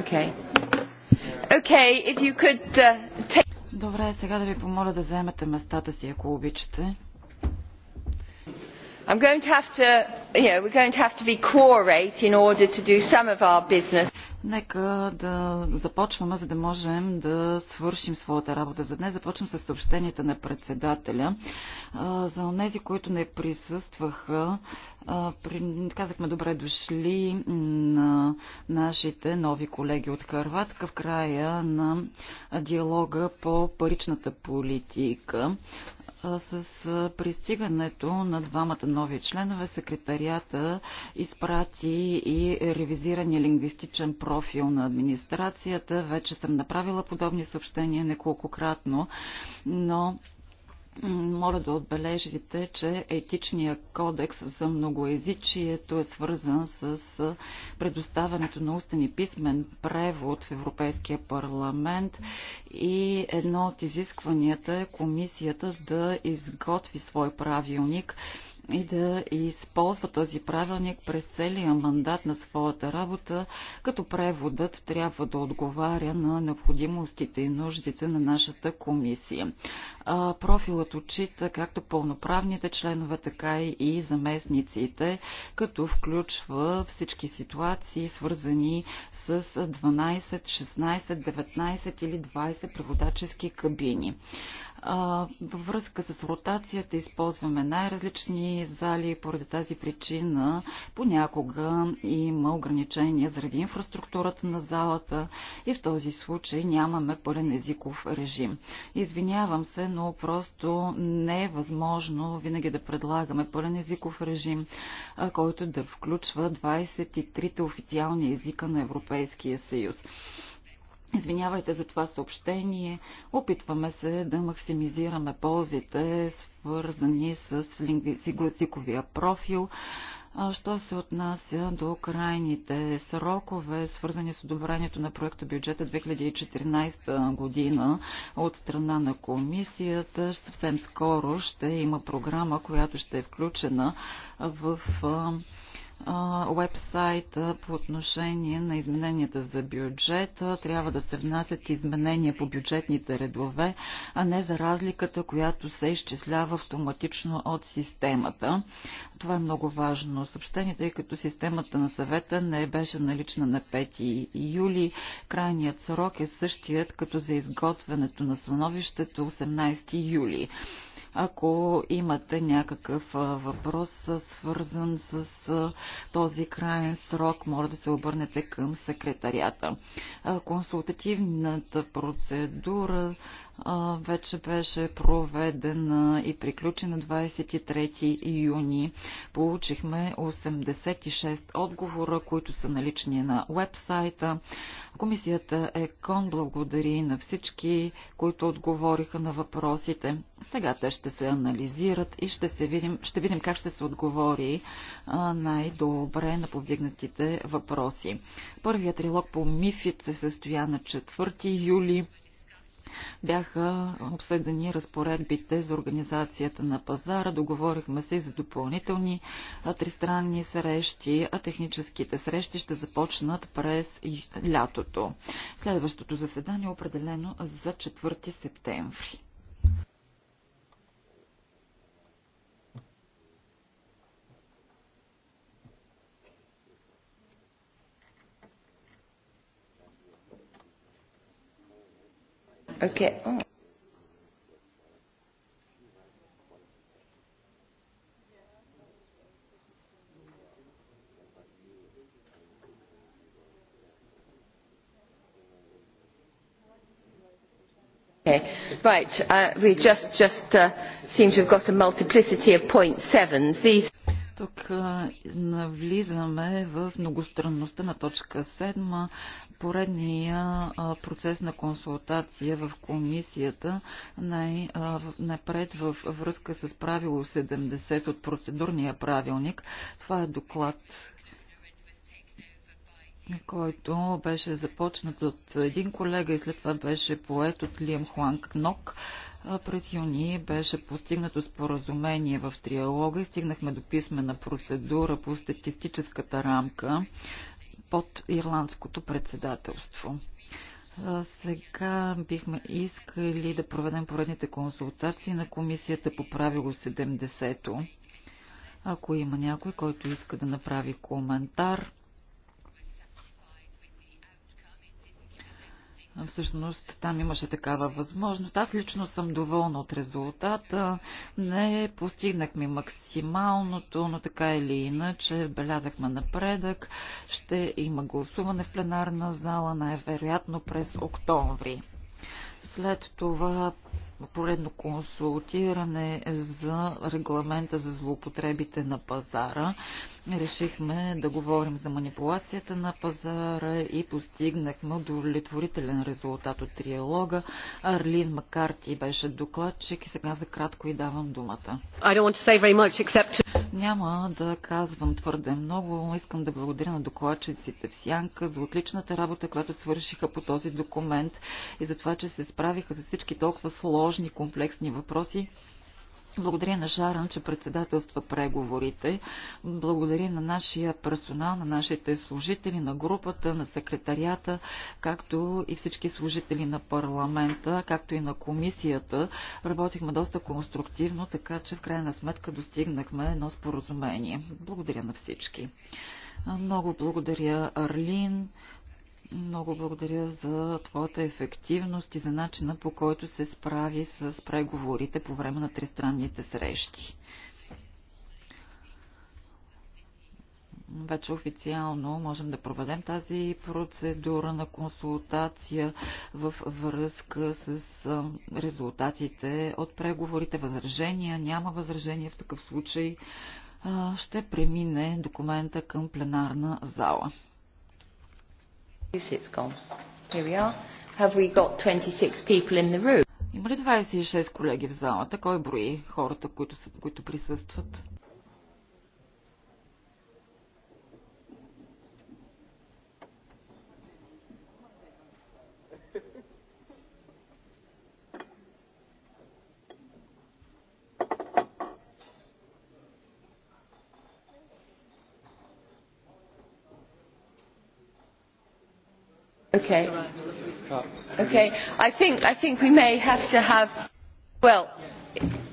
Okay. Okay, could, uh, take... Добре, сега да ви помоля да заемете местата си, ако обичате. I'm going to have to, you know, we're going to have to be quorate in order to do some of our business Нека да започваме, за да можем да свършим своята работа. За днес започвам с съобщенията на председателя. За тези, които не присъстваха, казахме добре дошли на нашите нови колеги от Харватска в края на диалога по паричната политика. С пристигането на двамата нови членове, секретарията изпрати и ревизирания лингвистичен профил на администрацията. Вече съм направила подобни съобщения неколкократно, но моля да отбележите, че етичният кодекс за многоезичието е свързан с предоставянето на устен и писмен превод в Европейския парламент и едно от изискванията е комисията да изготви свой правилник, и да използва този правилник през целия мандат на своята работа, като преводът трябва да отговаря на необходимостите и нуждите на нашата комисия. А, профилът отчита както пълноправните членове, така и заместниците, като включва всички ситуации, свързани с 12, 16, 19 или 20 преводачески кабини. А, във връзка с ротацията използваме най-различни зали и поради тази причина понякога има ограничения заради инфраструктурата на залата и в този случай нямаме пълен езиков режим. Извинявам се, но просто не е възможно винаги да предлагаме пълен езиков режим, който да включва 23-те официални езика на Европейския съюз. Извинявайте за това съобщение. Опитваме се да максимизираме ползите, свързани с лингвистиковия профил. Що се отнася до крайните срокове, свързани с одобрението на проекта бюджета 2014 година от страна на комисията, съвсем скоро ще има програма, която ще е включена в вебсайт по отношение на измененията за бюджета. Трябва да се внасят изменения по бюджетните редове, а не за разликата, която се изчислява автоматично от системата. Това е много важно съобщение, тъй като системата на съвета не беше налична на 5 юли. Крайният срок е същият като за изготвянето на становището 18 юли. Ако имате някакъв въпрос, свързан с този крайен срок, може да се обърнете към секретарията. Консултативната процедура вече беше проведена и приключи на 23 юни. Получихме 86 отговора, които са налични на вебсайта. Комисията ЕКОН благодари на всички, които отговориха на въпросите. Сега те ще се анализират и ще, се видим, ще видим как ще се отговори най-добре на повдигнатите въпроси. Първият трилог по Мифит се състоя на 4 юли бяха обсъдени разпоредбите за организацията на пазара, договорихме се и за допълнителни тристранни срещи, а техническите срещи ще започнат през лятото. Следващото заседание е определено за 4 септември. Okay. Oh. right we just just uh seem to have got a multiplicity of point sevens. these тук навлизаме в многостранността на точка 7, поредния процес на консултация в комисията, най-напред в връзка с правило 70 от процедурния правилник. Това е доклад който беше започнат от един колега и след това беше поет от Лиам Хуанг Нок. През юни беше постигнато споразумение в триалога и стигнахме до писмена процедура по статистическата рамка под ирландското председателство. Сега бихме искали да проведем поредните консултации на комисията по правило 70 -то. Ако има някой, който иска да направи коментар, Всъщност там имаше такава възможност. Аз лично съм доволна от резултата. Не постигнахме максималното, но така или иначе белязахме напредък. Ще има гласуване в пленарна зала най-вероятно през октомври. След това поредно консултиране за регламента за злоупотребите на пазара. Решихме да говорим за манипулацията на пазара и постигнахме удовлетворителен резултат от триалога. Арлин Макарти беше докладчик и сега за кратко и давам думата. Much, except... Няма да казвам твърде много. Искам да благодаря на докладчиците в Сянка за отличната работа, която свършиха по този документ и за това, че се справиха за всички толкова сложни сложни комплексни въпроси. Благодаря на Шаран, че председателства преговорите. Благодаря на нашия персонал, на нашите служители, на групата, на секретарията, както и всички служители на парламента, както и на комисията. Работихме доста конструктивно, така че в крайна сметка достигнахме едно споразумение. Благодаря на всички. Много благодаря Арлин, много благодаря за твоята ефективност и за начина по който се справи с преговорите по време на тристранните срещи. вече официално можем да проведем тази процедура на консултация в връзка с резултатите от преговорите. Възражения, няма възражения в такъв случай. Ще премине документа към пленарна зала. Има ли 26 колеги в залата? Кой брои хората, които, са, които присъстват? Okay. Okay. I think I think we may have to have. Well,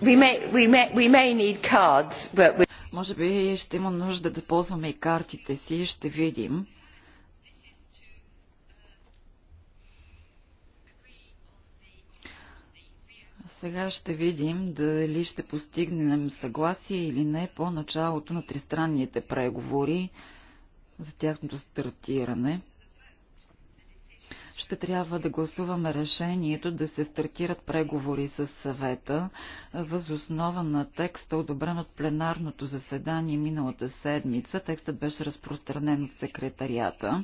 we may we may we may need cards, but we... Може би ще има нужда да ползваме и картите си. Ще видим. Сега ще видим дали ще постигнем съгласие или не по началото на тристранните преговори за тяхното стартиране ще трябва да гласуваме решението да се стартират преговори с съвета възоснова на текста, одобрен от пленарното заседание миналата седмица. Текстът беше разпространен от секретарията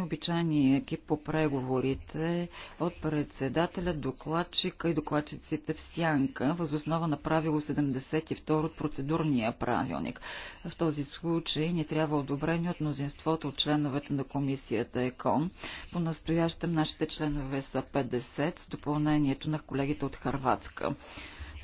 обичайни екип по преговорите от председателя, докладчика и докладчиците в сянка, възоснова на правило 72 от процедурния правилник. В този случай ни трябва одобрение от мнозинството от членовете на комисията ЕКОН. По настоящем нашите членове са 50 с допълнението на колегите от Харватска.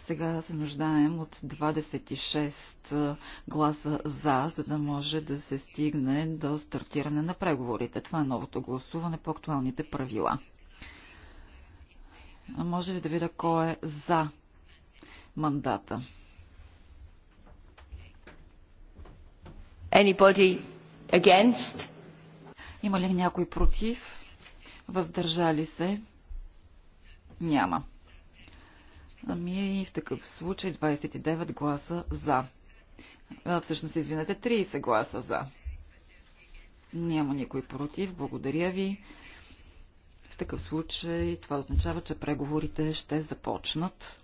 Сега се нуждаем от 26 гласа за, за да може да се стигне до стартиране на преговорите. Това е новото гласуване по актуалните правила. А може ли да видя кой е за мандата? Anybody against? Има ли някой против? Въздържали се? Няма. Ами и в такъв случай 29 гласа за. А, всъщност, извинете, 30 гласа за. Няма никой против. Благодаря ви. В такъв случай това означава, че преговорите ще започнат.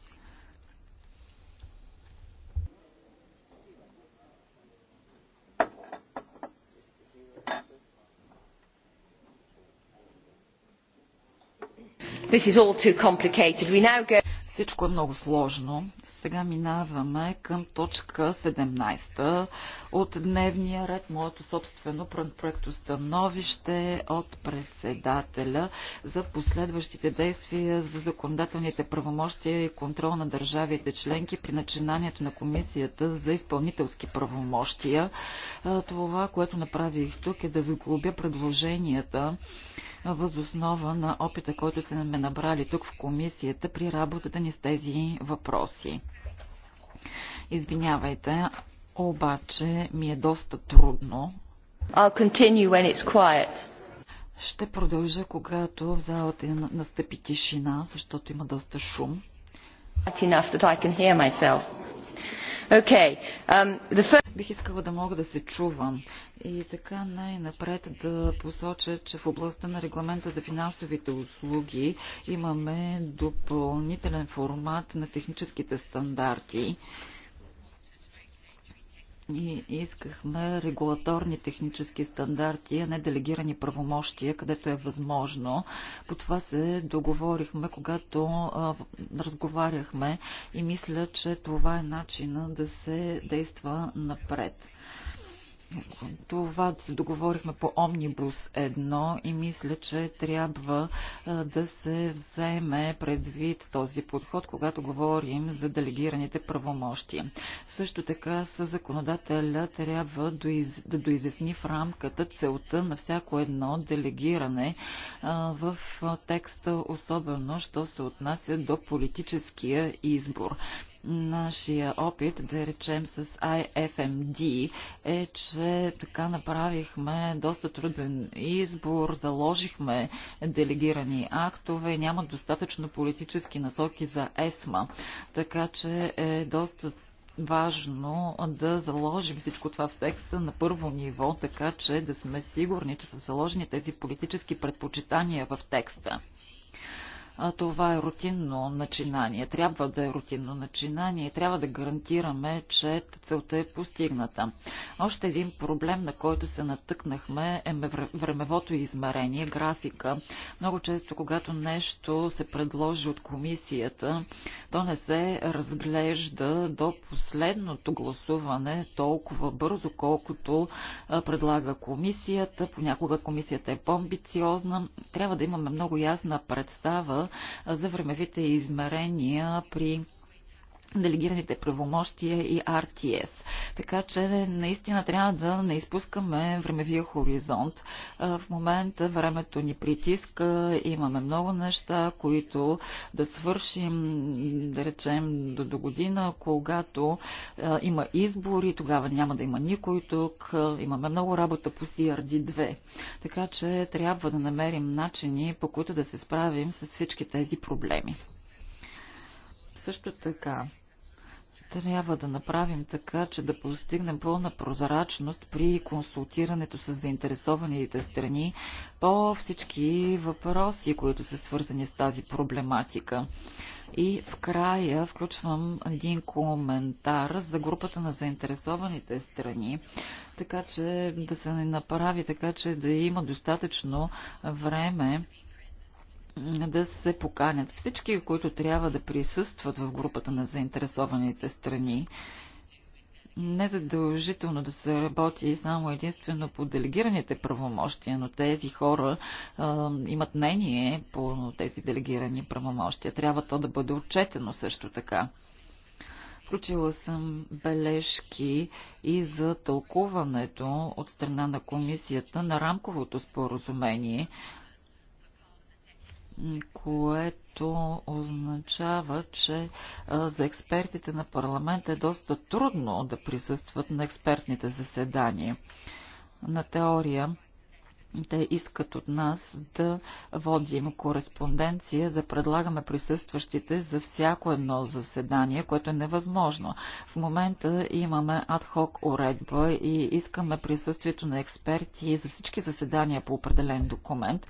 This is all too complicated. We now go всичко е много сложно. Сега минаваме към точка 17 от дневния ред, моето собствено проекто становище от председателя за последващите действия за законодателните правомощия и контрол на държавите членки при начинанието на комисията за изпълнителски правомощия. Това, което направих тук е да заглобя предложенията възоснова на опита, който се сме набрали тук в комисията при работата ни с тези въпроси. Извинявайте, обаче ми е доста трудно. I'll continue when it's quiet. Ще продължа, когато в залата настъпи тишина, защото има доста шум. that I can hear myself. Um, Бих искала да мога да се чувам. И така най-напред да посоча, че в областта на регламента за финансовите услуги имаме допълнителен формат на техническите стандарти. Ние искахме регулаторни технически стандарти, а не делегирани правомощия, където е възможно. По това се договорихме, когато а, разговаряхме и мисля, че това е начина да се действа напред. Това се договорихме по Омнибус 1 и мисля, че трябва да се вземе предвид този подход, когато говорим за делегираните правомощия. Също така с законодателя трябва да доизясни в рамката целта на всяко едно делегиране в текста, особено, що се отнася до политическия избор. Нашия опит, да речем с IFMD, е, че така направихме доста труден избор, заложихме делегирани актове, нямат достатъчно политически насоки за ЕСМА. Така че е доста важно да заложим всичко това в текста на първо ниво, така че да сме сигурни, че са заложени тези политически предпочитания в текста това е рутинно начинание. Трябва да е рутинно начинание и трябва да гарантираме, че целта е постигната. Още един проблем, на който се натъкнахме е времевото измерение, графика. Много често, когато нещо се предложи от комисията, то не се разглежда до последното гласуване толкова бързо, колкото предлага комисията. Понякога комисията е по-амбициозна. Трябва да имаме много ясна представа за времевите измерения при делегираните правомощия и RTS. Така че наистина трябва да не изпускаме времевия хоризонт. В момента времето ни притиска, имаме много неща, които да свършим, да речем, до, до година, когато а, има избори, тогава няма да има никой тук, имаме много работа по CRD2. Така че трябва да намерим начини, по които да се справим с всички тези проблеми. Също така, трябва да направим така, че да постигнем пълна прозрачност при консултирането с заинтересованите страни по всички въпроси, които са свързани с тази проблематика. И в края включвам един коментар за групата на заинтересованите страни, така че да се направи така, че да има достатъчно време да се поканят всички, които трябва да присъстват в групата на заинтересованите страни. Не задължително да се работи само единствено по делегираните правомощия, но тези хора а, имат мнение по тези делегирани правомощия. Трябва то да бъде отчетено също така. Включила съм бележки и за тълкуването от страна на комисията на рамковото споразумение, което означава, че за експертите на парламента е доста трудно да присъстват на експертните заседания. На теория те искат от нас да водим кореспонденция, да предлагаме присъстващите за всяко едно заседание, което е невъзможно. В момента имаме адхок уредба и искаме присъствието на експерти за всички заседания по определен документ.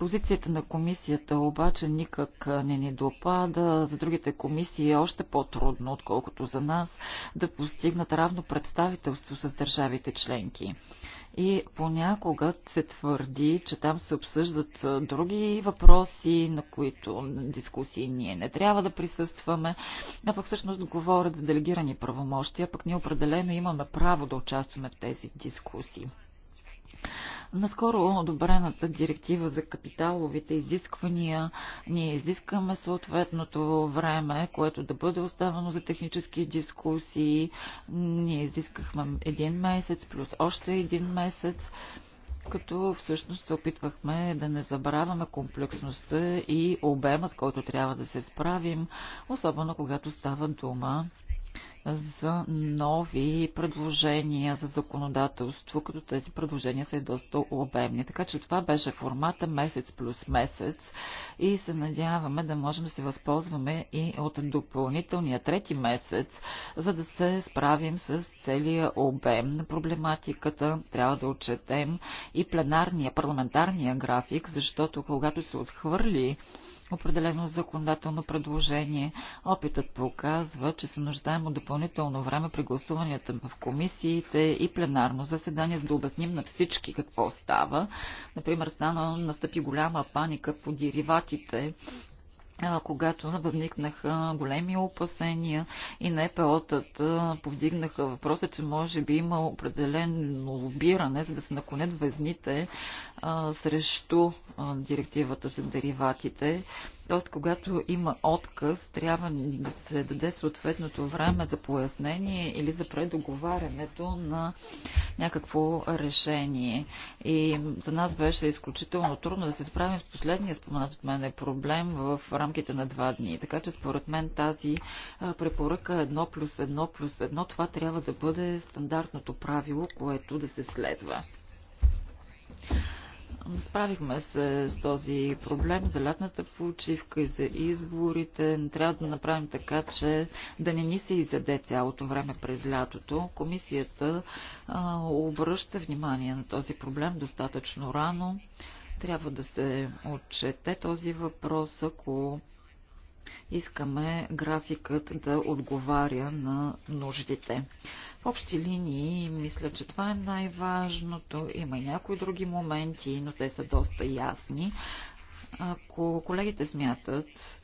Позицията на комисията обаче никак не ни допада. За другите комисии е още по-трудно, отколкото за нас, да постигнат равно представителство с държавите членки. И понякога се твърди, че там се обсъждат други въпроси, на които дискусии ние не трябва да присъстваме, а пък всъщност говорят за делегирани правомощия, пък ние определено имаме право да участваме в тези дискусии. Наскоро одобрената директива за капиталовите изисквания, ние изискаме съответното време, което да бъде оставено за технически дискусии. Ние изискахме един месец плюс още един месец като всъщност се опитвахме да не забравяме комплексността и обема, с който трябва да се справим, особено когато става дума за нови предложения за законодателство, като тези предложения са и доста обемни. Така че това беше формата месец плюс месец и се надяваме да можем да се възползваме и от допълнителния трети месец, за да се справим с целия обем на проблематиката. Трябва да отчетем и пленарния, парламентарния график, защото когато се отхвърли определено законодателно предложение. Опитът показва, че се нуждаем от допълнително време при гласуванията в комисиите и пленарно заседание, за да обясним на всички какво става. Например, стана, настъпи голяма паника по дериватите когато възникнаха големи опасения и НПО-тата повдигнаха въпроса, че може би има определено лобиране, за да се наклонят везните срещу директивата за дериватите. Тоест, когато има отказ, трябва да се даде съответното време за пояснение или за предоговарянето на някакво решение. И за нас беше изключително трудно да се справим с последния споменат от мен е проблем в рамките на два дни. Така че според мен тази препоръка 1 е плюс 1 плюс 1, това трябва да бъде стандартното правило, което да се следва. Ами, справихме се с този проблем за лятната почивка и за изборите. Не трябва да направим така, че да не ни се изяде цялото време през лятото. Комисията а, обръща внимание на този проблем достатъчно рано. Трябва да се отчете този въпрос, ако искаме графикът да отговаря на нуждите. В общи линии, мисля, че това е най-важното. Има и някои други моменти, но те са доста ясни. Ако колегите смятат,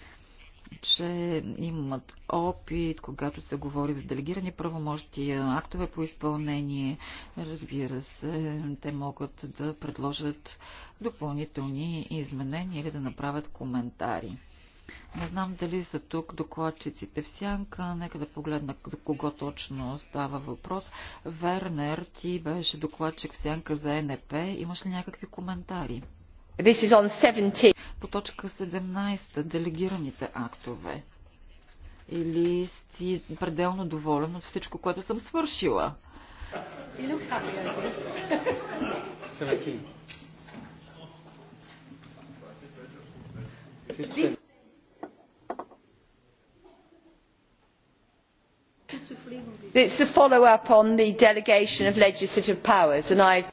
че имат опит, когато се говори за делегирани правомощия, актове по изпълнение. Разбира се, те могат да предложат допълнителни изменения или да направят коментари. Не знам дали са тук докладчиците в сянка. Нека да погледна за кого точно става въпрос. Вернер, ти беше докладчик в сянка за НП. Имаш ли някакви коментари? This is on 17. По точка 17. Делегираните актове. Или си пределно доволен от всичко, което съм свършила? It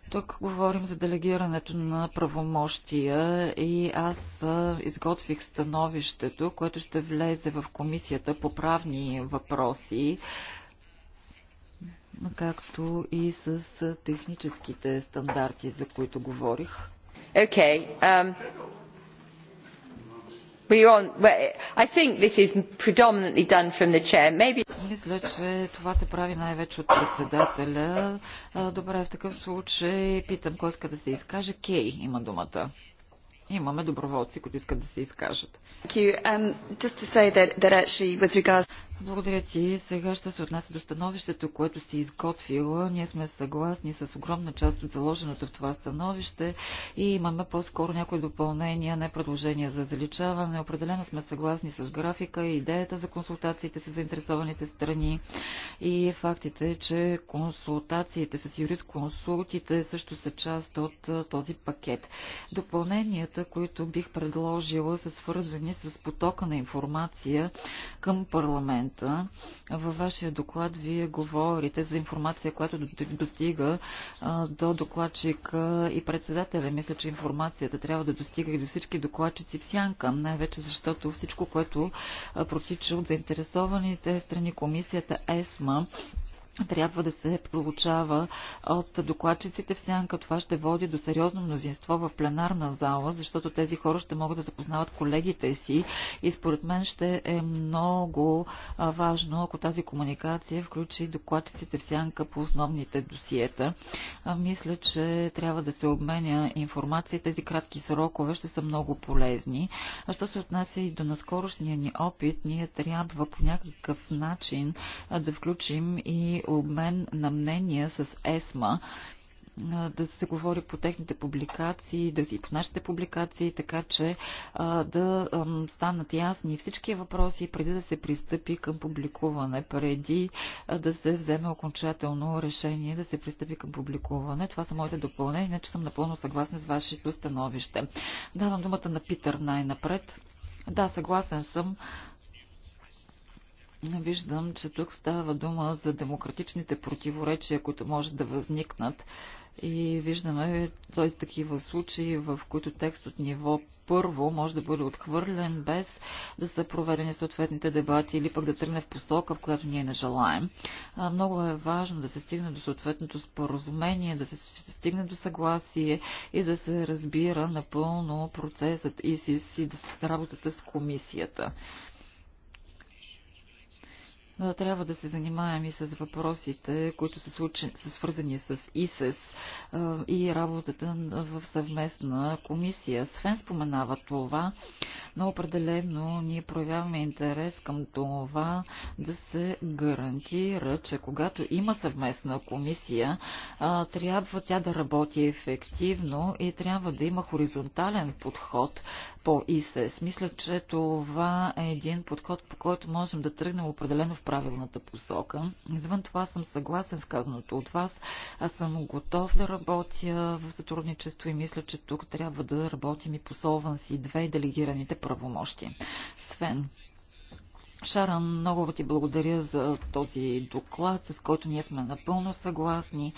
Тук говорим за делегирането на правомощия и аз изготвих становището, което ще влезе в комисията по правни въпроси, както и с техническите стандарти, за които говорих. Okay. Um... Мисля, че това се прави най-вече от председателя. Добре, в такъв случай питам кой иска да се изкаже. Кей има думата. Имаме доброволци, които искат да се изкажат. Um, Благодаря ти. Сега ще се отнася до становището, което си изготвила. Ние сме съгласни с огромна част от заложеното в това становище и имаме по-скоро някои допълнения, не предложения за заличаване. Определено сме съгласни с графика и идеята за консултациите с заинтересованите страни и фактите, че консултациите с юрисконсултите също са част от този пакет. Допълненията, които бих предложила, са свързани с потока на информация към парламента. Във вашия доклад вие говорите за информация, която достига до докладчика и председателя. Мисля, че информацията трябва да достига и до всички докладчици в сянка, най-вече защото всичко, което протича от заинтересованите страни, комисията ЕСМА, трябва да се проучава от докладчиците в сянка. Това ще води до сериозно мнозинство в пленарна зала, защото тези хора ще могат да запознават колегите си и според мен ще е много важно, ако тази комуникация включи докладчиците в сянка по основните досиета. Мисля, че трябва да се обменя информация. Тези кратки срокове ще са много полезни. А що се отнася и до наскорошния ни опит, ние трябва по някакъв начин да включим и обмен на мнения с ЕСМА да се говори по техните публикации, да си по нашите публикации, така че да станат ясни всички въпроси преди да се пристъпи към публикуване, преди да се вземе окончателно решение да се пристъпи към публикуване. Това са моите допълнения, иначе съм напълно съгласна с вашето становище. Давам думата на Питър най-напред. Да, съгласен съм Виждам, че тук става дума за демократичните противоречия, които може да възникнат. И виждаме, т.е. такива случаи, в които текст от ниво първо може да бъде отхвърлен без да са проведени съответните дебати или пък да тръгне в посока, в която ние не желаем. Много е важно да се стигне до съответното споразумение, да се стигне до съгласие и да се разбира напълно процесът ИСИС и да работата с комисията трябва да се занимаем и с въпросите, които са, случи, са свързани с ИСЕС и работата в съвместна комисия. Свен споменава това, но определено ние проявяваме интерес към това да се гарантира, че когато има съвместна комисия, трябва тя да работи ефективно и трябва да има хоризонтален подход по ИСЕС. Мисля, че това е един подход, по който можем да тръгнем определено в правилната посока. Извън това съм съгласен с казаното от вас. Аз съм готов да работя в сътрудничество и мисля, че тук трябва да работим и по Солванс и две делегираните правомощи. Свен. Шаран, много ти благодаря за този доклад, с който ние сме напълно съгласни.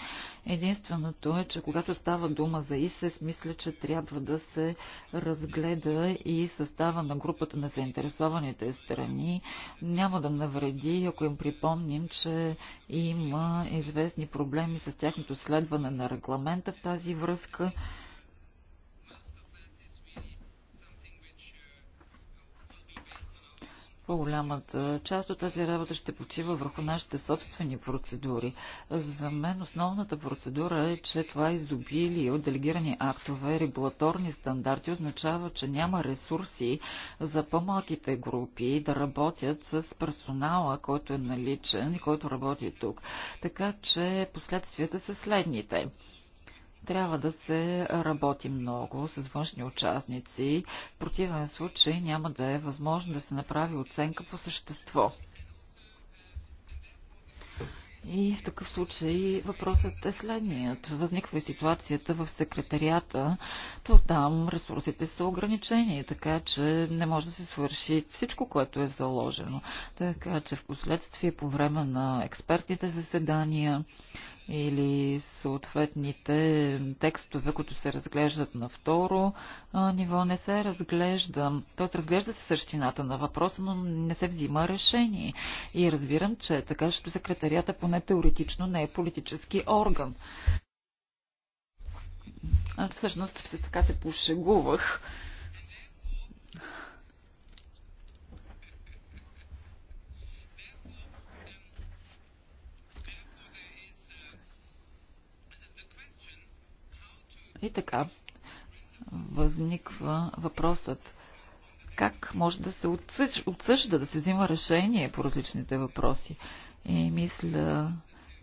Единственото е, че когато става дума за ИСЕС, мисля, че трябва да се разгледа и състава на групата на заинтересованите страни. Няма да навреди, ако им припомним, че има известни проблеми с тяхното следване на регламента в тази връзка. По-голямата част от тази работа ще почива върху нашите собствени процедури. За мен основната процедура е, че това изобилие от делегирани актове, регулаторни стандарти означава, че няма ресурси за по-малките групи да работят с персонала, който е наличен и който работи тук. Така че последствията са следните. Трябва да се работи много с външни участници. В противен случай няма да е възможно да се направи оценка по същество. И в такъв случай въпросът е следният. Възниква и ситуацията в секретарията, то там ресурсите са ограничени, така че не може да се свърши всичко, което е заложено. Така че в последствие по време на експертните заседания или съответните текстове, които се разглеждат на второ ниво, не се разглежда. Тоест разглежда се същината на въпроса, но не се взима решение. И разбирам, че е така, защото секретарията поне теоретично не е политически орган. Аз всъщност все така се пошегувах И така, възниква въпросът как може да се отсъжда, да се взима решение по различните въпроси. И мисля,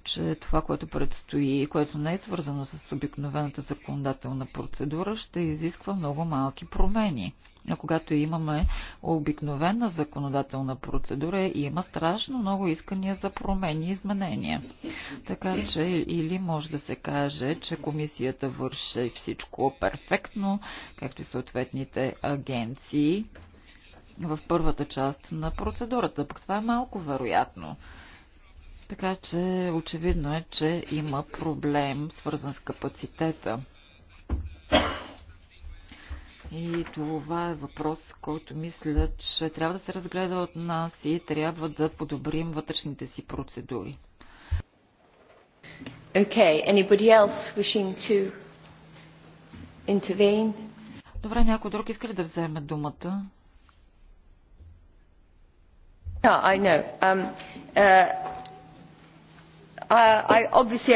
че това, което предстои, което не е свързано с обикновената законодателна процедура, ще изисква много малки промени. А когато имаме обикновена законодателна процедура, има страшно много искания за промени и изменения. Така че или може да се каже, че комисията върши всичко перфектно, както и съответните агенции в първата част на процедурата. Пък това е малко вероятно. Така че очевидно е, че има проблем свързан с капацитета. И това е въпрос, който мисля, че трябва да се разгледа от нас и трябва да подобрим вътрешните си процедури. Okay, anybody else wishing to intervene? Добре, някой друг иска ли да вземе думата? No, I know. Um, uh obviously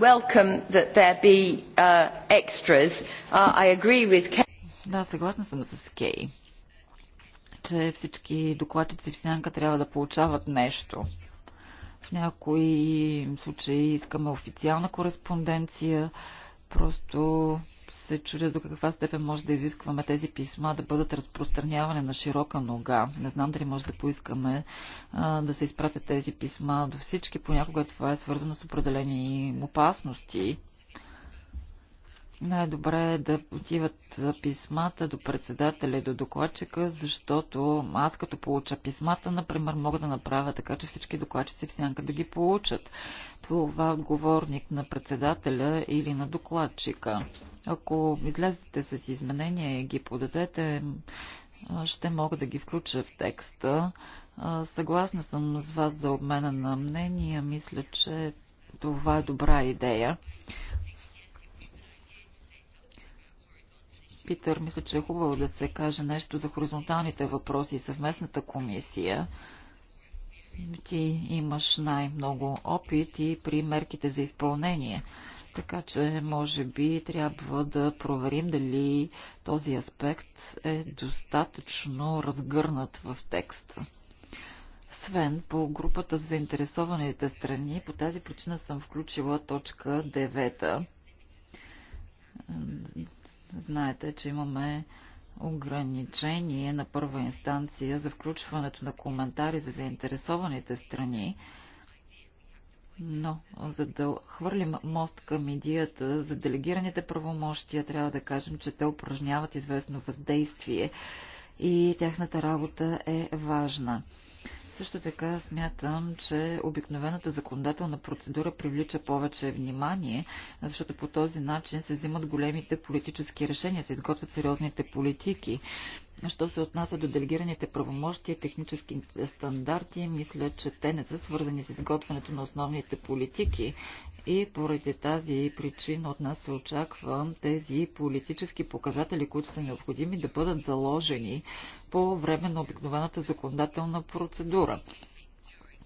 welcome that there be uh, extras. Uh, i agree with Kay. Да, съгласна съм с Кей, че всички докладчици в сянка трябва да получават нещо. В някои случаи искаме официална кореспонденция, просто се чудя до каква степен може да изискваме тези писма да бъдат разпространявани на широка нога. Не знам дали може да поискаме а, да се изпратят тези писма до всички. Понякога това е свързано с определени опасности. Най-добре е да отиват писмата до председателя и до докладчика, защото аз като получа писмата, например, мога да направя така, че всички докладчици в сянка да ги получат. Това е отговорник на председателя или на докладчика. Ако излезете с изменения и ги подадете, ще мога да ги включа в текста. Съгласна съм с вас за обмена на мнения. Мисля, че това е добра идея. Питър, мисля, че е хубаво да се каже нещо за хоризонталните въпроси и съвместната комисия. Ти имаш най-много опит и при мерките за изпълнение. Така че, може би, трябва да проверим дали този аспект е достатъчно разгърнат в текста. Свен, по групата за заинтересованите страни, по тази причина съм включила точка 9 Знаете, че имаме ограничение на първа инстанция за включването на коментари за заинтересованите страни, но за да хвърлим мост към идеята за делегираните правомощия, трябва да кажем, че те упражняват известно въздействие и тяхната работа е важна. Също така смятам, че обикновената законодателна процедура привлича повече внимание, защото по този начин се взимат големите политически решения, се изготвят сериозните политики. Що се отнася до делегираните правомощия, технически стандарти, мисля, че те не са свързани с изготвянето на основните политики и поради тази причина от нас се очаква тези политически показатели, които са необходими да бъдат заложени по време на обикновената законодателна процедура.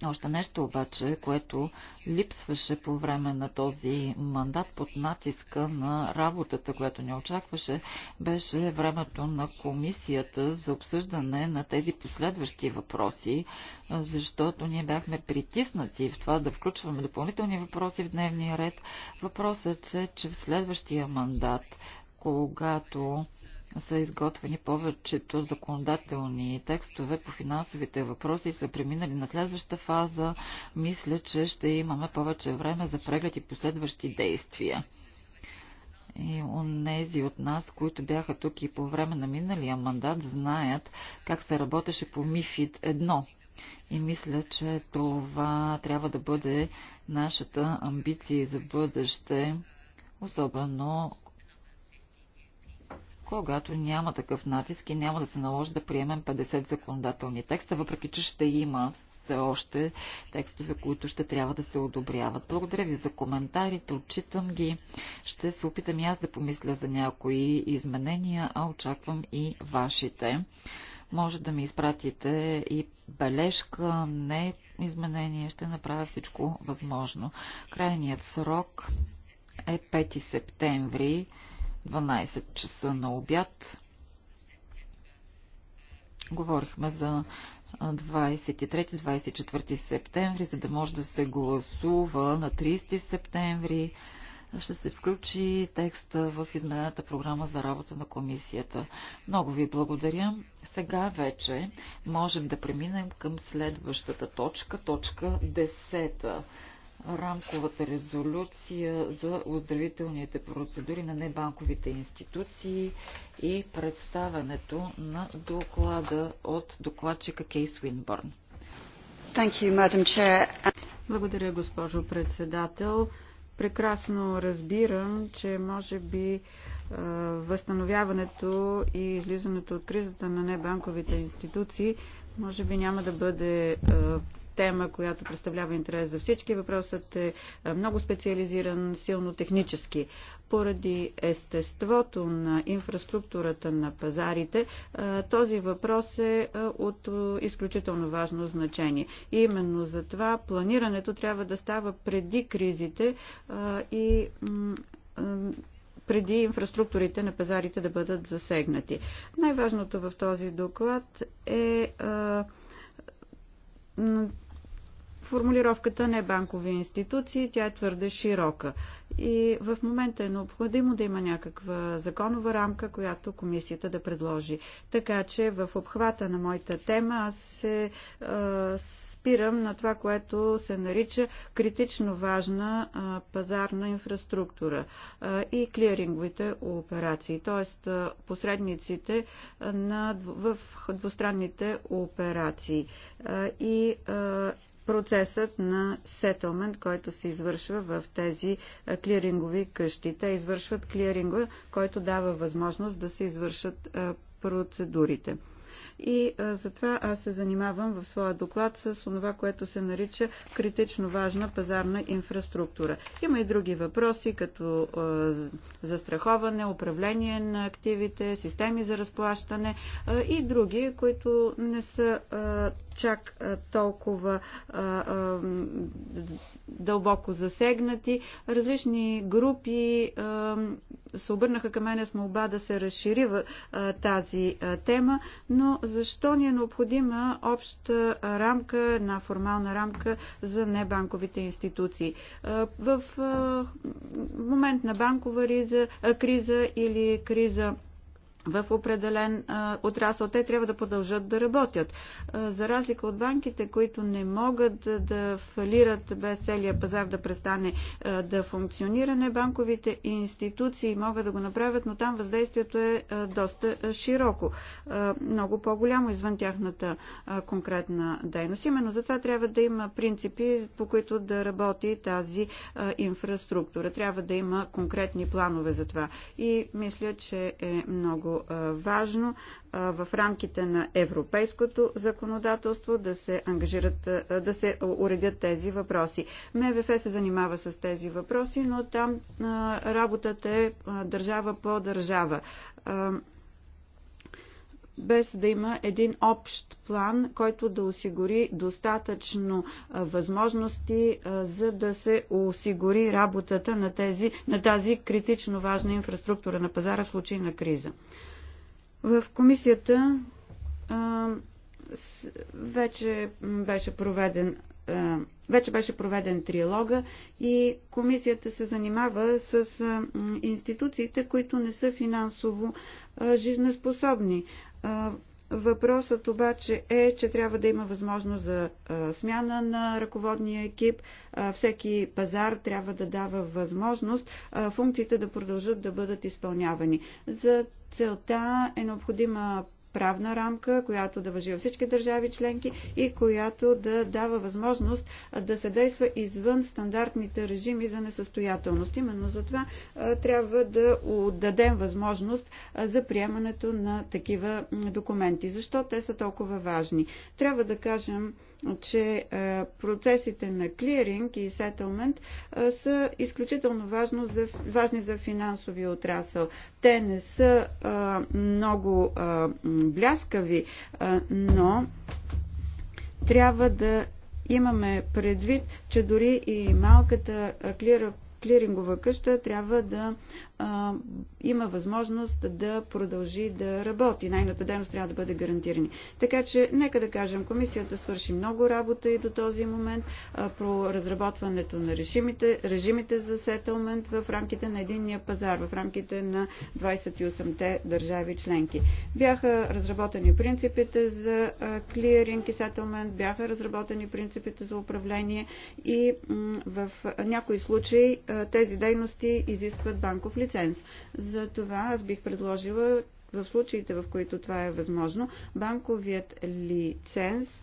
Още нещо обаче, което липсваше по време на този мандат под натиска на работата, която ни очакваше, беше времето на комисията за обсъждане на тези последващи въпроси, защото ние бяхме притиснати в това да включваме допълнителни въпроси в дневния ред. Въпросът е, че в следващия мандат, когато са изготвени повечето законодателни текстове по финансовите въпроси и са преминали на следваща фаза, мисля, че ще имаме повече време за преглед и последващи действия. И онези от нас, които бяха тук и по време на миналия мандат, знаят как се работеше по МИФИД 1. И мисля, че това трябва да бъде нашата амбиция за бъдеще, особено когато няма такъв натиск и няма да се наложи да приемем 50 законодателни текста, въпреки че ще има все още текстове, които ще трябва да се одобряват. Благодаря ви за коментарите, отчитам ги. Ще се опитам и аз да помисля за някои изменения, а очаквам и вашите. Може да ми изпратите и бележка, не изменение, ще направя всичко възможно. Крайният срок е 5 септември 12 часа на обяд. Говорихме за 23-24 септември, за да може да се гласува на 30 септември. Ще се включи текста в изменената програма за работа на комисията. Много ви благодаря. Сега вече можем да преминем към следващата точка, точка 10 рамковата резолюция за оздравителните процедури на небанковите институции и представянето на доклада от докладчика Кейс Уинборн. Благодаря, госпожо председател. Прекрасно разбирам, че може би възстановяването и излизането от кризата на небанковите институции може би няма да бъде тема, която представлява интерес за всички. Въпросът е много специализиран, силно технически. Поради естеството на инфраструктурата на пазарите, този въпрос е от изключително важно значение. И именно за това планирането трябва да става преди кризите и преди инфраструктурите на пазарите да бъдат засегнати. Най-важното в този доклад е формулировката не банкови институции, тя е твърде широка. И в момента е необходимо да има някаква законова рамка, която комисията да предложи. Така че в обхвата на моята тема аз се а, спирам на това, което се нарича критично важна а, пазарна инфраструктура а, и клиринговите операции, т.е. посредниците на, в двустранните операции. А, и а, процесът на сетълмент, който се извършва в тези клирингови къщи. Те извършват клиринга, който дава възможност да се извършат процедурите и затова аз се занимавам в своя доклад с това, което се нарича критично важна пазарна инфраструктура. Има и други въпроси, като застраховане, управление на активите, системи за разплащане и други, които не са чак толкова дълбоко засегнати. Различни групи се обърнаха към мене с молба да се разшири тази тема, но защо ни е необходима обща рамка, една формална рамка за небанковите институции? В момент на банкова риза, криза или криза в определен а, отрасъл. Те трябва да продължат да работят. А, за разлика от банките, които не могат да фалират без целият пазар да престане а, да функционира, не банковите институции могат да го направят, но там въздействието е а, доста широко. А, много по-голямо извън тяхната а, конкретна дейност. Именно затова трябва да има принципи, по които да работи тази а, инфраструктура. Трябва да има конкретни планове за това. И мисля, че е много много важно в рамките на европейското законодателство да се ангажират, да се уредят тези въпроси. МВФ се занимава с тези въпроси, но там работата е държава по държава без да има един общ план, който да осигури достатъчно възможности, за да се осигури работата на, тези, на тази критично важна инфраструктура на пазара в случай на криза. В комисията вече беше проведен вече беше проведен триалога и комисията се занимава с институциите, които не са финансово жизнеспособни. Въпросът обаче е, че трябва да има възможност за смяна на ръководния екип. Всеки пазар трябва да дава възможност функциите да продължат да бъдат изпълнявани. За целта е необходима правна рамка, която да въжи във всички държави членки и която да дава възможност да се действа извън стандартните режими за несъстоятелност. Именно за това трябва да отдадем възможност за приемането на такива документи. Защо те са толкова важни? Трябва да кажем, че процесите на клиринг и сетълмент са изключително важно за, важни за финансовия отрасъл. Те не са много бляскави, но трябва да имаме предвид, че дори и малката клира клирингова къща трябва да а, има възможност да продължи да работи. Найната дейност трябва да бъде гарантирани. Така че, нека да кажем, комисията свърши много работа и до този момент а, про разработването на режимите, режимите за сетълмент в рамките на единния пазар, в рамките на 28-те държави членки. Бяха разработени принципите за клиринг и сетълмент, бяха разработени принципите за управление и в някои случаи тези дейности изискват банков лиценз лиценз. За това аз бих предложила в случаите, в които това е възможно, банковият лиценз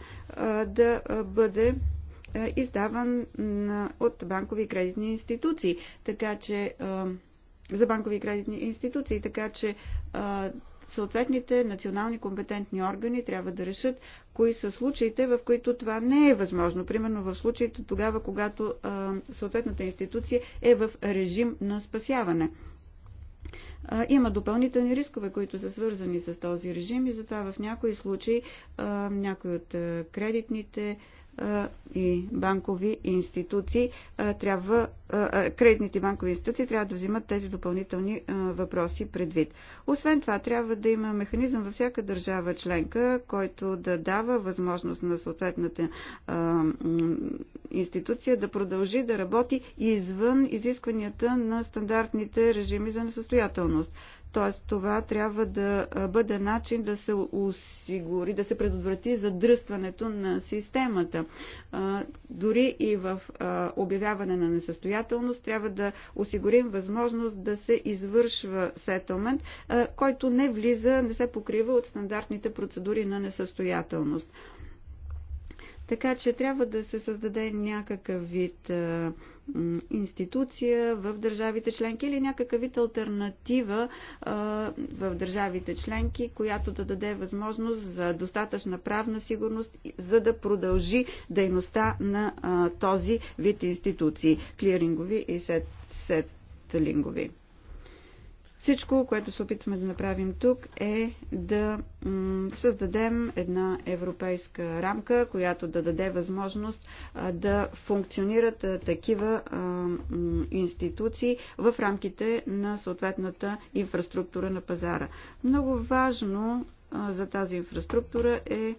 да бъде издаван от банкови кредитни институции, така че за банкови кредитни институции, така че съответните национални компетентни органи трябва да решат кои са случаите, в които това не е възможно. Примерно в случаите тогава, когато съответната институция е в режим на спасяване а, има допълнителни рискове, които са свързани с този режим и затова в някои случаи а, някои от а, кредитните и банкови институции трябва, кредитните банкови институции трябва да взимат тези допълнителни въпроси предвид. Освен това, трябва да има механизъм във всяка държава членка, който да дава възможност на съответната институция да продължи да работи извън изискванията на стандартните режими за несъстоятелност. Тоест това трябва да бъде начин да се осигури, да се предотврати задръстването на системата. Дори и в обявяване на несъстоятелност трябва да осигурим възможност да се извършва сетълмент, който не влиза, не се покрива от стандартните процедури на несъстоятелност. Така че трябва да се създаде някакъв вид а, институция в държавите членки или някакъв вид альтернатива а, в държавите членки, която да даде възможност за достатъчна правна сигурност, за да продължи дейността на а, този вид институции клирингови и сет, сетлингови. Всичко, което се опитваме да направим тук е да създадем една европейска рамка, която да даде възможност да функционират такива институции в рамките на съответната инфраструктура на пазара. Много важно за тази инфраструктура е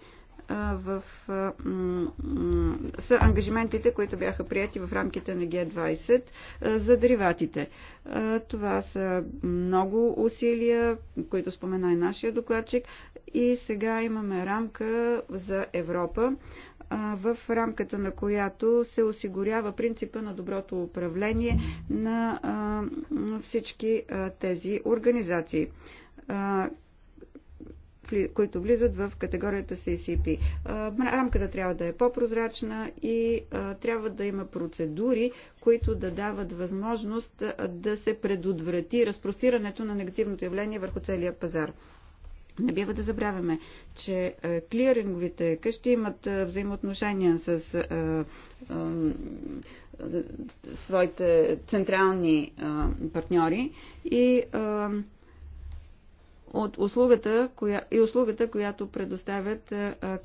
в, са ангажиментите, които бяха прияти в рамките на Г20 за дериватите. Това са много усилия, които спомена и нашия докладчик. И сега имаме рамка за Европа, в рамката на която се осигурява принципа на доброто управление на всички тези организации които влизат в категорията CCP. Рамката трябва да е по-прозрачна и трябва да има процедури, които да дават възможност да се предотврати разпростирането на негативното явление върху целия пазар. Не бива да забравяме, че клиринговите къщи имат взаимоотношения с а, а, своите централни а, партньори и от услугата коя, и услугата, която предоставят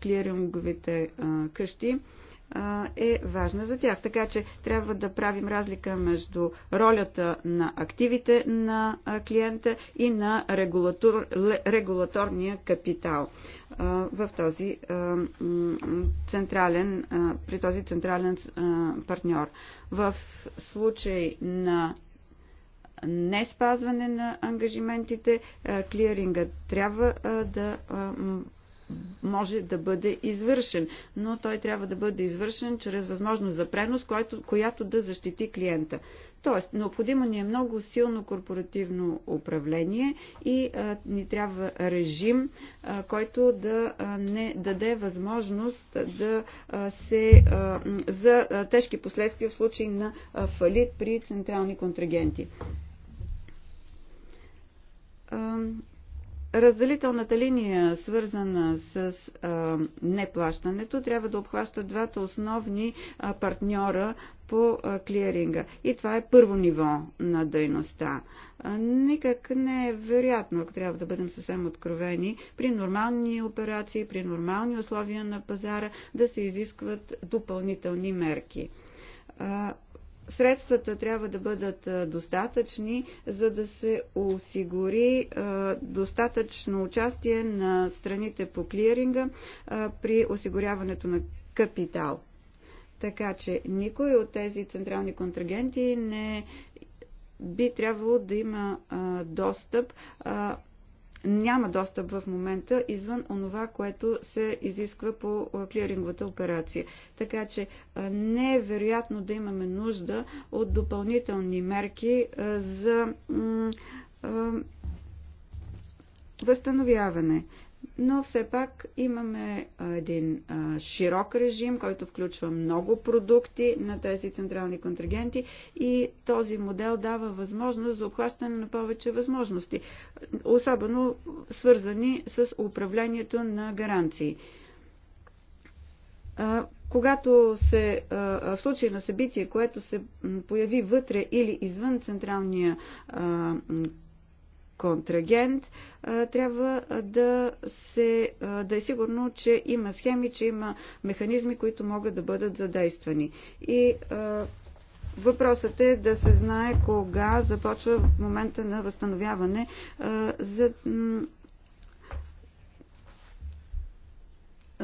клиринговите къщи е важна за тях. Така че трябва да правим разлика между ролята на активите на клиента и на регулатор, регулаторния капитал в този централен, при този централен партньор. В случай на не спазване на ангажиментите, е, клиринга трябва е, да е, може да бъде извършен, но той трябва да бъде извършен чрез възможност за пренос, която, която да защити клиента. Тоест, необходимо ни е много силно корпоративно управление и а, ни трябва режим, а, който да а, не даде възможност да а, се а, за а, тежки последствия в случай на а, фалит при централни контрагенти. Разделителната линия, свързана с а, неплащането, трябва да обхваща двата основни а, партньора по а, клиринга. И това е първо ниво на дейността. А, никак не е вероятно, ако трябва да бъдем съвсем откровени, при нормални операции, при нормални условия на пазара да се изискват допълнителни мерки. А, средствата трябва да бъдат достатъчни, за да се осигури достатъчно участие на страните по клиринга при осигуряването на капитал. Така че никой от тези централни контрагенти не би трябвало да има достъп няма достъп в момента извън онова, което се изисква по клиринговата операция. Така че не е вероятно да имаме нужда от допълнителни мерки за възстановяване но все пак имаме един широк режим, който включва много продукти на тези централни контрагенти и този модел дава възможност за обхващане на повече възможности, особено свързани с управлението на гаранции. Когато се, в случай на събитие, което се появи вътре или извън централния контрагент, трябва да, се, да е сигурно, че има схеми, че има механизми, които могат да бъдат задействани. И Въпросът е да се знае кога започва в момента на възстановяване, за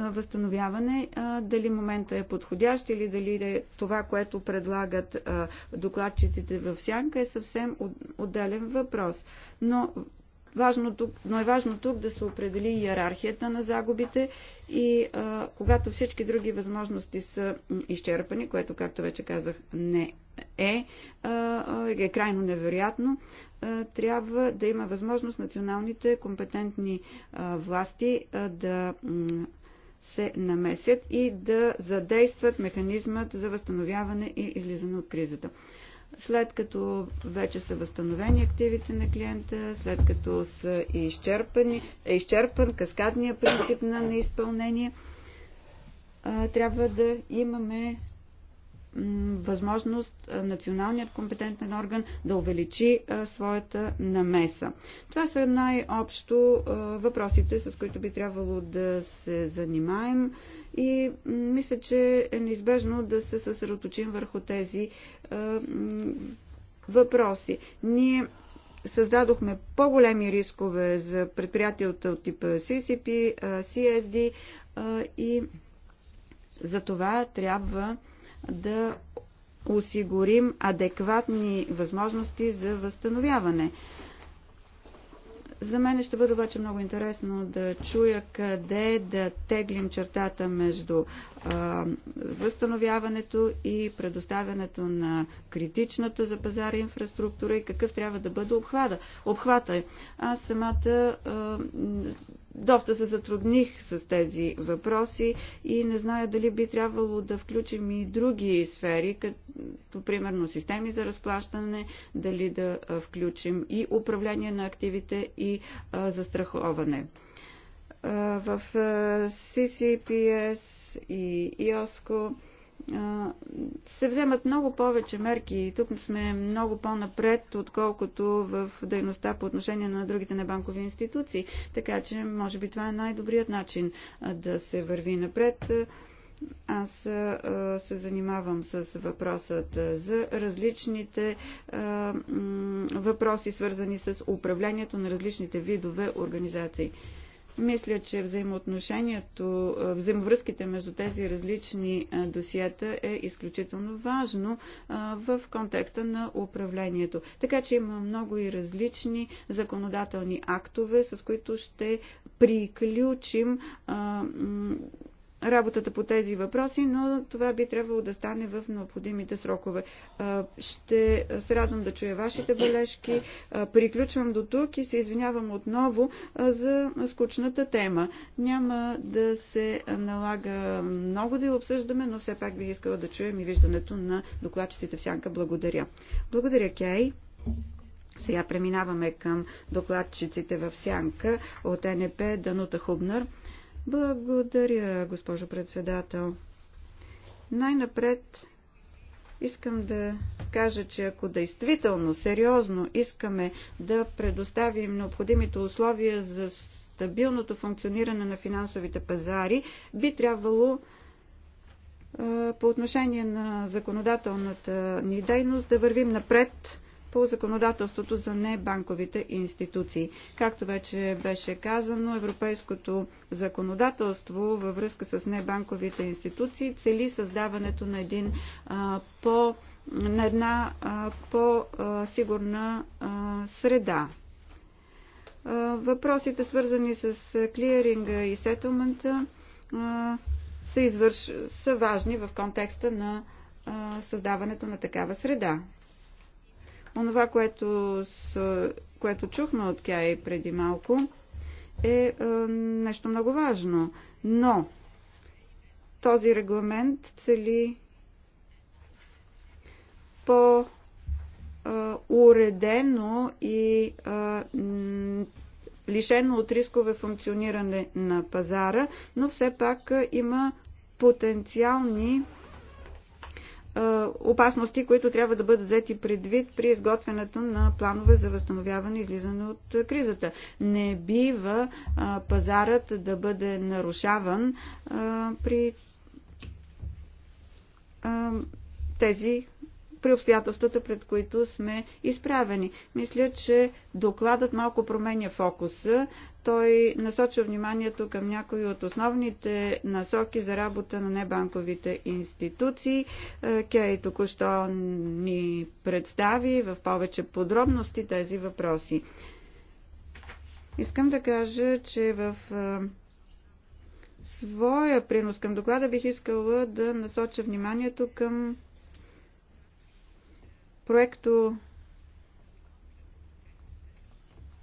възстановяване, дали момента е подходящ или дали е това, което предлагат докладчиците в сянка е съвсем отделен въпрос. Но Важно тук, но е важно тук да се определи иерархията на загубите и когато всички други възможности са изчерпани, което, както вече казах, не е, е крайно невероятно, трябва да има възможност националните компетентни власти да се намесят и да задействат механизмът за възстановяване и излизане от кризата. След като вече са възстановени активите на клиента, след като са изчерпани, е изчерпан каскадния принцип на неизпълнение, трябва да имаме възможност националният компетентен орган да увеличи своята намеса. Това са най-общо въпросите, с които би трябвало да се занимаем и мисля, че е неизбежно да се съсредоточим върху тези въпроси. Ние създадохме по-големи рискове за предприятията от типа CCP, CSD и за това трябва да осигурим адекватни възможности за възстановяване. За мен ще бъде обаче много интересно да чуя къде да теглим чертата между а, възстановяването и предоставянето на критичната за пазара инфраструктура и какъв трябва да бъде обхвата. обхвата. Аз самата а, доста се затрудних с тези въпроси и не зная дали би трябвало да включим и други сфери, като примерно системи за разплащане, дали да включим и управление на активите и застраховане. в CCPS и IOSCO се вземат много повече мерки тук сме много по-напред, отколкото в дейността по отношение на другите небанкови институции. Така че, може би това е най-добрият начин да се върви напред. Аз се занимавам с въпросът за различните въпроси, свързани с управлението на различните видове организации. Мисля, че взаимоотношението, взаимовръзките между тези различни досиета е изключително важно в контекста на управлението. Така че има много и различни законодателни актове, с които ще приключим работата по тези въпроси, но това би трябвало да стане в необходимите срокове. Ще се радвам да чуя вашите бележки. Приключвам до тук и се извинявам отново за скучната тема. Няма да се налага много да я обсъждаме, но все пак бих искала да чуем и виждането на докладчиците в сянка. Благодаря. Благодаря, Кей. Сега преминаваме към докладчиците в сянка от НП Данута Хубнар. Благодаря, госпожо председател. Най-напред искам да кажа, че ако действително, сериозно искаме да предоставим необходимите условия за стабилното функциониране на финансовите пазари, би трябвало по отношение на законодателната ни дейност да вървим напред по законодателството за небанковите институции. Както вече беше казано, европейското законодателство във връзка с небанковите институции цели създаването на един а, по на една по-сигурна среда. А, въпросите, свързани с клиринга и сетълмента, са, извърш... са важни в контекста на създаването на такава среда. Онова, което, с, което чухме от и преди малко, е, е нещо много важно. Но този регламент цели по е, уредено и е, лишено от рискове функциониране на пазара, но все пак има потенциални е, опасности, които трябва да бъдат взети предвид при изготвянето на планове за възстановяване и излизане от кризата. Не бива е, пазарът да бъде нарушаван е, при тези при обстоятелствата, пред които сме изправени. Мисля, че докладът малко променя фокуса. Той насочва вниманието към някои от основните насоки за работа на небанковите институции. Е, Кей току-що ни представи в повече подробности тези въпроси. Искам да кажа, че в е, своя принос към доклада бих искала да насоча вниманието към проекто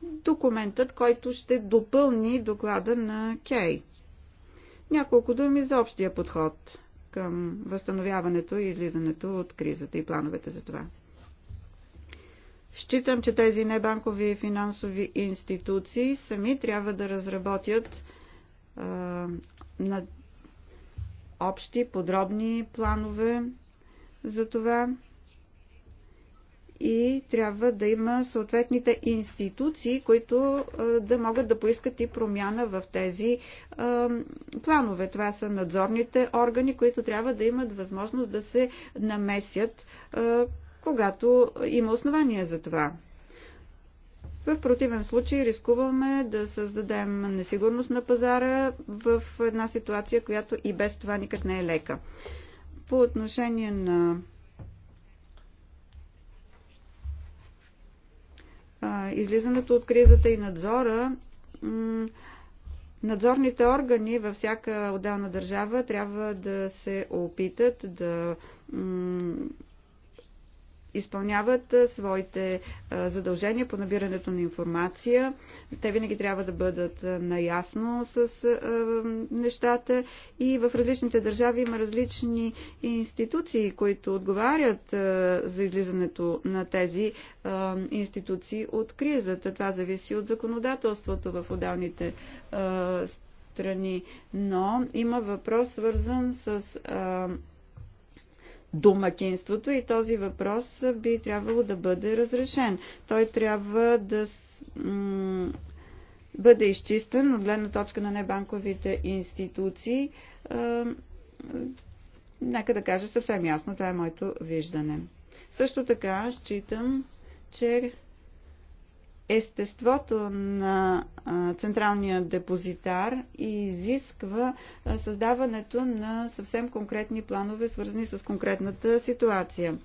документът, който ще допълни доклада на Кей. Няколко думи за общия подход към възстановяването и излизането от кризата и плановете за това. Считам, че тези небанкови финансови институции сами трябва да разработят а, на общи подробни планове за това и трябва да има съответните институции, които да могат да поискат и промяна в тези планове. Това са надзорните органи, които трябва да имат възможност да се намесят, когато има основания за това. В противен случай рискуваме да създадем несигурност на пазара в една ситуация, която и без това никак не е лека. По отношение на излизането от кризата и надзора, надзорните органи във всяка отделна държава трябва да се опитат да изпълняват своите задължения по набирането на информация. Те винаги трябва да бъдат наясно с нещата и в различните държави има различни институции, които отговарят за излизането на тези институции от кризата. Това зависи от законодателството в отделните страни. Но има въпрос свързан с домакинството и този въпрос би трябвало да бъде разрешен. Той трябва да бъде изчистен от гледна точка на небанковите институции. Нека да кажа съвсем ясно, това е моето виждане. Също така считам, че естеството на централния депозитар и изисква създаването на съвсем конкретни планове, свързани с конкретната ситуация.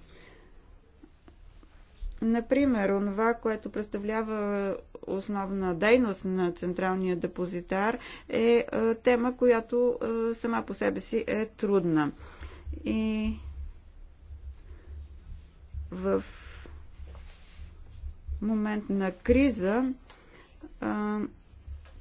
Например, онова, което представлява основна дейност на централния депозитар е тема, която сама по себе си е трудна. И в момент на криза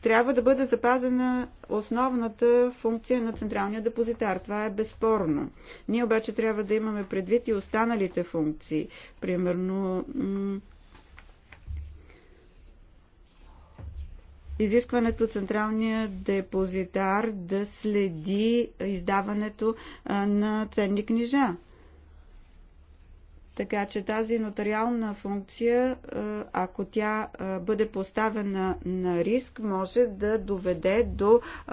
трябва да бъде запазена основната функция на централния депозитар. Това е безспорно. Ние обаче трябва да имаме предвид и останалите функции. Примерно изискването централния депозитар да следи издаването на ценни книжа. Така че тази нотариална функция, е, ако тя е, бъде поставена на риск, може да доведе до е,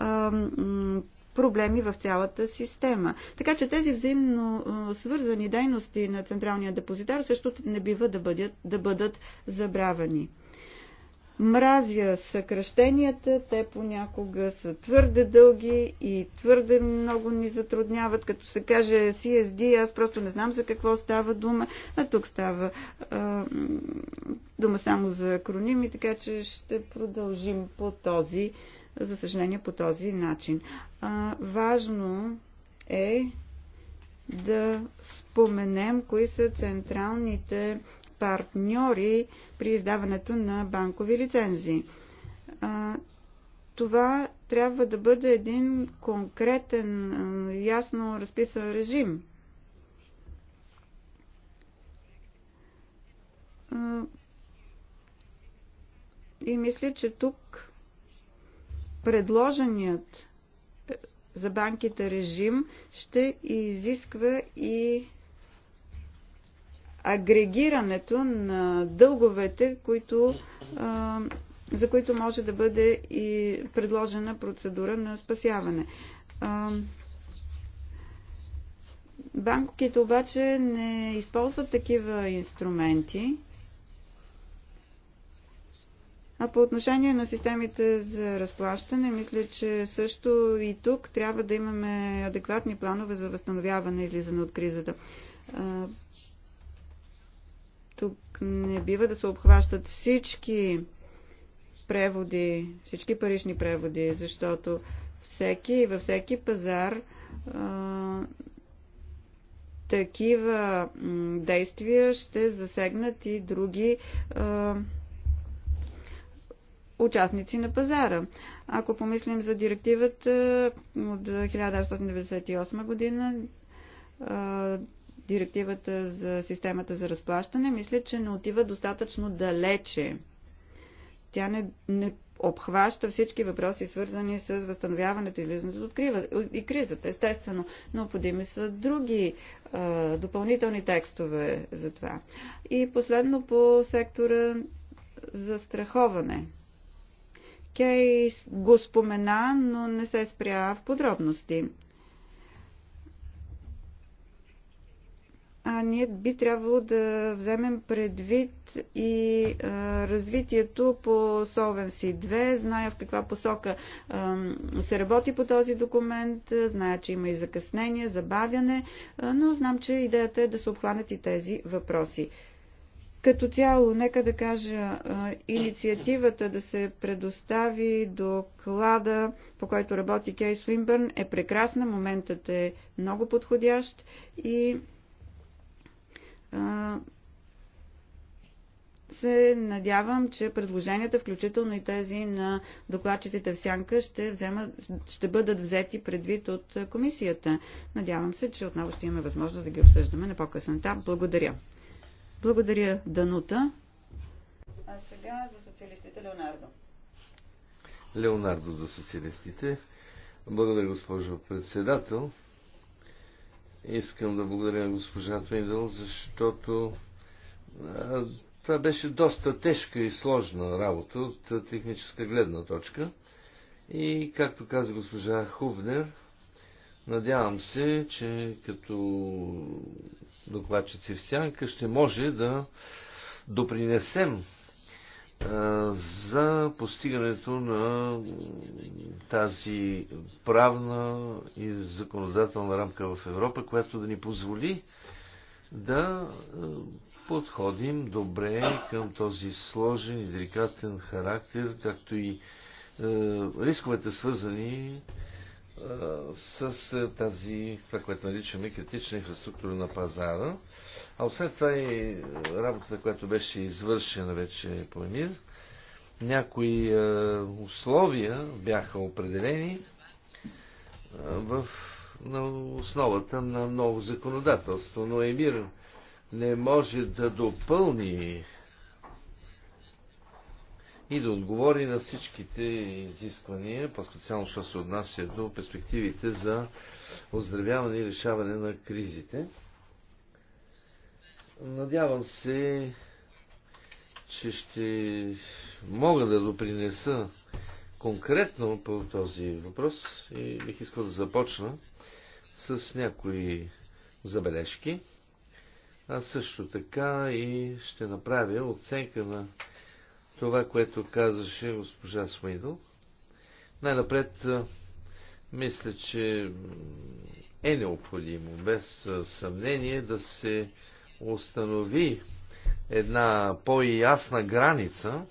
проблеми в цялата система. Така че тези взаимно свързани дейности на Централния депозитар също не бива да бъдат, да бъдат забравени. Мразя съкръщенията, те понякога са твърде дълги и твърде много ни затрудняват. Като се каже CSD, аз просто не знам за какво става дума, а тук става а, дума само за акроними, така че ще продължим по този, за съжаление, по този начин. А, важно е да споменем кои са централните партньори при издаването на банкови лицензии. Това трябва да бъде един конкретен, ясно разписан режим. И мисля, че тук предложеният е, за банките режим ще изисква и агрегирането на дълговете, които, а, за които може да бъде и предложена процедура на спасяване. А, банките обаче не използват такива инструменти. А по отношение на системите за разплащане, мисля, че също и тук трябва да имаме адекватни планове за възстановяване и излизане от кризата. Тук не бива да се обхващат всички преводи, всички парични преводи, защото всеки, във всеки пазар а, такива действия ще засегнат и други а, участници на пазара. Ако помислим за директивата от 1998 година, директивата за системата за разплащане, мисля, че не отива достатъчно далече. Тя не, не обхваща всички въпроси, свързани с възстановяването, излизането от крива, и кризата. Естествено, необходими са други а, допълнителни текстове за това. И последно по сектора за страховане. Кей го спомена, но не се спря в подробности. а ние би трябвало да вземем предвид и а, развитието по Solvency 2. Зная в каква посока а, се работи по този документ, зная, че има и закъснение, забавяне, а, но знам, че идеята е да се обхванат и тези въпроси. Като цяло, нека да кажа, инициативата да се предостави доклада, по който работи Кей Суинбърн е прекрасна, моментът е много подходящ и се надявам, че предложенията, включително и тези на докладчетите в Сянка, ще, взема, ще бъдат взети предвид от комисията. Надявам се, че отново ще имаме възможност да ги обсъждаме на по-късен етап. Благодаря. Благодаря, Данута. А сега за социалистите Леонардо. Леонардо за социалистите. Благодаря, госпожо председател. Искам да благодаря на госпожа Твиндъл, защото а, това беше доста тежка и сложна работа от техническа гледна точка. И, както каза госпожа Хубнер, надявам се, че като докладчици в сянка ще може да допринесем за постигането на тази правна и законодателна рамка в Европа, която да ни позволи да подходим добре към този сложен и деликатен характер, както и рисковете свързани с тази, това, което наричаме критична инфраструктура на пазара а освен това и работата, която беше извършена вече по Емир, някои е, условия бяха определени е, в, на основата на ново законодателство. Но Емир не може да допълни и да отговори на всичките изисквания, по-специално, що се отнася до перспективите за оздравяване и решаване на кризите. Надявам се, че ще мога да допринеса конкретно по този въпрос и бих искал да започна с някои забележки. А също така и ще направя оценка на това, което казаше госпожа Смайдо. Най-напред, мисля, че е необходимо, без съмнение, да се установи една по-ясна граница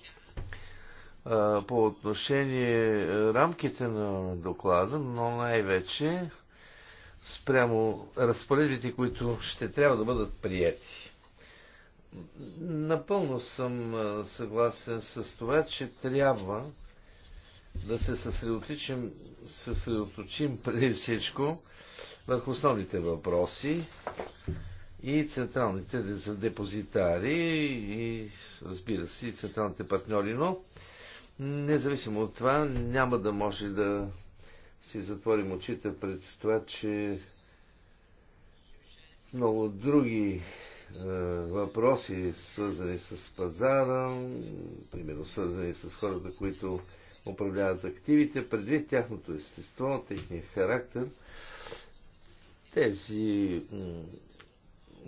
по отношение рамките на доклада, но най-вече спрямо разпоредбите, които ще трябва да бъдат прияти. Напълно съм съгласен с това, че трябва да се съсредоточим, съсредоточим преди всичко върху основните въпроси, и централните депозитари и разбира се и централните партньори, но независимо от това няма да може да си затворим очите пред това, че много други е, въпроси, свързани с пазара, примерно свързани с хората, които управляват активите, предвид тяхното естество, техния характер, тези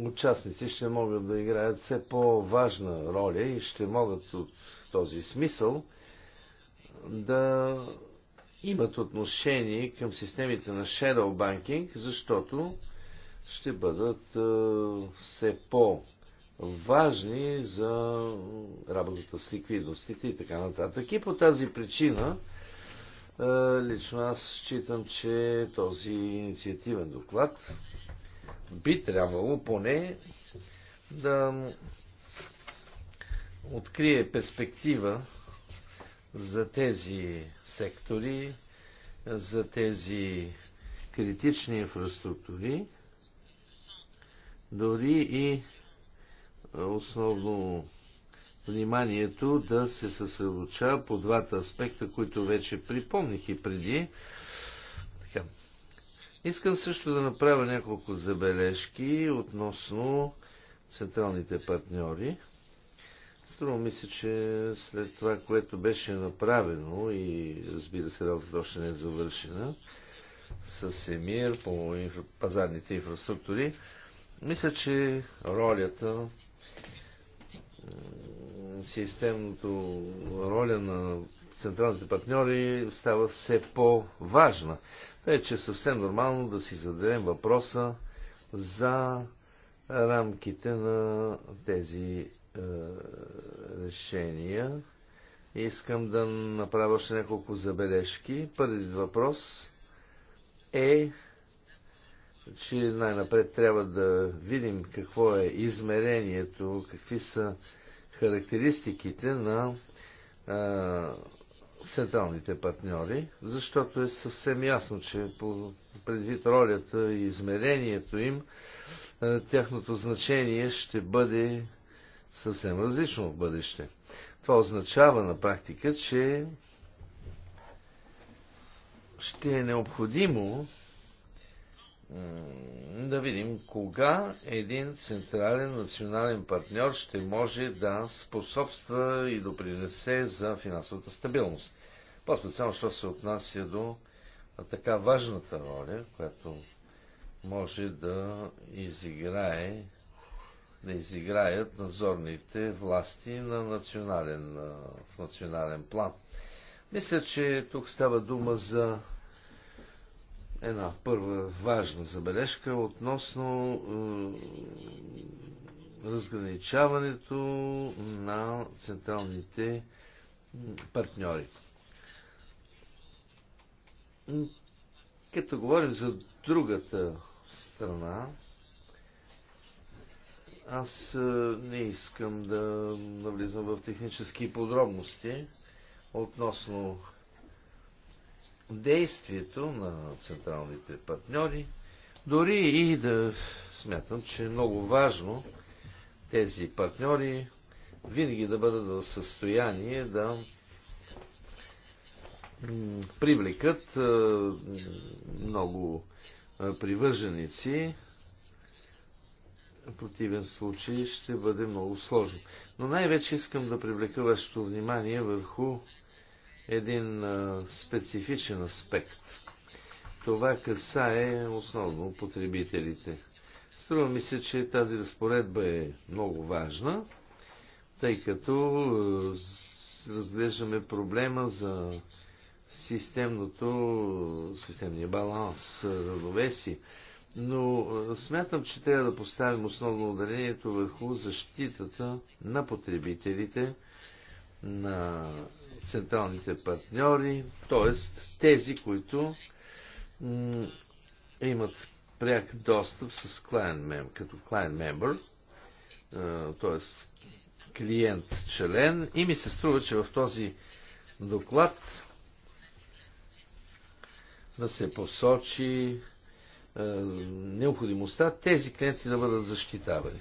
участници ще могат да играят все по-важна роля и ще могат от този смисъл да имат отношение към системите на Shadow Banking, защото ще бъдат е, все по-важни за работата с ликвидностите и така нататък. И по тази причина е, лично аз считам, че този инициативен доклад би трябвало поне да открие перспектива за тези сектори, за тези критични инфраструктури, дори и основно вниманието да се съсредоча по двата аспекта, които вече припомних и преди. Така, Искам също да направя няколко забележки относно централните партньори. Струва ми се, че след това, което беше направено и разбира се, работата още не е завършена с ЕМИР по пазарните инфраструктури, мисля, че ролята системното роля на централните партньори става все по-важна. Тъй, е, че е съвсем нормално да си зададем въпроса за рамките на тези е, решения. Искам да направя още няколко забележки. Първият въпрос е, че най-напред трябва да видим какво е измерението, какви са характеристиките на е, централните партньори, защото е съвсем ясно, че по предвид ролята и измерението им, е, тяхното значение ще бъде съвсем различно в бъдеще. Това означава на практика, че ще е необходимо да видим кога един централен национален партньор ще може да способства и допринесе за финансовата стабилност. По-специално, що се отнася до така важната роля, която може да изиграе да изиграят надзорните власти на национален, в национален план. Мисля, че тук става дума за една първа важна забележка относно е, разграничаването на централните партньори. Като говорим за другата страна, аз е, не искам да навлизам в технически подробности относно действието на централните партньори, дори и да смятам, че е много важно тези партньори винаги да бъдат в състояние да привлекат е, много е, привърженици. В противен случай ще бъде много сложно. Но най-вече искам да привлека вашето внимание върху един специфичен аспект. Това касае основно потребителите. Струва ми се, че тази разпоредба е много важна, тъй като разглеждаме проблема за системното, системния баланс, равновесие. Но смятам, че трябва да поставим основно ударението върху защитата на потребителите – на централните партньори, т.е. тези, които имат пряк достъп с client mem- като client member, т.е. клиент-член. И ми се струва, че в този доклад да се посочи е, необходимостта тези клиенти да бъдат защитавани.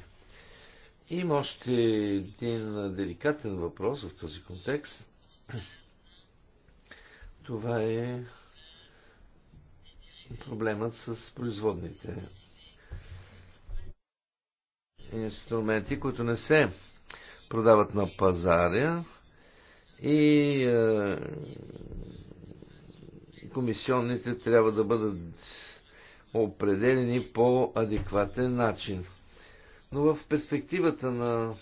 Има още един деликатен въпрос в този контекст. Това е проблемът с производните инструменти, които не се продават на пазаря и е, комисионните трябва да бъдат определени по адекватен начин. Но в перспективата на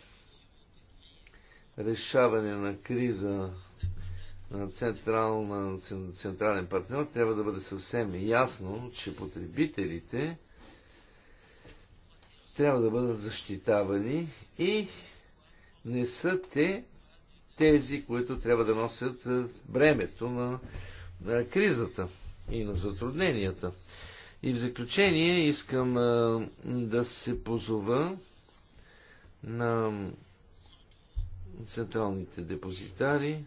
решаване на криза на централна, централен партньор трябва да бъде съвсем ясно, че потребителите трябва да бъдат защитавани и не са те тези, които трябва да носят бремето на, на кризата и на затрудненията. И в заключение искам да се позова на централните депозитари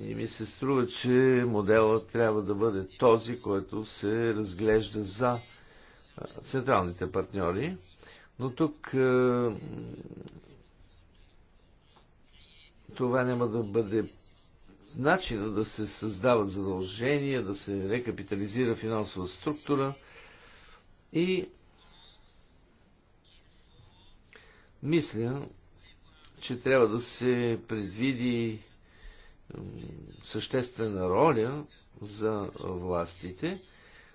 и ми се струва, че моделът трябва да бъде този, който се разглежда за централните партньори. Но тук това няма да бъде начина да се създават задължения, да се рекапитализира финансова структура и мисля, че трябва да се предвиди съществена роля за властите,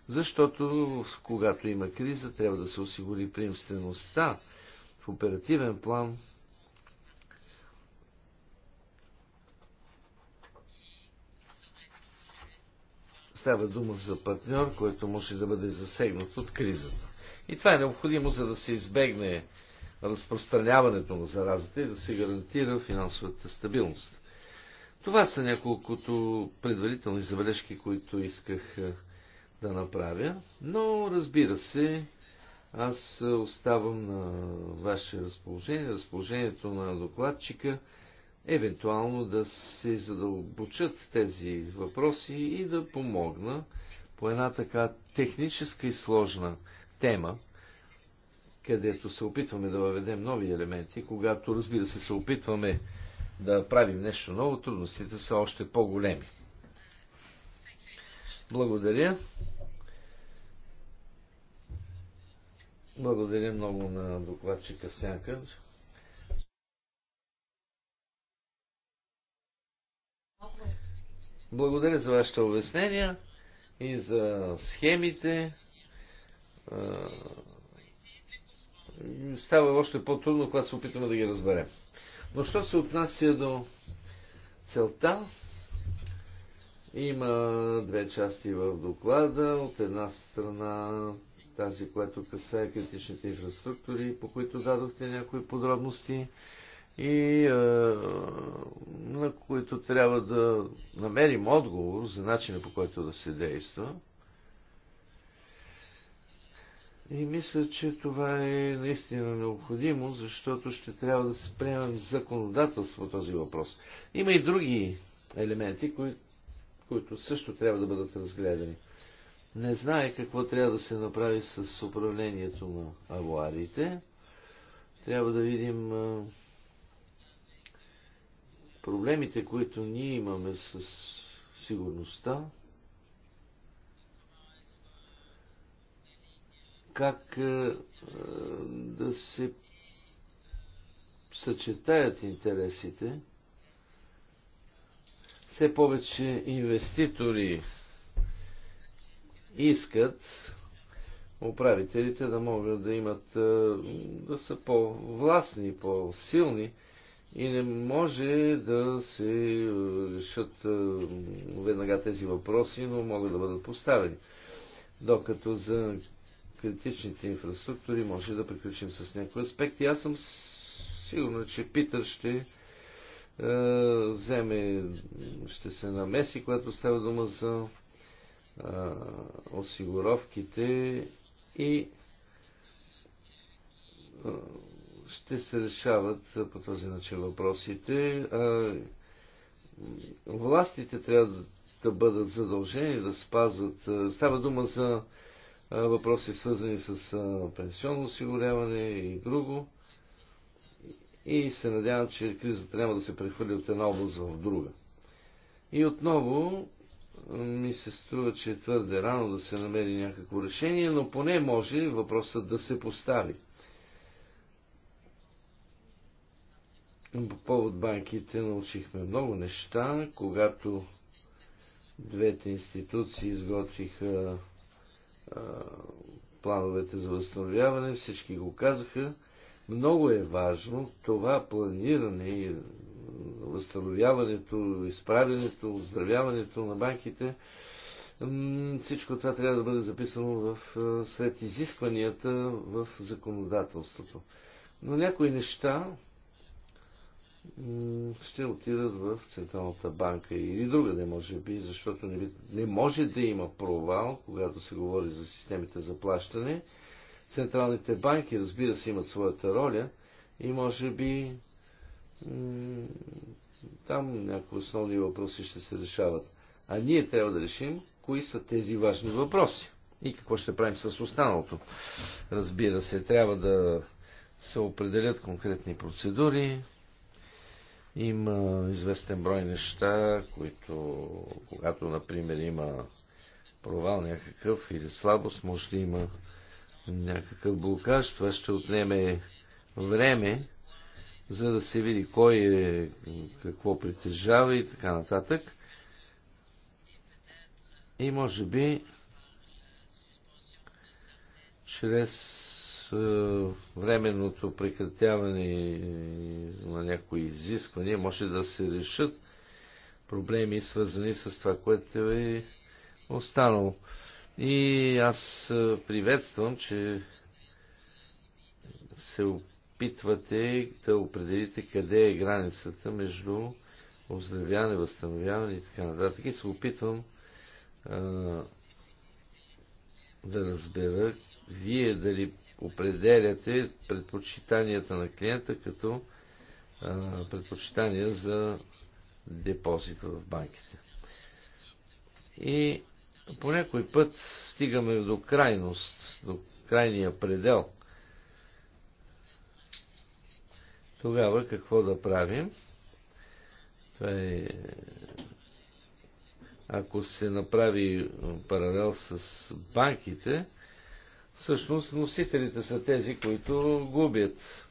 защото когато има криза, трябва да се осигури приемствеността в оперативен план Става дума за партньор, който може да бъде засегнат от кризата. И това е необходимо, за да се избегне разпространяването на заразата и да се гарантира финансовата стабилност. Това са няколкото предварителни забележки, които исках да направя, но разбира се, аз оставам на ваше разположение, разположението на докладчика евентуално да се задълбочат тези въпроси и да помогна по една така техническа и сложна тема, където се опитваме да въведем нови елементи, когато, разбира се, се опитваме да правим нещо ново, трудностите са още по-големи. Благодаря. Благодаря много на докладчика Всянка. Благодаря за вашите обяснения и за схемите. Става още по-трудно, когато се опитваме да ги разберем. Но що се отнася до целта, има две части в доклада. От една страна тази, която касае критичните инфраструктури, по които дадохте някои подробности и е, на които трябва да намерим отговор за начина по който да се действа. И мисля, че това е наистина необходимо, защото ще трябва да се приемем законодателство по този въпрос. Има и други елементи, кои, които също трябва да бъдат разгледани. Не знае какво трябва да се направи с управлението на авуарите. Трябва да видим е, Проблемите, които ние имаме с сигурността, как е, е, да се съчетаят интересите, все повече инвеститори искат управителите да могат да имат, е, да са по-властни, по-силни, и не може да се е, решат е, веднага тези въпроси, но могат да бъдат поставени. Докато за критичните инфраструктури може да приключим с някои аспекти. Аз съм сигурна, че Питър ще е, вземе, ще се намеси, когато става дума за осигуровките и ще се решават по този начин въпросите. Властите трябва да бъдат задължени да спазват. Става дума за въпроси свързани с пенсионно осигуряване и друго. И се надявам, че кризата няма да се прехвърли от една област в друга. И отново ми се струва, че е твърде рано да се намери някакво решение, но поне може въпросът да се постави. По повод банките научихме много неща, когато двете институции изготвиха а, плановете за възстановяване, всички го казаха. Много е важно това планиране и възстановяването, изправянето, оздравяването на банките. Всичко това трябва да бъде записано в, сред изискванията в законодателството. Но някои неща ще отидат в Централната банка или другаде, може би, защото не, не може да има провал, когато се говори за системите за плащане. Централните банки, разбира се, имат своята роля и може би там някои основни въпроси ще се решават. А ние трябва да решим кои са тези важни въпроси и какво ще правим с останалото. Разбира се, трябва да се определят конкретни процедури, има известен брой неща, които, когато, например, има провал някакъв или слабост, може да има някакъв блокаж. Това ще отнеме време, за да се види кой е, какво притежава и така нататък. И може би чрез е, временното прекратяване на някои изисквания може да се решат проблеми, свързани с това, което е останало. И аз е, приветствам, че се опитвате да определите къде е границата между оздравяване, възстановяване и така нататък. И се опитвам а, е, да разбера вие дали определяте предпочитанията на клиента като а, предпочитания за депозит в банките. И по някой път стигаме до крайност, до крайния предел. Тогава какво да правим? Това е... Ако се направи паралел с банките, Всъщност носителите са тези, които губят.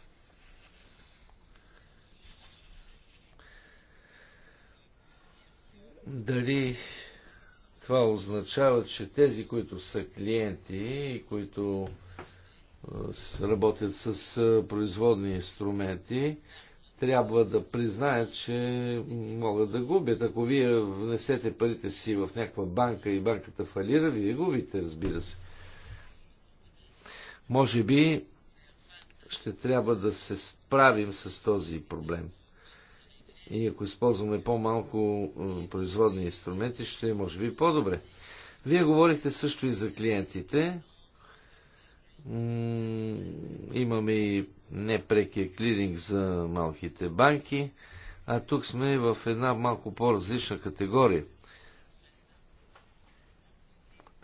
Дали това означава, че тези, които са клиенти и които работят с производни инструменти, трябва да признаят, че могат да губят. Ако вие внесете парите си в някаква банка и банката фалира, вие губите, разбира се. Може би ще трябва да се справим с този проблем. И ако използваме по-малко е, производни инструменти, ще е може би по-добре. Вие говорихте също и за клиентите. Имаме и непрекия клиринг за малките банки, а тук сме в една малко по-различна категория –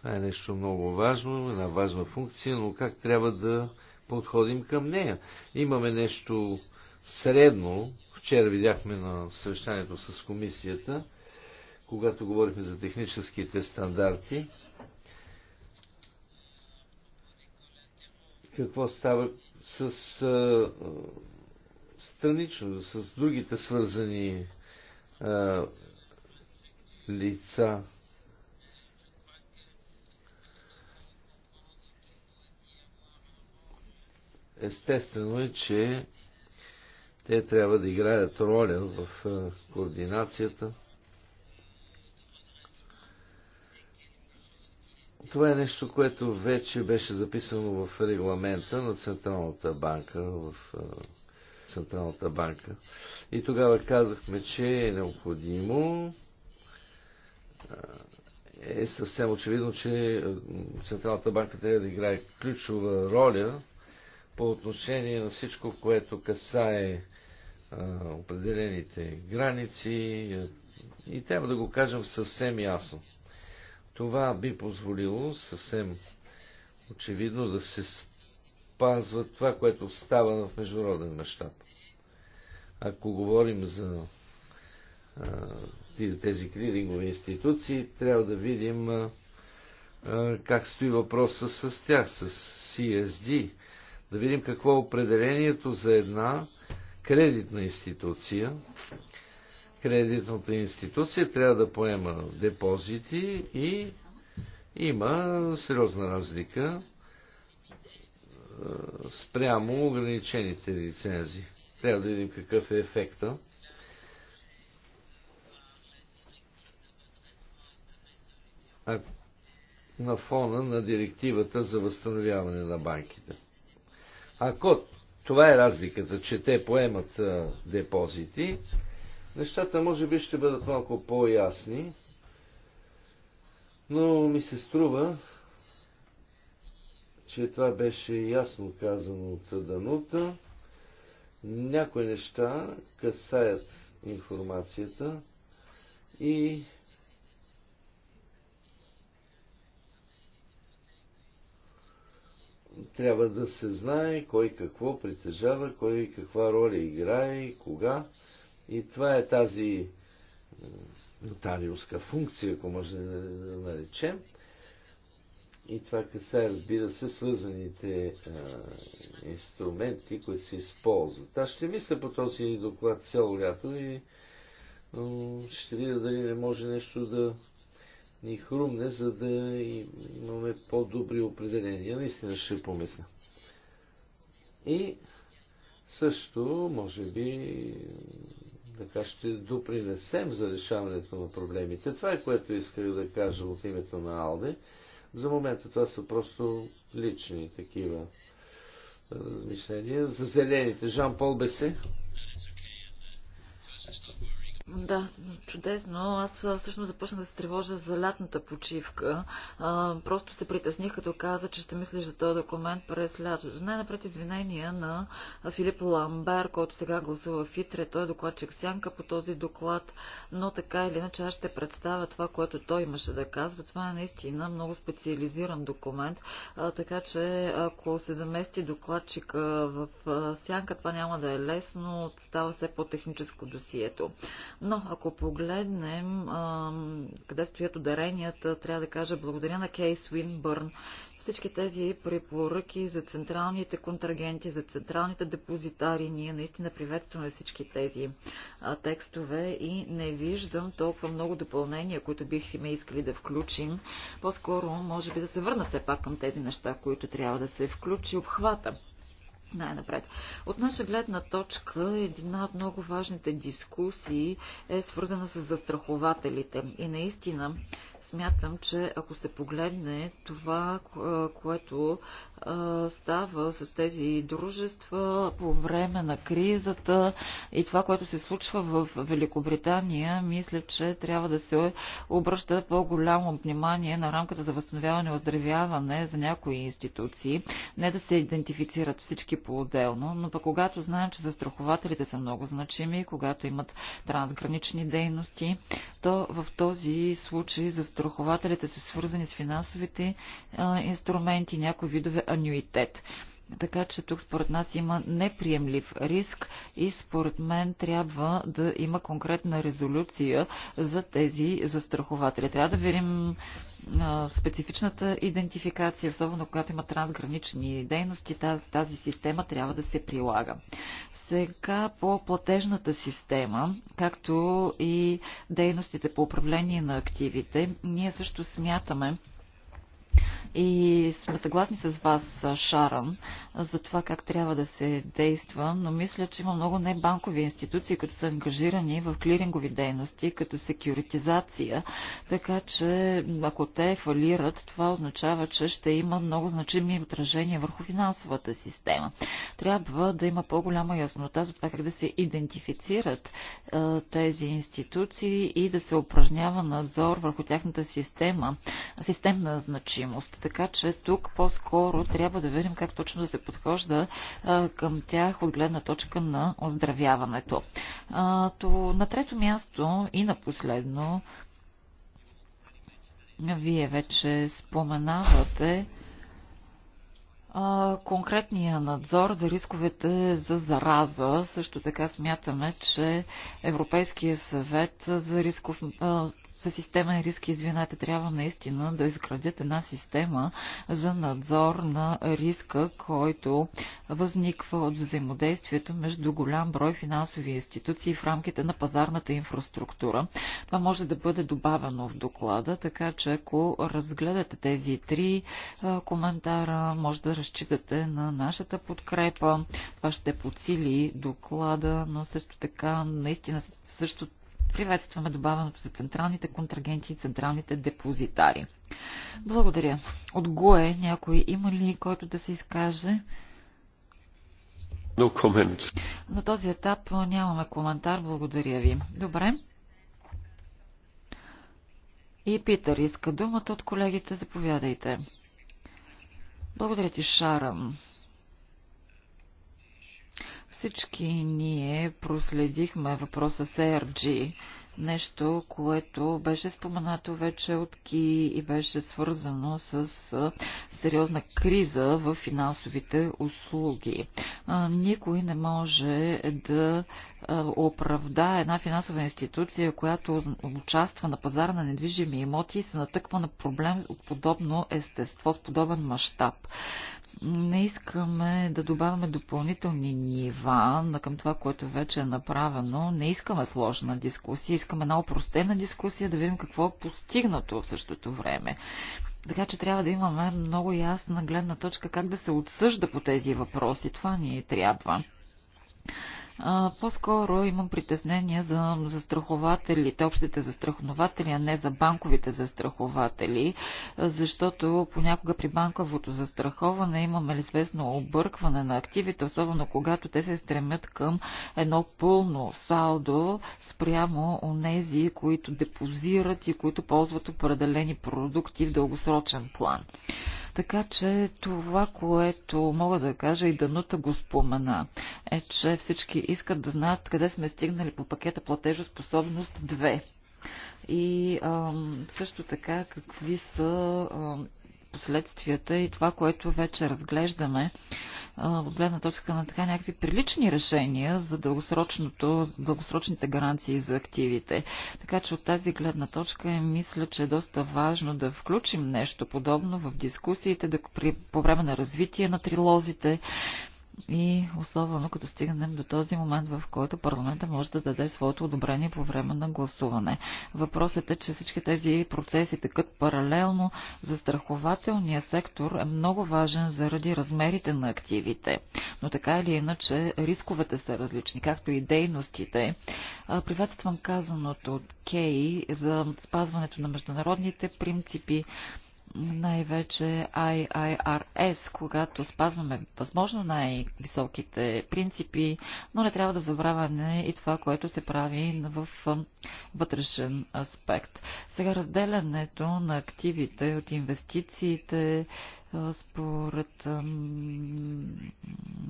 това е нещо много важно, една важна функция, но как трябва да подходим към нея? Имаме нещо средно. Вчера видяхме на съвещанието с комисията, когато говорихме за техническите стандарти. Какво става с а, странично, с другите свързани а, лица Естествено е, че те трябва да играят роля в координацията. Това е нещо, което вече беше записано в регламента на Централната банка, в Централната банка. И тогава казахме, че е необходимо е съвсем очевидно, че Централната банка трябва да играе ключова роля по отношение на всичко, което касае а, определените граници и трябва да го кажем съвсем ясно. Това би позволило съвсем очевидно да се спазва това, което става в международен мащаб. Ако говорим за а, тези клирингови институции, трябва да видим а, как стои въпроса с тях, с CSD, да видим какво е определението за една кредитна институция. Кредитната институция трябва да поема депозити и има сериозна разлика спрямо ограничените лицензии. Трябва да видим какъв е ефекта. А на фона на директивата за възстановяване на банките. Ако това е разликата, че те поемат депозити, нещата може би ще бъдат малко по-ясни, но ми се струва, че това беше ясно казано от Данута. Някои неща касаят информацията и трябва да се знае кой какво притежава, кой каква роля играе и кога. И това е тази е, нотариуска функция, ако може да наречем. И това касае, разбира се, свързаните а, е, инструменти, които се използват. Аз ще мисля по този доклад цяло лято и ще видя дали не може нещо да ни хрумне, за да имаме по-добри определения. Наистина ще помисля. И също, може би, така ще допринесем за решаването на проблемите. Това е което исках да кажа от името на Алде. За момента това са просто лични такива е, размишления. За зелените, Жан-Пол Бесе. Да, чудесно. Аз всъщност започнах да се тревожа за лятната почивка. А, просто се притесних, като каза, че ще мислиш за този документ през лятото. Най-напред извинения на Филип Ламбер, който сега гласува в Итре. Той е докладчик сянка по този доклад, но така или иначе аз ще представя това, което той имаше да казва. Това е наистина много специализиран документ, а, така че ако се замести докладчик в сянка, това няма да е лесно. Става все по-техническо досието. Но ако погледнем къде стоят ударенията, трябва да кажа благодаря на Кейс Уинбърн. Всички тези препоръки за централните контрагенти, за централните депозитари, ние наистина приветстваме всички тези текстове и не виждам толкова много допълнения, които бихме искали да включим. По-скоро, може би да се върна все пак към тези неща, които трябва да се включи обхвата най-напред. От наша гледна точка, една от много важните дискусии е свързана с застрахователите. И наистина смятам, че ако се погледне това, което става с тези дружества по време на кризата и това, което се случва в Великобритания, мисля, че трябва да се обръща по-голямо внимание на рамката за възстановяване и оздравяване за някои институции. Не да се идентифицират всички по-отделно, но пък когато знаем, че застрахователите са много значими, когато имат трансгранични дейности, то в този случай застрахователите са свързани с финансовите а, инструменти, някои видове анюитет. Така че тук според нас има неприемлив риск и според мен трябва да има конкретна резолюция за тези застрахователи. Трябва да видим специфичната идентификация, особено когато има трансгранични дейности, тази, тази система трябва да се прилага. Сега по платежната система, както и дейностите по управление на активите, ние също смятаме, и сме съгласни с вас, Шаран, за това как трябва да се действа, но мисля, че има много небанкови институции, които са ангажирани в клирингови дейности, като секюритизация, така че ако те фалират, това означава, че ще има много значими отражения върху финансовата система. Трябва да има по-голяма яснота за това как да се идентифицират тези институции и да се упражнява надзор върху тяхната система, системна значимост така че тук по-скоро трябва да видим как точно да се подхожда а, към тях от гледна точка на оздравяването. А, то, на трето място и на последно, вие вече споменавате конкретния надзор за рисковете за зараза. Също така смятаме, че Европейския съвет за рисков за системен риск, извинете, трябва наистина да изградят една система за надзор на риска, който възниква от взаимодействието между голям брой финансови институции в рамките на пазарната инфраструктура. Това може да бъде добавено в доклада, така че ако разгледате тези три коментара, може да разчитате на нашата подкрепа. Това ще подсили доклада, но също така наистина също Приветстваме добавеното за централните контрагенти и централните депозитари. Благодаря. От ГОЕ някой има ли който да се изкаже? No comment. На този етап нямаме коментар. Благодаря ви. Добре. И Питър иска думата от колегите. Заповядайте. Благодаря ти, Шарам. Всички ние проследихме въпроса с ERG, нещо, което беше споменато вече от Ки и беше свързано с сериозна криза в финансовите услуги. Никой не може да оправда една финансова институция, която участва на пазара на недвижими имоти и се натъква на проблем от подобно естество, с подобен мащаб. Не искаме да добавяме допълнителни нива на към това, което вече е направено. Не искаме сложна дискусия, искаме една опростена дискусия, да видим какво е постигнато в същото време. Така че трябва да имаме много ясна гледна точка как да се отсъжда по тези въпроси. Това ни трябва. По-скоро имам притеснение за застрахователите, общите застрахователи, а не за банковите застрахователи, защото понякога при банковото застраховане имаме известно объркване на активите, особено когато те се стремят към едно пълно салдо спрямо у нези, които депозират и които ползват определени продукти в дългосрочен план. Така че това, което мога да кажа и Данута го спомена, е, че всички искат да знаят къде сме стигнали по пакета платежоспособност 2. И а, също така какви са а, последствията и това, което вече разглеждаме от гледна точка на така някакви прилични решения за дългосрочното, дългосрочните гаранции за активите. Така че от тази гледна точка мисля, че е доста важно да включим нещо подобно в дискусиите да, при, по време на развитие на трилозите и особено като стигнем до този момент, в който парламента може да даде своето одобрение по време на гласуване. Въпросът е, че всички тези процеси тъкат паралелно. Застрахователния сектор е много важен заради размерите на активите. Но така или иначе, рисковете са различни, както и дейностите. Приветствам казаното от Кей за спазването на международните принципи, най-вече IIRS, когато спазваме възможно най-високите принципи, но не трябва да забравяме и това, което се прави в вътрешен аспект. Сега разделянето на активите от инвестициите, според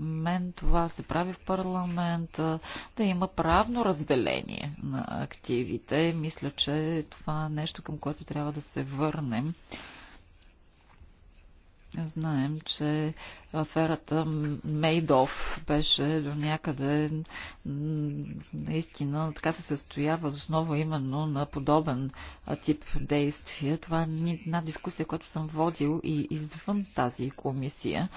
мен това се прави в парламента, да има правно разделение на активите. Мисля, че това е нещо, към което трябва да се върнем. Знаем, че аферата Мейдов беше до някъде наистина така се състоя възоснова именно на подобен тип действия. Това е една дискусия, която съм водил и извън тази комисия.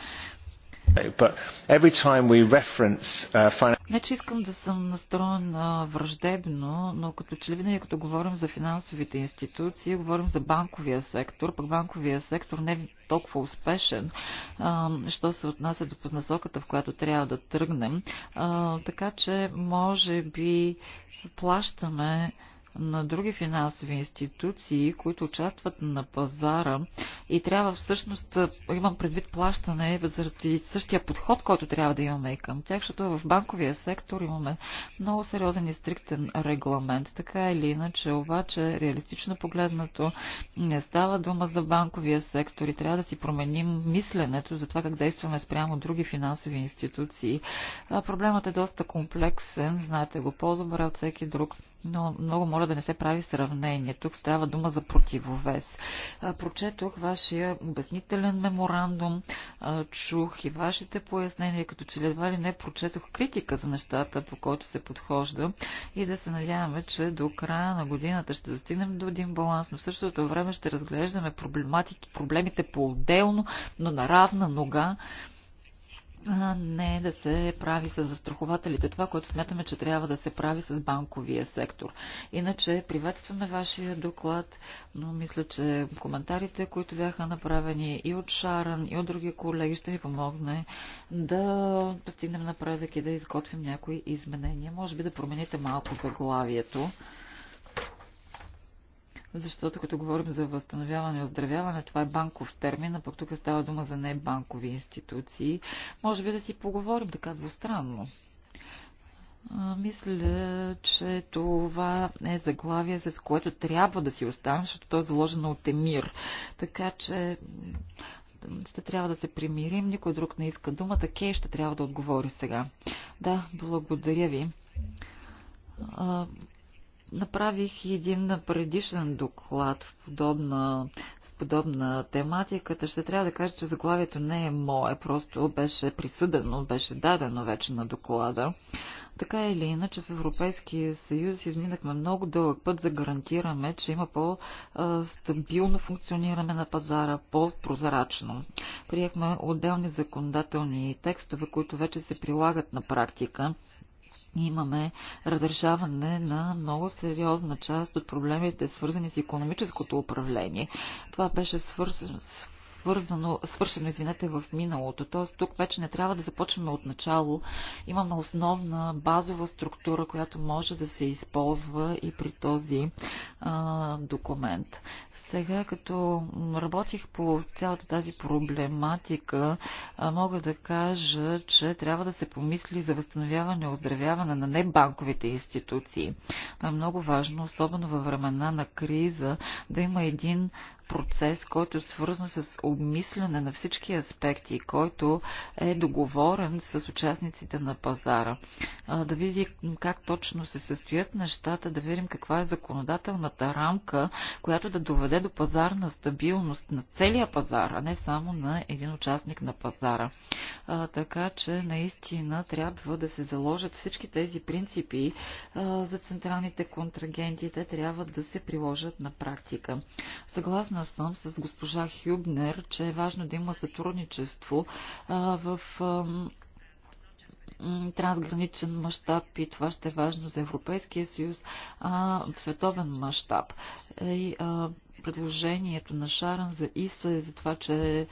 Uh, не, че искам да съм настроен враждебно, но като че ли винаги, като говорим за финансовите институции, говорим за банковия сектор, пък банковия сектор не е толкова успешен, а, що се отнася до поднасоката, в която трябва да тръгнем. А, така че, може би, плащаме на други финансови институции, които участват на пазара и трябва всъщност, имам предвид плащане заради същия подход, който трябва да имаме и към тях, защото в банковия сектор имаме много сериозен и стриктен регламент. Така или иначе, обаче, реалистично погледнато, не става дума за банковия сектор и трябва да си променим мисленето за това как действаме спрямо други финансови институции. Проблемът е доста комплексен, знаете го по-добре от всеки друг, но много моля да не се прави сравнение. Тук става дума за противовес. Прочетох вашия обяснителен меморандум, чух и вашите пояснения, като че едва ли не прочетох критика за нещата, по които се подхожда и да се надяваме, че до края на годината ще достигнем до един баланс, но в същото време ще разглеждаме проблемите по-отделно, но на равна нога не да се прави с застрахователите. Това, което смятаме, че трябва да се прави с банковия сектор. Иначе приветстваме вашия доклад, но мисля, че коментарите, които бяха направени и от Шаран, и от други колеги, ще ни помогне да постигнем напредък и да изготвим някои изменения. Може би да промените малко заглавието защото като говорим за възстановяване и оздравяване, това е банков термин, а пък тук става дума за небанкови институции. Може би да си поговорим така двустранно. Мисля, че това е заглавие, с което трябва да си останем, защото то е заложено от Емир. Така че ще трябва да се примирим, никой друг не иска думата. Кей ще трябва да отговори сега. Да, благодаря ви. Направих един предишен доклад в подобна, с подобна тематиката. Ще трябва да кажа, че заглавието не е мое, просто беше присъдено, беше дадено вече на доклада. Така или иначе в Европейския съюз изминахме много дълъг път за гарантираме, че има по-стабилно функциониране на пазара, по-прозрачно. Приехме отделни законодателни текстове, които вече се прилагат на практика имаме разрешаване на много сериозна част от проблемите, свързани с економическото управление. Това беше свързано свързано, свършено, извинете, в миналото. Т.е. тук вече не трябва да започваме от начало. Имаме основна базова структура, която може да се използва и при този а, документ. Сега, като работих по цялата тази проблематика, мога да кажа, че трябва да се помисли за възстановяване и оздравяване на небанковите институции. Това е много важно, особено във времена на криза, да има един процес, който е свързан с обмисляне на всички аспекти, който е договорен с участниците на пазара. Да видим как точно се състоят нещата, да видим каква е законодателната рамка, която да доведе до пазарна стабилност на целия пазар, а не само на един участник на пазара. Така че наистина трябва да се заложат всички тези принципи за централните контрагенти. Те трябва да се приложат на практика. Съгласно Съгласна съм с госпожа Хюбнер, че е важно да има сътрудничество в трансграничен мащаб и това ще е важно за Европейския съюз, а в световен мащаб. И а, предложението на Шаран за ИСА и за това, че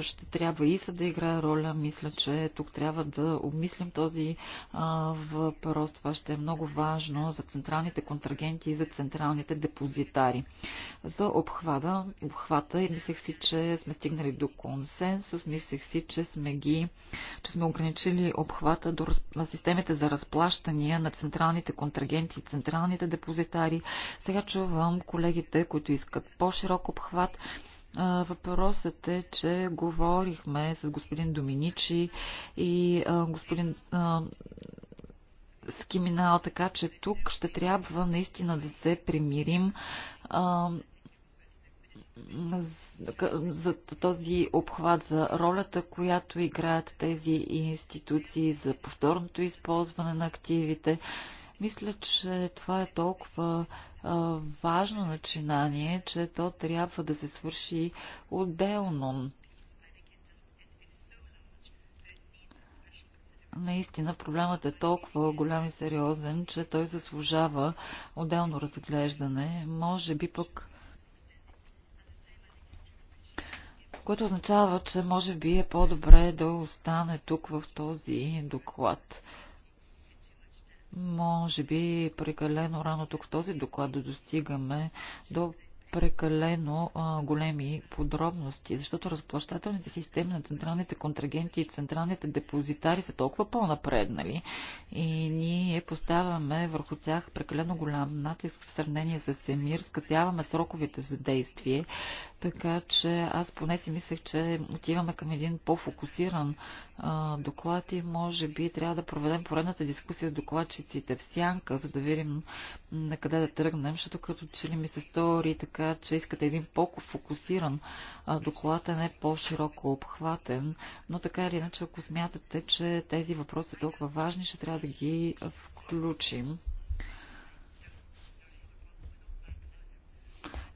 ще трябва ИСА да играе роля. Мисля, че тук трябва да обмислим този въпрос. Това ще е много важно за централните контрагенти и за централните депозитари. За обхвата, обхвата мислех си, че сме стигнали до консенсус, мислех си, че сме ги, че сме ограничили обхвата до на системите за разплащания на централните контрагенти и централните депозитари. Сега чувам колегите, които искат по-широк обхват. Въпросът е, че говорихме с господин Доминичи и господин Скиминал, така че тук ще трябва наистина да се примирим за този обхват, за ролята, която играят тези институции, за повторното използване на активите. Мисля, че това е толкова важно начинание, че то трябва да се свърши отделно. Наистина проблемът е толкова голям и сериозен, че той заслужава отделно разглеждане. Може би пък което означава, че може би е по-добре да остане тук в този доклад. Може би прекалено рано тук в този доклад да достигаме до прекалено а, големи подробности, защото разплащателните системи на централните контрагенти и централните депозитари са толкова по-напреднали и ние поставяме върху тях прекалено голям натиск в сравнение с ЕМИР, скъсяваме сроковете за действие така че аз поне си мислех, че отиваме към един по-фокусиран доклад и може би трябва да проведем поредната дискусия с докладчиците в сянка, за да видим на къде да тръгнем, защото като че ли ми се стори така, че искате един по-фокусиран доклад, а не по-широко обхватен. Но така или иначе, ако смятате, че тези въпроси са толкова важни, ще трябва да ги включим.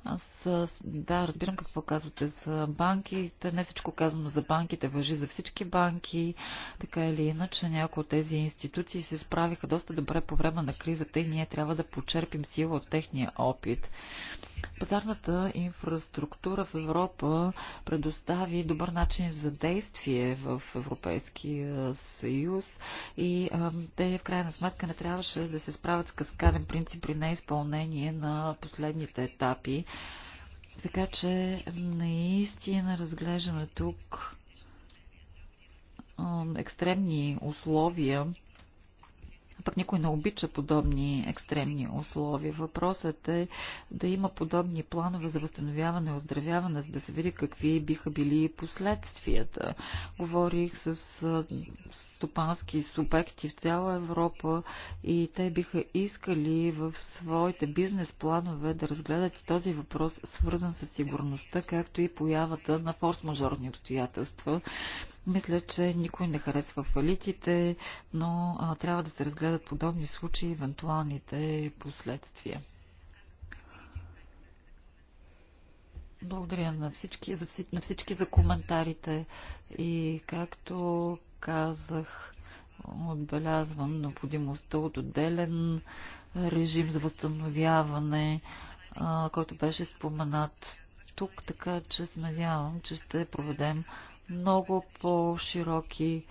Аз, да, разбирам какво казвате за банките. Не всичко казано за банките въжи за всички банки. Така или иначе, някои от тези институции се справиха доста добре по време на кризата и ние трябва да почерпим сила от техния опит. Пазарната инфраструктура в Европа предостави добър начин за действие в Европейския съюз и а, те в крайна сметка не трябваше да се справят с каскаден принцип при неизпълнение на последните етапи. Така че наистина разглеждаме тук екстремни условия пък никой не обича подобни екстремни условия. Въпросът е да има подобни планове за възстановяване и оздравяване, за да се види какви биха били последствията. Говорих с стопански субекти в цяла Европа и те биха искали в своите бизнес планове да разгледат този въпрос, свързан с сигурността, както и появата на форс-мажорни обстоятелства мисля, че никой не харесва фалитите, но а, трябва да се разгледат подобни случаи евентуалните последствия. Благодаря на всички, за всички, на всички за коментарите и както казах, отбелязвам необходимостта от отделен режим за възстановяване, който беше споменат тук, така че се надявам, че ще проведем много по-широки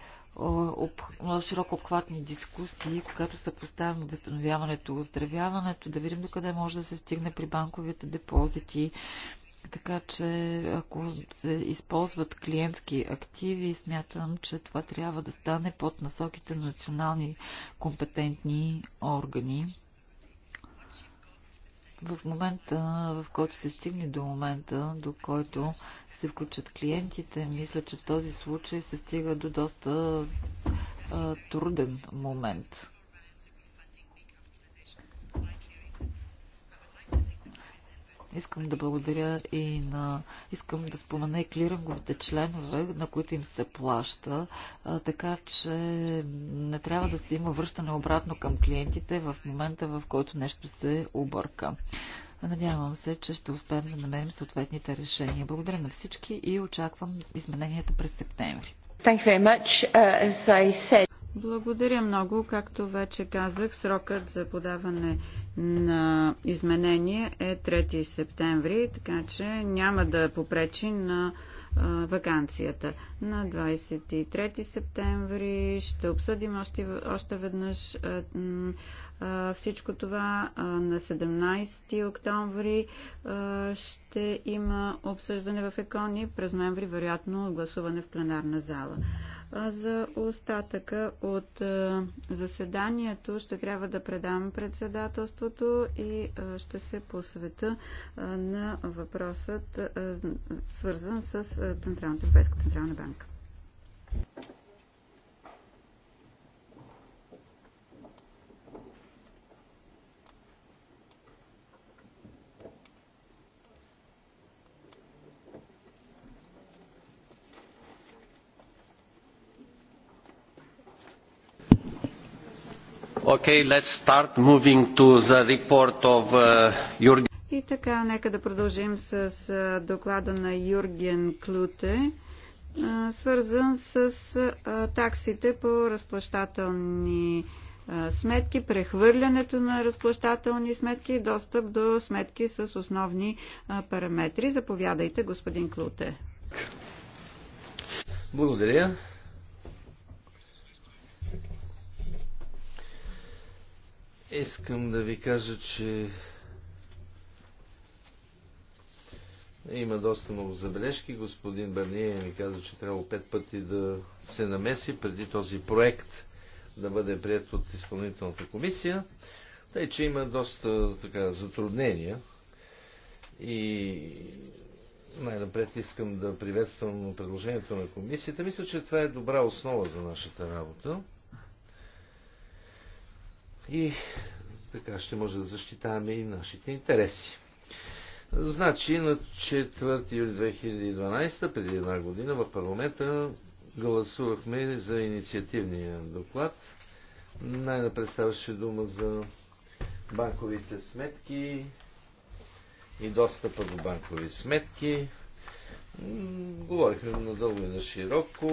широко обхватни дискусии, когато се поставим възстановяването, оздравяването, да видим докъде може да се стигне при банковите депозити, така че ако се използват клиентски активи, смятам, че това трябва да стане под насоките на национални компетентни органи. В момента, в който се стигне до момента, до който се включат клиентите. Мисля, че в този случай се стига до доста а, труден момент. Искам да благодаря и на... Искам да спомена и клиринговите членове, на които им се плаща, а, така че не трябва да се има връщане обратно към клиентите в момента, в който нещо се обърка. Надявам се, че ще успеем да намерим съответните решения. Благодаря на всички и очаквам измененията през септември. Uh, Благодаря много. Както вече казах, срокът за подаване на изменения е 3 септември, така че няма да попречи на вакансията. На 23 септември ще обсъдим още, още веднъж всичко това. На 17 октомври ще има обсъждане в Екони. През ноември, вероятно, гласуване в пленарна зала. А за остатъка от е, заседанието ще трябва да предам председателството и е, ще се посвета е, на въпросът свързан с Централната Европейска Централна банка. Uh, и така, нека да продължим с доклада на Юрген Клюте, свързан с таксите по разплащателни сметки, прехвърлянето на разплащателни сметки и достъп до сметки с основни параметри. Заповядайте, господин Клуте. Благодаря. Искам да ви кажа, че има доста много забележки. Господин Бърния ми каза, че трябва пет пъти да се намеси преди този проект да бъде прият от изпълнителната комисия. Тъй, че има доста така, затруднения и най-напред искам да приветствам предложението на комисията. Мисля, че това е добра основа за нашата работа и така ще може да защитаваме и нашите интереси. Значи на 4 юли 2012, преди една година, в парламента гласувахме за инициативния доклад. Най-напред ставаше дума за банковите сметки и достъпа до банкови сметки. Говорихме надълго и на широко.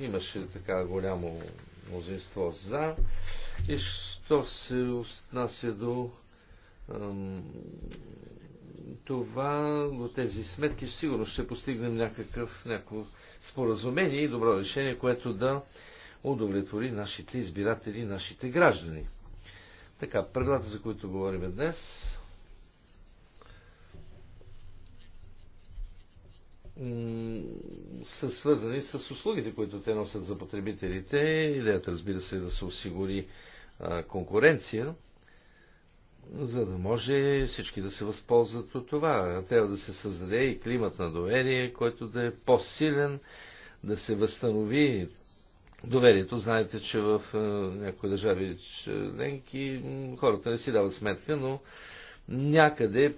Имаше така голямо мнозинство за. И що се отнася до това, до тези сметки, сигурно ще постигнем някакъв, някакво споразумение и добро решение, което да удовлетвори нашите избиратели, нашите граждани. Така, правилата, за които говорим днес, са свързани с услугите, които те носят за потребителите. Идеята, разбира се, е да се осигури конкуренция, за да може всички да се възползват от това. Трябва да се създаде и климат на доверие, който да е по-силен, да се възстанови доверието. Знаете, че в някои държави членки хората не си дават сметка, но някъде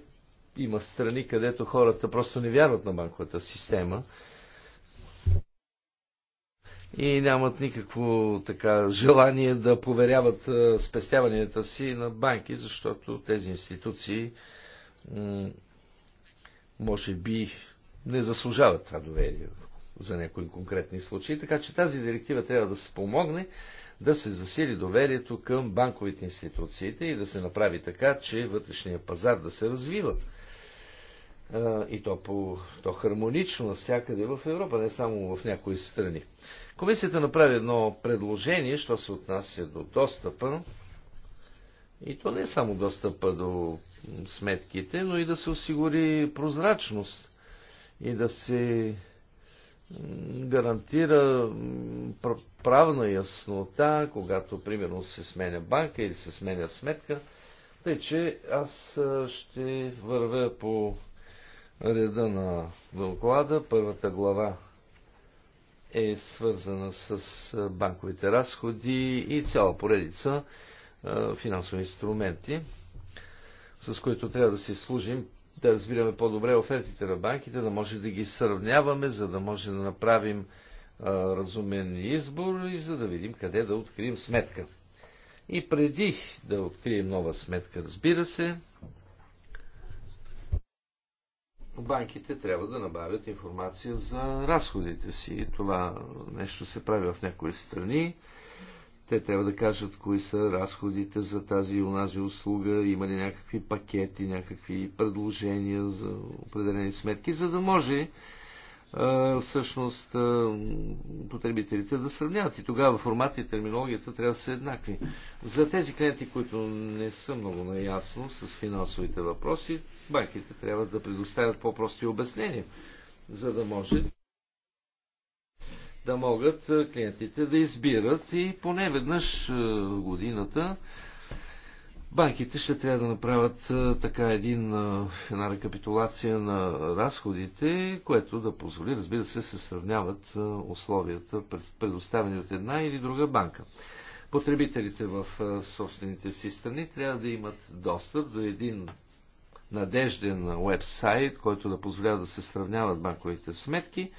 има страни, където хората просто не вярват на банковата система и нямат никакво така желание да поверяват спестяванията си на банки, защото тези институции може би не заслужават това доверие за някои конкретни случаи. Така че тази директива трябва да се помогне да се засили доверието към банковите институциите и да се направи така, че вътрешния пазар да се развива и то, по, то хармонично навсякъде в Европа, не само в някои страни. Комисията направи едно предложение, що се отнася до достъпа, и то не е само достъпа до сметките, но и да се осигури прозрачност и да се гарантира правна яснота, когато примерно се сменя банка или се сменя сметка. Тъй, че аз ще вървя по реда на доклада. Първата глава е свързана с банковите разходи и цяла поредица финансови инструменти, с които трябва да си служим, да разбираме по-добре офертите на банките, да може да ги сравняваме, за да може да направим разумен избор и за да видим къде да открием сметка. И преди да открием нова сметка, разбира се, банките трябва да набавят информация за разходите си. Това нещо се прави в някои страни. Те трябва да кажат кои са разходите за тази и унази услуга, има ли някакви пакети, някакви предложения за определени сметки, за да може всъщност потребителите да сравняват. И тогава формата и терминологията трябва да са еднакви. За тези клиенти, които не са много наясно с финансовите въпроси, банките трябва да предоставят по-прости обяснения, за да може да могат клиентите да избират и поне веднъж годината Банките ще трябва да направят така един, една рекапитулация на разходите, което да позволи, разбира се, се сравняват условията, предоставени от една или друга банка. Потребителите в собствените си страни трябва да имат достъп до един надежден вебсайт, който да позволява да се сравняват банковите сметки,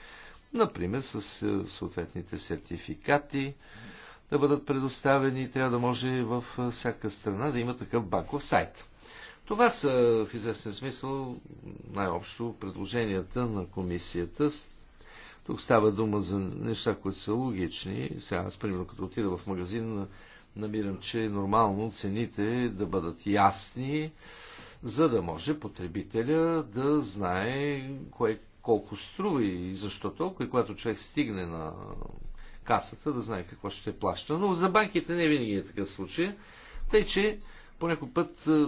например с съответните сертификати, да бъдат предоставени и трябва да може в всяка страна да има такъв банков сайт. Това са в известен смисъл най-общо предложенията на комисията. Тук става дума за неща, които са логични. Сега аз, примерно, като отида в магазин, намирам, че е нормално цените да бъдат ясни, за да може потребителя да знае кое колко струва и защо толкова. И когато човек стигне на касата, да знае какво ще плаща. Но за банките не винаги е такъв случай. Тъй, че по някой път е,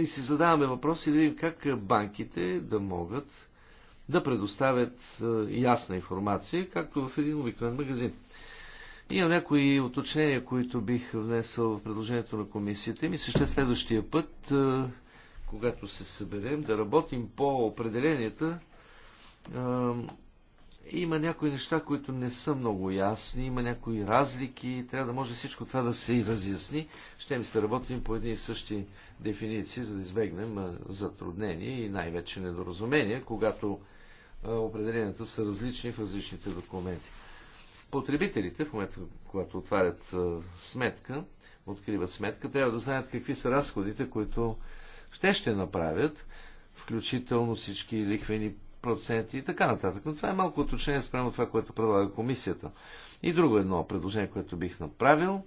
и си задаваме въпроси да видим как банките да могат да предоставят е, ясна информация, както в един обикновен магазин. Има някои уточнения, които бих внесъл в предложението на комисията и мисля, ще следващия път, е, когато се съберем, да работим по определенията има някои неща, които не са много ясни, има някои разлики, трябва да може всичко това да се и разясни. Ще ми се работим по едни и същи дефиниции, за да избегнем затруднения и най-вече недоразумения, когато определенията са различни в различните документи. Потребителите, в момента, когато отварят сметка, откриват сметка, трябва да знаят какви са разходите, които те ще направят, включително всички ликвени проценти и така нататък. Но това е малко уточнение спрямо това, което предлага комисията. И друго едно предложение, което бих направил.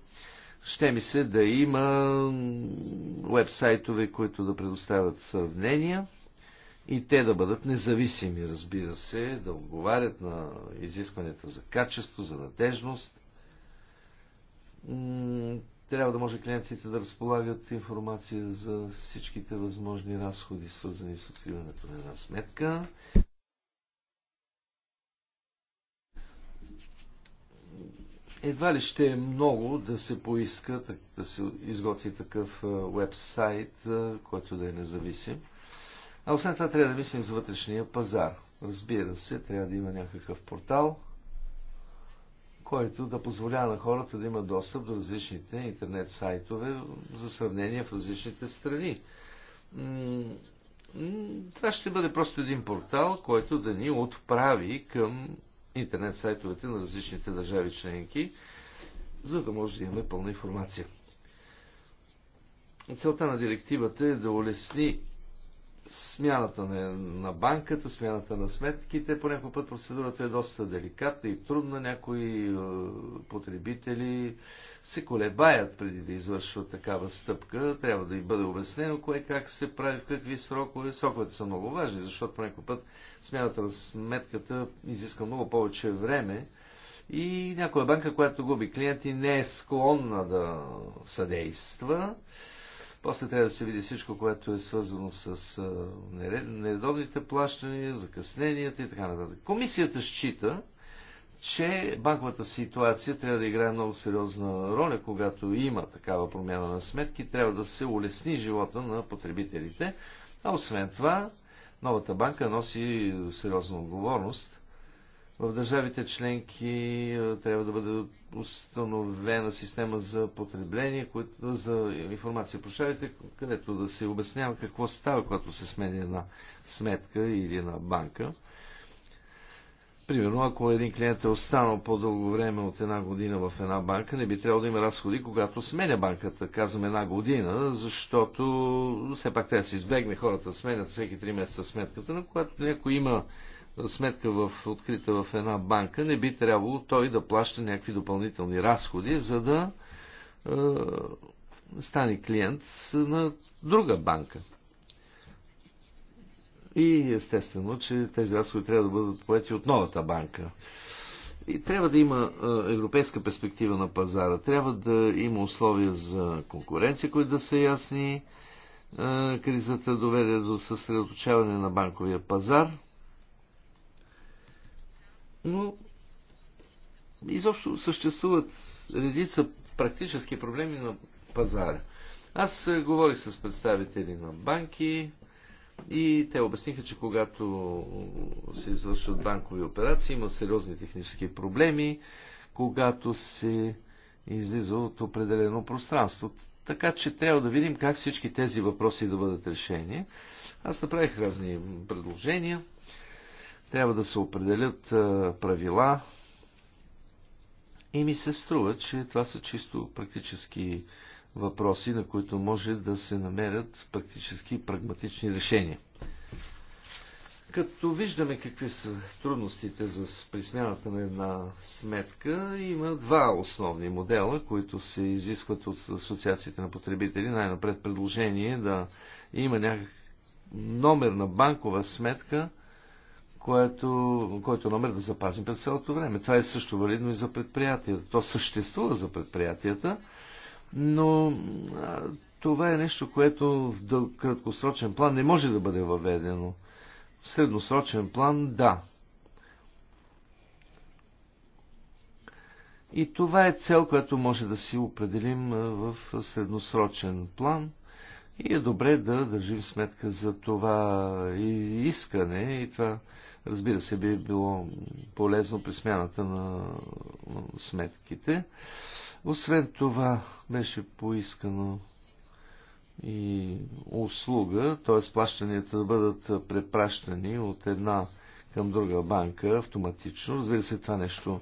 Ще ми се да има вебсайтове, които да предоставят сравнения и те да бъдат независими, разбира се, да отговарят на изискванията за качество, за надежност. Трябва да може клиентите да разполагат информация за всичките възможни разходи, свързани с откриването на една сметка. Едва ли ще е много да се поиска да се изготви такъв вебсайт, който да е независим. А освен това трябва да мислим за вътрешния пазар. Разбира се, трябва да има някакъв портал, който да позволява на хората да имат достъп до различните интернет сайтове за сравнение в различните страни. Това ще бъде просто един портал, който да ни отправи към интернет сайтовете на различните държави членки, за да може да имаме пълна информация. Целта на директивата е да улесни смяната на, на банката, смяната на сметките. По някой път процедурата е доста деликатна и трудна. Някои е, потребители се колебаят преди да извършват такава стъпка. Трябва да им бъде обяснено кое как се прави, в какви срокове. Сроковете са много важни, защото по някой път смяната на сметката изиска много повече време. И някоя банка, която губи клиенти, не е склонна да съдейства. После трябва да се види всичко, което е свързано с нередовните плащания, закъсненията и така нататък. Комисията счита, че банковата ситуация трябва да играе много сериозна роля, когато има такава промяна на сметки, трябва да се улесни живота на потребителите. А освен това, новата банка носи сериозна отговорност в държавите членки е, трябва да бъде установена система за потребление, което, за информация, прощавайте, където да се обяснява какво става, когато се сменя една сметка или една банка. Примерно, ако един клиент е останал по-дълго време от една година в една банка, не би трябвало да има разходи, когато сменя банката, казвам една година, защото все пак трябва да се избегне хората сменят всеки три месеца сметката, но когато някой има сметка в, открита в една банка, не би трябвало той да плаща някакви допълнителни разходи, за да е, стане клиент на друга банка. И естествено, че тези разходи трябва да бъдат поети от новата банка. И трябва да има е, европейска перспектива на пазара, трябва да има условия за конкуренция, които да са ясни. Е, кризата доведе до съсредоточаване на банковия пазар, но изобщо съществуват редица практически проблеми на пазара. Аз е, говорих с представители на банки и те обясниха, че когато се извършват банкови операции, има сериозни технически проблеми, когато се излиза от определено пространство. Така че трябва да видим как всички тези въпроси да бъдат решени. Аз направих разни предложения трябва да се определят правила и ми се струва, че това са чисто практически въпроси, на които може да се намерят практически прагматични решения. Като виждаме какви са трудностите за присмяната на една сметка, има два основни модела, които се изискват от асоциациите на потребители. Най-напред предложение е да има някакъв номер на банкова сметка – което, който е номер да запазим през цялото време. Това е също валидно и за предприятията. То съществува за предприятията, но а, това е нещо, което в дъл... краткосрочен план не може да бъде въведено. В средносрочен план да. И това е цел, която може да си определим в средносрочен план – и е добре да държим сметка за това искане и това, разбира се, би било полезно при смяната на сметките. Освен това беше поискано и услуга, т.е. плащанията да бъдат препращани от една към друга банка автоматично. Разбира се, това нещо,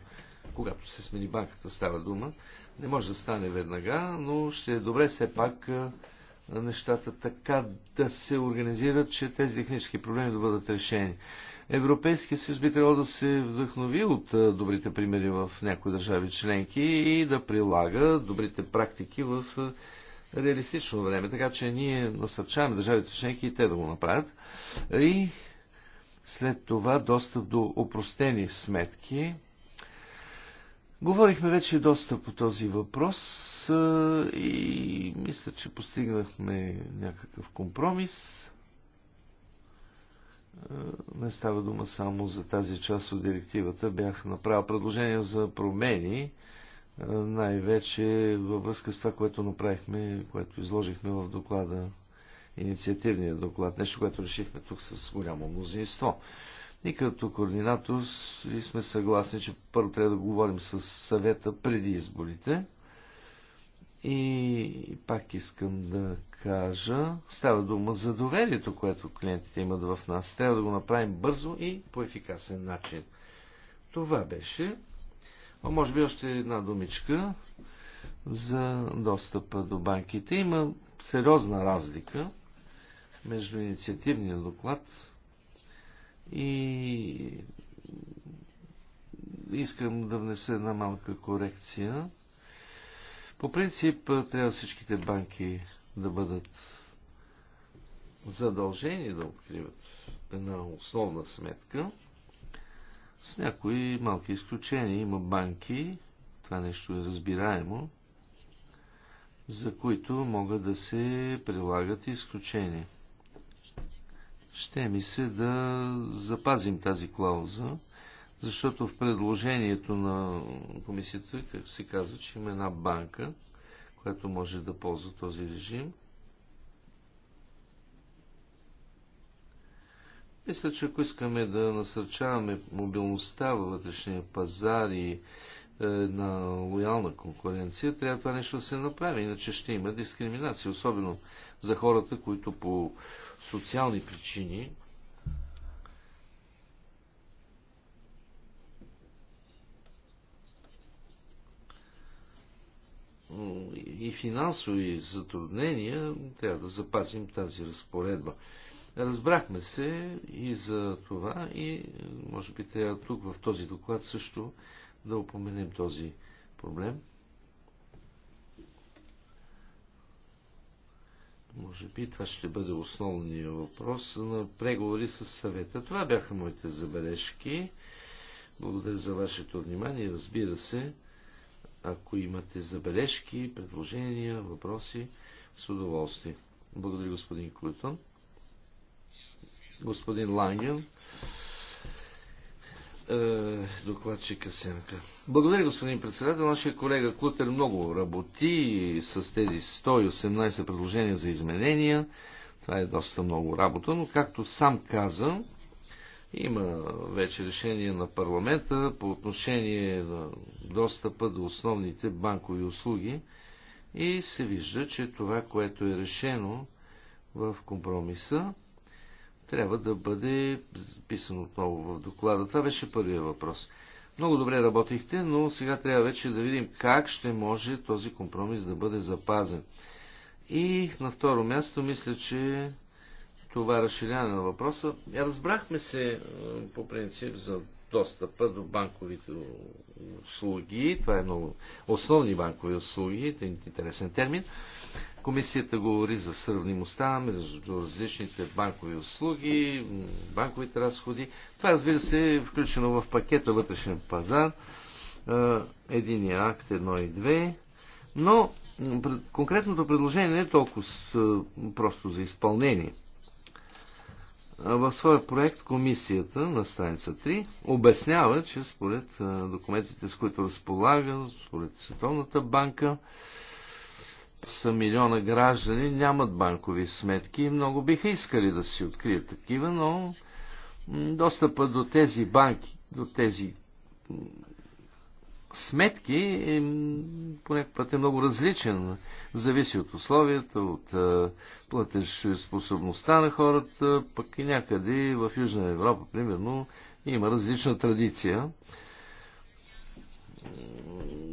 когато се смени банката, става дума. Не може да стане веднага, но ще е добре все пак нещата така да се организират, че тези технически проблеми да бъдат решени. Европейския съюз би трябвало да се вдъхнови от добрите примери в някои държави членки и да прилага добрите практики в реалистично време, така че ние насърчаваме държавите членки и те да го направят. И след това достъп до опростени сметки, Говорихме вече доста по този въпрос и мисля, че постигнахме някакъв компромис. Не става дума само за тази част от директивата. Бях направил предложения за промени, най-вече във връзка с това, което направихме, което изложихме в доклада, инициативния доклад, нещо, което решихме тук с голямо мнозинство. И като координатор сме съгласни, че първо трябва да говорим с съвета преди изборите. И пак искам да кажа, става дума за доверието, което клиентите имат в нас. Трябва да го направим бързо и по ефикасен начин. Това беше. А може би още една думичка за достъпа до банките. Има сериозна разлика между инициативния доклад и искам да внеса една малка корекция. По принцип трябва всичките банки да бъдат задължени да откриват една основна сметка. С някои малки изключения има банки, това нещо е разбираемо, за които могат да се прилагат изключения. Ще ми се да запазим тази клауза, защото в предложението на комисията как се казва, че има една банка, която може да ползва този режим. Мисля, че ако искаме да насърчаваме мобилността във вътрешния пазар и е, на лоялна конкуренция, трябва това нещо да се направи, иначе ще има дискриминация, особено за хората, които по социални причини, и финансови затруднения, трябва да запазим тази разпоредба. Разбрахме се и за това и може би трябва тук в този доклад също да упоменем този проблем. Може би това ще бъде основния въпрос на преговори с съвета. Това бяха моите забележки. Благодаря за вашето внимание. Разбира се, ако имате забележки, предложения, въпроси, с удоволствие. Благодаря господин Клютон. Господин Ланген. Е, докладчика Сенка. Благодаря, господин председател. Нашия колега Клутер много работи с тези 118 предложения за изменения. Това е доста много работа, но както сам каза, има вече решение на парламента по отношение на достъпа до основните банкови услуги и се вижда, че това, което е решено в компромиса, трябва да бъде писан отново в доклада. Това беше първия въпрос. Много добре работихте, но сега трябва вече да видим как ще може този компромис да бъде запазен. И на второ място, мисля, че това разширяване на въпроса. Разбрахме се е, по принцип за достъпа до банковите услуги. Това е много основни банкови услуги, интересен термин. Комисията говори за сравнимостта между различните банкови услуги, банковите разходи. Това, разбира се, е включено в пакета вътрешен пазар, е, единия е акт 1 и 2, но конкретното предложение не е толкова е, просто за изпълнение. В своя проект комисията на страница 3 обяснява, че според документите, с които разполага, според Световната банка, са милиона граждани, нямат банкови сметки и много биха искали да си открият такива, но достъпа до тези банки, до тези сметки е, понякога е много различен. Зависи от условията, от е, платежспособността на хората, пък и някъде в Южна Европа, примерно, има различна традиция.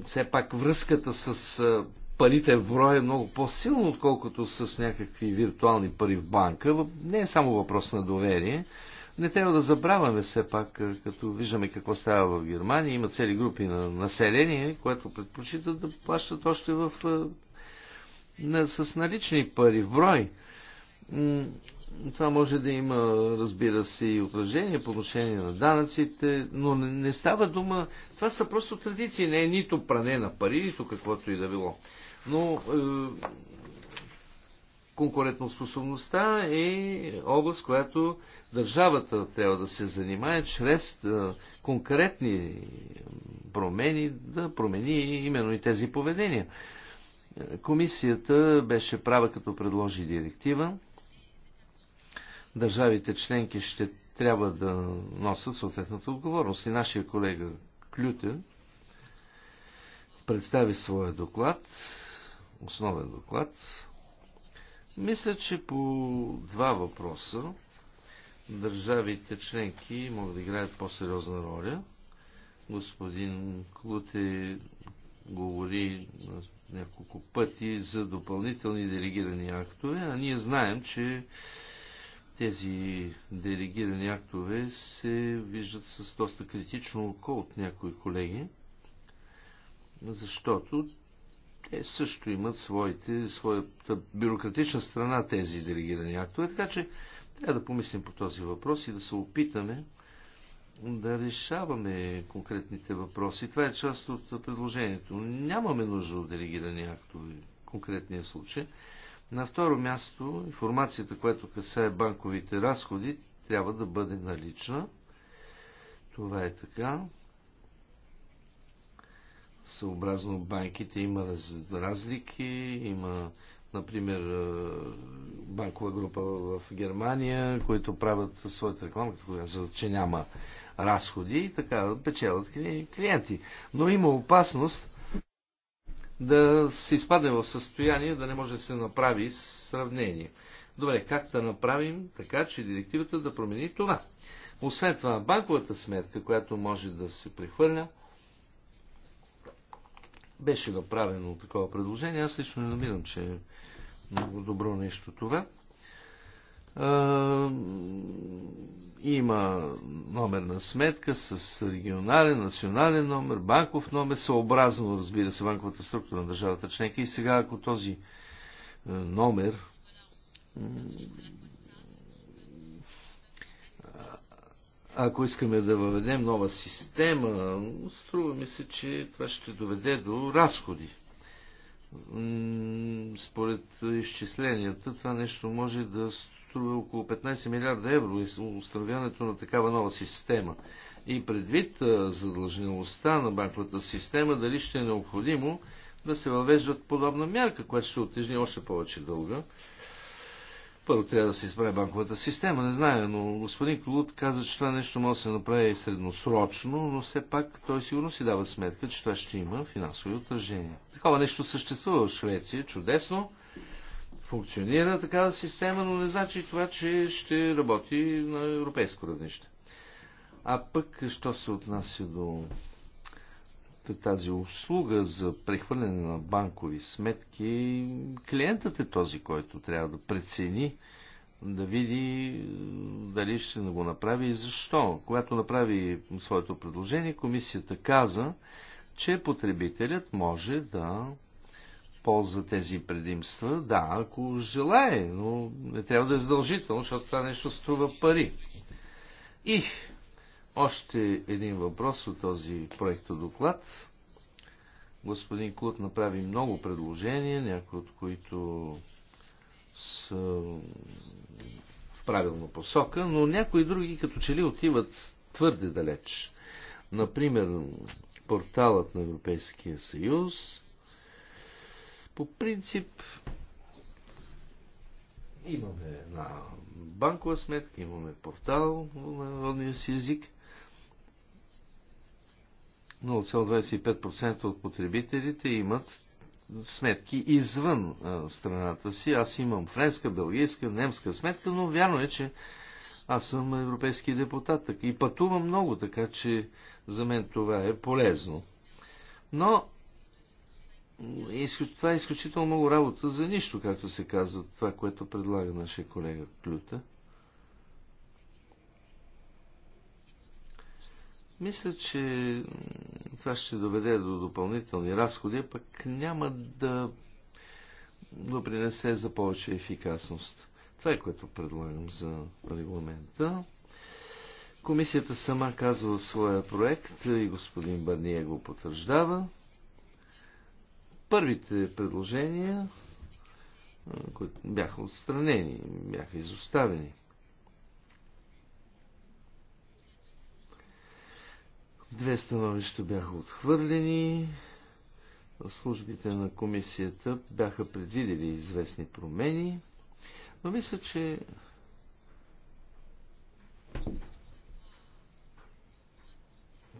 Все пак връзката с е, парите в броя е много по-силно, отколкото с някакви виртуални пари в банка. Не е само въпрос на доверие. Не трябва да забравяме все пак, като виждаме какво става в Германия. Има цели групи на население, което предпочитат да плащат още в, на, с налични пари в брой. Това може да има, разбира се, и отражение по отношение на данъците, но не става дума. Това са просто традиции, не е нито пране на пари, нито каквото и да било. Но е, конкурентоспособността е област, която държавата трябва да се занимае чрез е, конкретни промени, да промени именно и тези поведения. Комисията беше права като предложи директива. Държавите членки ще трябва да носят съответната отговорност. И нашия колега Клюте представи своя доклад основен доклад. Мисля, че по два въпроса държавите членки могат да играят по-сериозна роля. Господин Клуте говори няколко пъти за допълнителни делегирани актове, а ние знаем, че тези делегирани актове се виждат с доста критично око от някои колеги, защото те също имат своите, своята бюрократична страна тези делегирани актове, така че трябва да помислим по този въпрос и да се опитаме да решаваме конкретните въпроси. Това е част от предложението. Нямаме нужда от делегирани актове в конкретния случай. На второ място, информацията, която касае банковите разходи, трябва да бъде налична. Това е така съобразно банките има разлики, има например банкова група в Германия, които правят своята реклама, като казват, че няма разходи и така печелят клиенти. Но има опасност да се изпадне в състояние да не може да се направи сравнение. Добре, как да направим така, че директивата да промени това? Освен това, банковата сметка, която може да се прехвърля, беше направено такова предложение. Аз лично не намирам, че е много добро нещо това. А, има номер на сметка с регионален, национален номер, банков номер, съобразно, разбира се, банковата структура на държавата членка. И сега, ако този е, номер Ако искаме да въведем нова система, струва ми се, че това ще доведе до разходи. Според изчисленията, това нещо може да струва около 15 милиарда евро и установяването на такава нова система. И предвид задължеността на банковата система, дали ще е необходимо да се въвеждат подобна мярка, която ще отежни още повече дълга първо трябва да се изправи банковата система, не знае, но господин Клуд каза, че това нещо може да се направи средносрочно, но все пак той сигурно си дава сметка, че това ще има финансови отражения. Такова нещо съществува в Швеция, чудесно, функционира такава система, но не значи това, че ще работи на европейско равнище. А пък, що се отнася до тази услуга за прехвърляне на банкови сметки, клиентът е този, който трябва да прецени, да види дали ще го направи и защо. Когато направи своето предложение, комисията каза, че потребителят може да ползва тези предимства, да, ако желае, но не трябва да е задължително, защото това нещо струва пари. И още един въпрос от този проекто доклад. Господин Клут направи много предложения, някои от които са в правилна посока, но някои други като че ли отиват твърде далеч. Например, порталът на Европейския съюз. По принцип имаме една банкова сметка, имаме портал на родния си език – 0,25% от потребителите имат сметки извън а, страната си. Аз имам френска, белгийска, немска сметка, но вярно е, че аз съм европейски депутат така, и пътувам много, така че за мен това е полезно. Но това е изключително много работа за нищо, както се казва това, което предлага нашия колега Клюта. Мисля, че това ще доведе до допълнителни разходи, пък няма да допринесе за повече ефикасност. Това е което предлагам за регламента. Комисията сама казва своя проект и господин Барния го потвърждава. Първите предложения, които бяха отстранени, бяха изоставени. Две становища бяха отхвърлени. Службите на комисията бяха предвидели известни промени, но мисля, че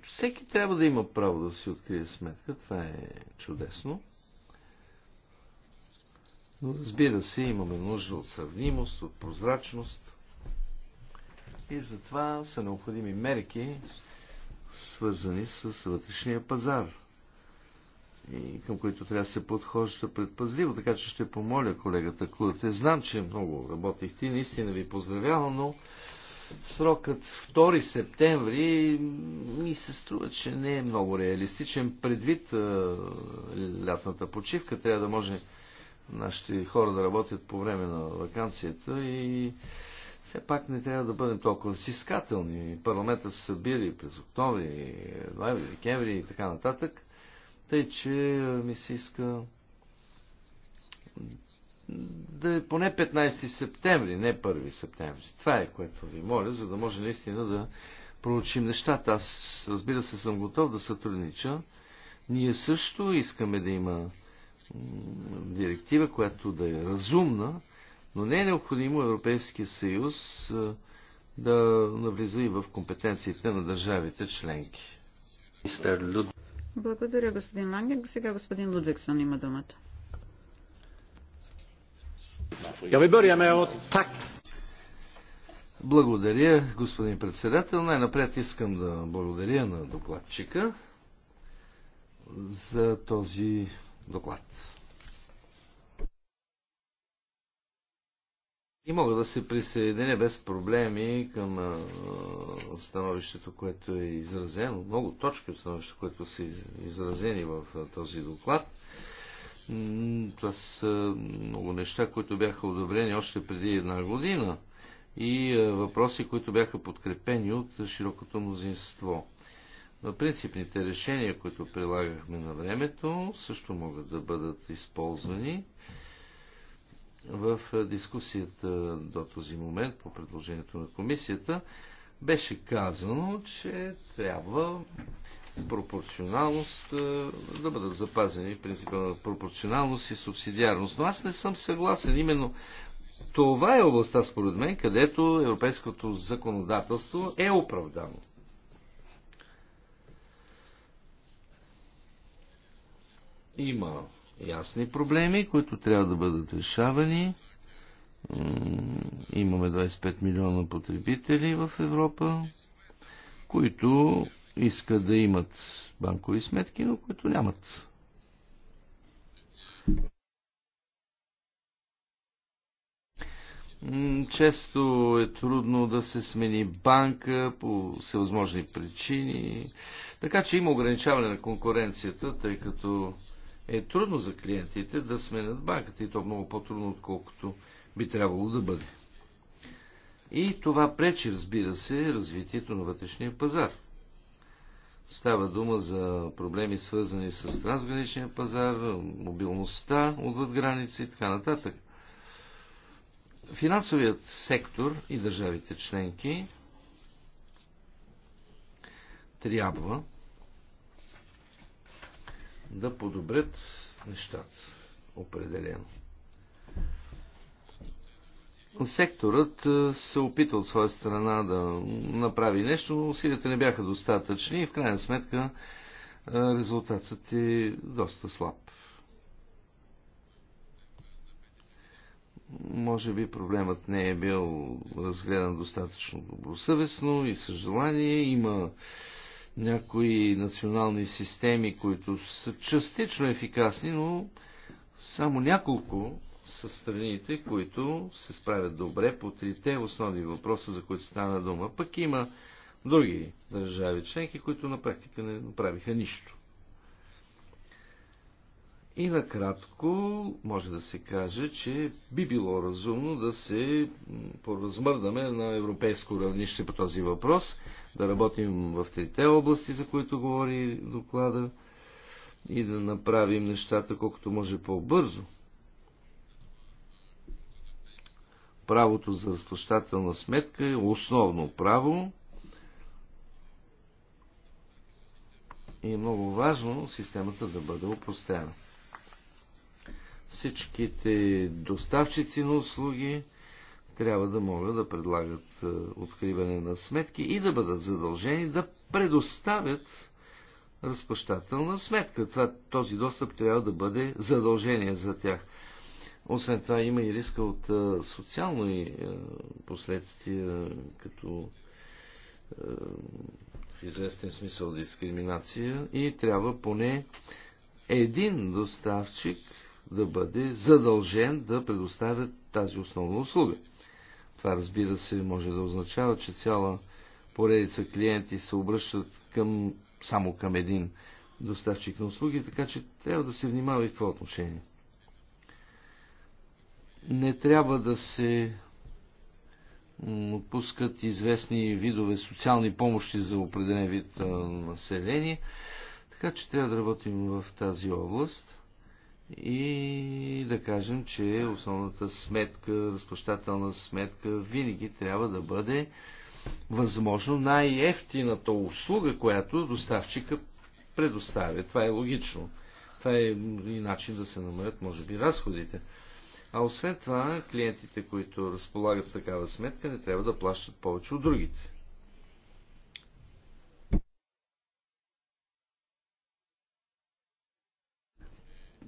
всеки трябва да има право да си открие сметка. Това е чудесно. Но разбира се, имаме нужда от сравнимост, от прозрачност. И затова са необходими мерки, свързани с вътрешния пазар и към които трябва да се подхожда предпазливо, така че ще помоля колегата Курте. Знам, че много работихте и наистина ви поздравявам, но срокът 2 септември ми се струва, че не е много реалистичен. Предвид а, лятната почивка трябва да може нашите хора да работят по време на вакансията и все пак не трябва да бъдем толкова сискателни. Парламента са били през октомври, ноември, декември и така нататък. Тъй, че ми се иска да е поне 15 септември, не 1 септември. Това е което ви моля, за да може наистина да проучим нещата. Аз разбира се съм готов да сътруднича. Ние също искаме да има директива, която да е разумна, но не е необходимо Европейския съюз да навлиза и в компетенциите на държавите членки. Благодаря, господин Ланге. Сега господин Лудвиксън има думата. Я ви бърваме от так. благодаря, господин председател. Най-напред искам да благодаря на докладчика за този доклад. И мога да се присъединя без проблеми към а, становището, което е изразено, много точки от становището, което са изразени в а, този доклад. Това са много неща, които бяха одобрени още преди една година и а, въпроси, които бяха подкрепени от широкото мнозинство. Принципните решения, които прилагахме на времето, също могат да бъдат използвани. В дискусията до този момент по предложението на комисията беше казано, че трябва пропорционалност, да бъдат запазени принципа на пропорционалност и субсидиарност. Но аз не съм съгласен. Именно това е областта, според мен, където европейското законодателство е оправдано. Има ясни проблеми, които трябва да бъдат решавани. Имаме 25 милиона потребители в Европа, които искат да имат банкови сметки, но които нямат. Често е трудно да се смени банка по всевъзможни причини. Така че има ограничаване на конкуренцията, тъй като е трудно за клиентите да сменят банката и то много по-трудно, отколкото би трябвало да бъде. И това пречи, разбира се, развитието на вътрешния пазар. Става дума за проблеми свързани с трансграничния пазар, мобилността отвъд граници и така нататък. Финансовият сектор и държавите членки трябва да подобрят нещата. Определено. Секторът е, се опита от своя страна да направи нещо, но усилията не бяха достатъчни и в крайна сметка е, резултатът е доста слаб. Може би проблемът не е бил разгледан достатъчно добросъвестно и съжаление. Има някои национални системи, които са частично ефикасни, но само няколко са страните, които се справят добре по трите основни въпроса, за които стана дума. Пък има други държави членки, които на практика не направиха нищо. И накратко може да се каже, че би било разумно да се поразмърдаме на европейско равнище по този въпрос, да работим в трите области, за които говори доклада и да направим нещата колкото може по-бързо. Правото за разплащателна сметка е основно право и е много важно системата да бъде упростена. Всичките доставчици на услуги, трябва да могат да предлагат е, откриване на сметки и да бъдат задължени да предоставят разплащателна сметка. Това, този достъп трябва да бъде задължение за тях. Освен това има и риска от е, социални е, последствия, като в известен смисъл дискриминация и трябва поне един доставчик да бъде задължен да предоставя тази основна услуга. Това разбира се може да означава, че цяла поредица клиенти се обръщат към, само към един доставчик на услуги, така че трябва да се внимава и в това отношение. Не трябва да се отпускат известни видове социални помощи за определен вид население, така че трябва да работим в тази област и да кажем, че основната сметка, разплащателна сметка винаги трябва да бъде възможно най-ефтината услуга, която доставчика предоставя. Това е логично. Това е и начин да се намалят, може би, разходите. А освен това, клиентите, които разполагат с такава сметка, не трябва да плащат повече от другите.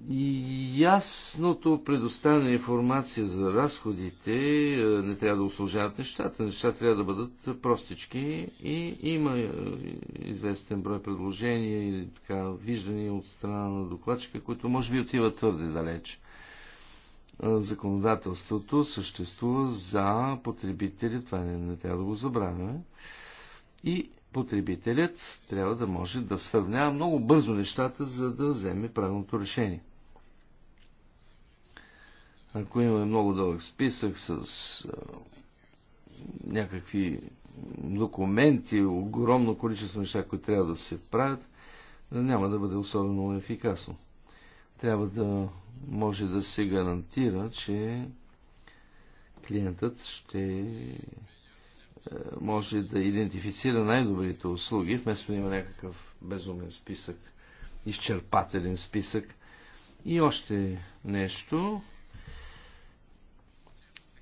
ясното предоставяне информация за разходите е, не трябва да услужават нещата. Нещата трябва да бъдат простички и има е, известен брой предложения и така виждания от страна на докладчика, които може би отиват твърде далеч. Е, законодателството съществува за потребители, това не, не трябва да го забравяме. И потребителят трябва да може да сравнява много бързо нещата, за да вземе правилното решение. Ако имаме много дълъг списък с някакви документи, огромно количество неща, които трябва да се правят, няма да бъде особено ефикасно. Трябва да може да се гарантира, че клиентът ще може да идентифицира най-добрите услуги, вместо да има някакъв безумен списък, изчерпателен списък. И още нещо,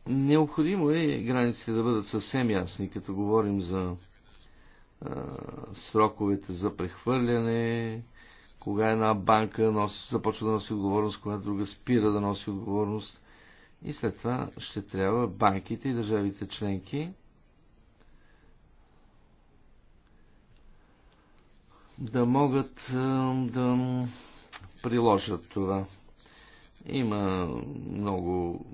Необходимо е границите да бъдат съвсем ясни, като говорим за а, сроковете за прехвърляне, кога една банка носи, започва да носи отговорност, кога друга спира да носи отговорност. И след това ще трябва банките и държавите членки да могат да приложат това. Има много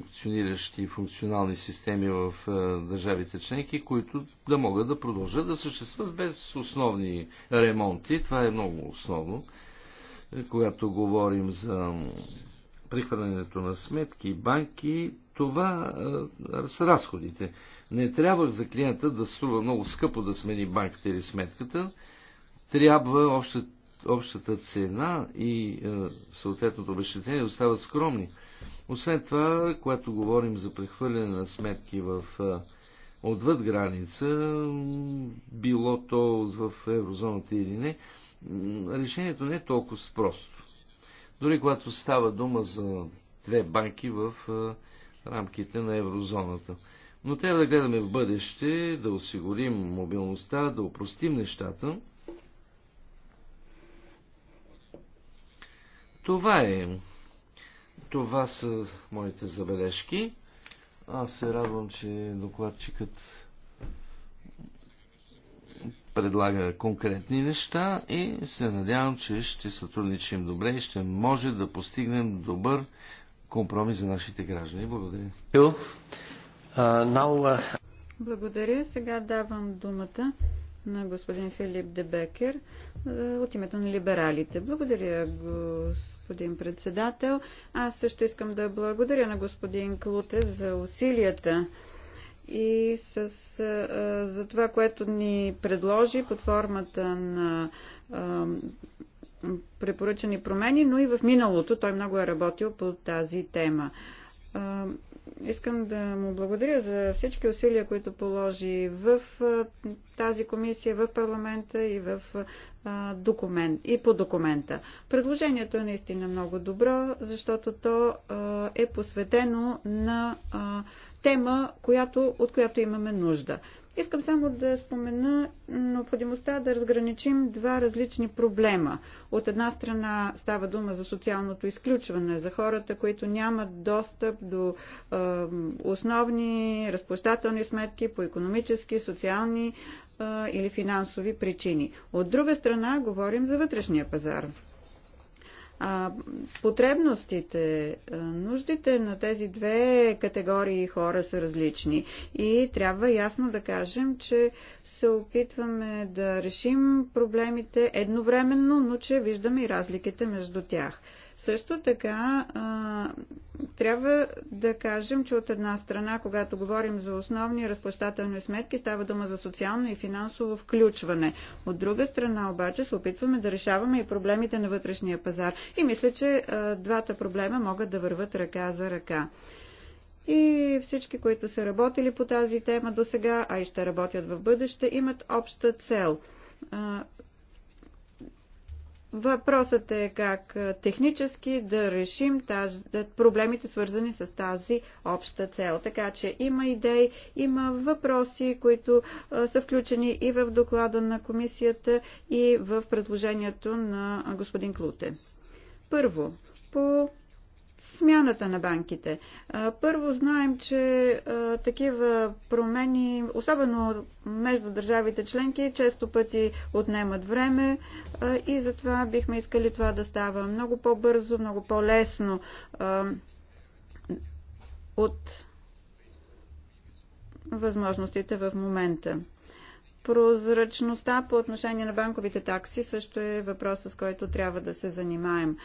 функциониращи функционални системи в е, държавите членки, които да могат да продължат да съществуват без основни ремонти. Това е много основно. Е, когато говорим за прехвърлянето на сметки и банки, това е, са разходите. Не трябва за клиента да струва много скъпо да смени банката или сметката. Трябва общата цена и съответното обещетение остават скромни. Освен това, когато говорим за прехвърляне на сметки в отвъд граница, било то в еврозоната или не, решението не е толкова просто. Дори когато става дума за две банки в рамките на еврозоната. Но трябва да гледаме в бъдеще, да осигурим мобилността, да упростим нещата. Това е това са моите забележки. Аз се радвам, че докладчикът предлага конкретни неща и се надявам, че ще сътрудничим добре и ще може да постигнем добър компромис за нашите граждани. Благодаря. Благодаря. Сега давам думата на господин Филип Дебекер от името на либералите. Благодаря, господин господин председател. Аз също искам да благодаря на господин Клуте за усилията и с, за това, което ни предложи под формата на препоръчани промени, но и в миналото той много е работил по тази тема искам да му благодаря за всички усилия, които положи в тази комисия, в парламента и, в, документ, и по документа. Предложението е наистина много добро, защото то е посветено на тема, която, от която имаме нужда. Искам само да спомена необходимостта да разграничим два различни проблема. От една страна става дума за социалното изключване, за хората, които нямат достъп до е, основни разплащателни сметки по економически, социални е, или финансови причини. От друга страна говорим за вътрешния пазар. А потребностите, нуждите на тези две категории хора са различни. И трябва ясно да кажем, че се опитваме да решим проблемите едновременно, но че виждаме и разликите между тях. Също така а, трябва да кажем, че от една страна, когато говорим за основни разплащателни сметки, става дума за социално и финансово включване. От друга страна обаче се опитваме да решаваме и проблемите на вътрешния пазар. И мисля, че а, двата проблема могат да върват ръка за ръка. И всички, които са работили по тази тема до сега, а и ще работят в бъдеще, имат обща цел Въпросът е как технически да решим тази, проблемите, свързани с тази обща цел. Така че има идеи, има въпроси, които а, са включени и в доклада на комисията, и в предложението на господин Клуте. Първо, по смяната на банките. Първо знаем, че такива промени, особено между държавите членки, често пъти отнемат време и затова бихме искали това да става много по-бързо, много по-лесно от възможностите в момента. Прозрачността по отношение на банковите такси също е въпрос, с който трябва да се занимаем.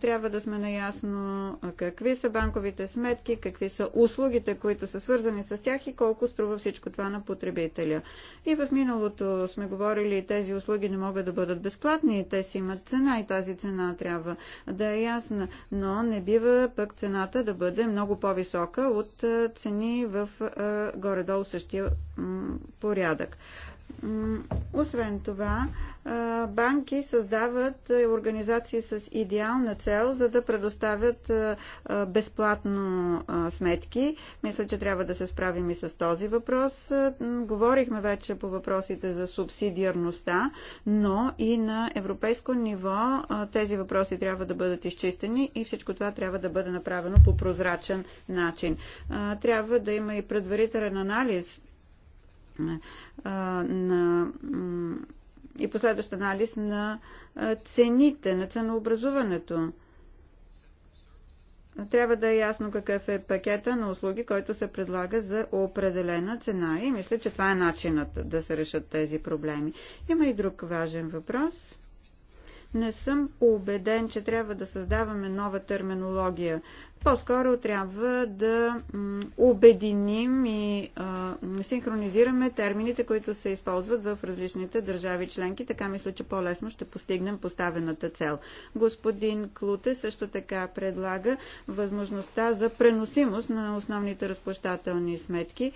Трябва да сме наясно какви са банковите сметки, какви са услугите, които са свързани с тях и колко струва всичко това на потребителя. И в миналото сме говорили, тези услуги не могат да бъдат безплатни, те си имат цена и тази цена трябва да е ясна, но не бива пък цената да бъде много по-висока от цени в горе-долу същия порядък. Освен това, банки създават е, организации с идеална цел, за да предоставят е, е, безплатно сметки. Мисля, че трябва да се справим и с този въпрос. Говорихме вече по въпросите за субсидиарността, но и на европейско ниво тези въпроси трябва да бъдат изчистени и всичко това трябва да бъде направено по прозрачен начин. Трябва да има и предварителен анализ на и последващ анализ на цените, на ценообразуването. Трябва да е ясно какъв е пакета на услуги, който се предлага за определена цена и мисля, че това е начинът да се решат тези проблеми. Има и друг важен въпрос не съм убеден, че трябва да създаваме нова терминология. По-скоро трябва да обединим и а, синхронизираме термините, които се използват в различните държави членки. Така мисля, че по-лесно ще постигнем поставената цел. Господин Клуте също така предлага възможността за преносимост на основните разплащателни сметки.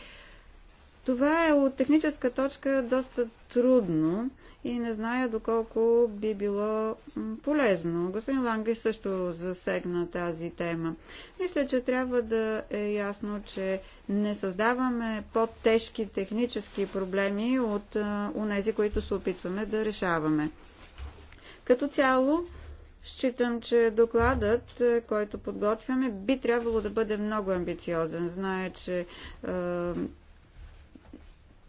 Това е от техническа точка доста трудно и не зная доколко би било полезно. Господин Ланги също засегна тази тема. Мисля, че трябва да е ясно, че не създаваме по-тежки технически проблеми от унези, които се опитваме да решаваме. Като цяло, Считам, че докладът, който подготвяме, би трябвало да бъде много амбициозен. Знае, че е,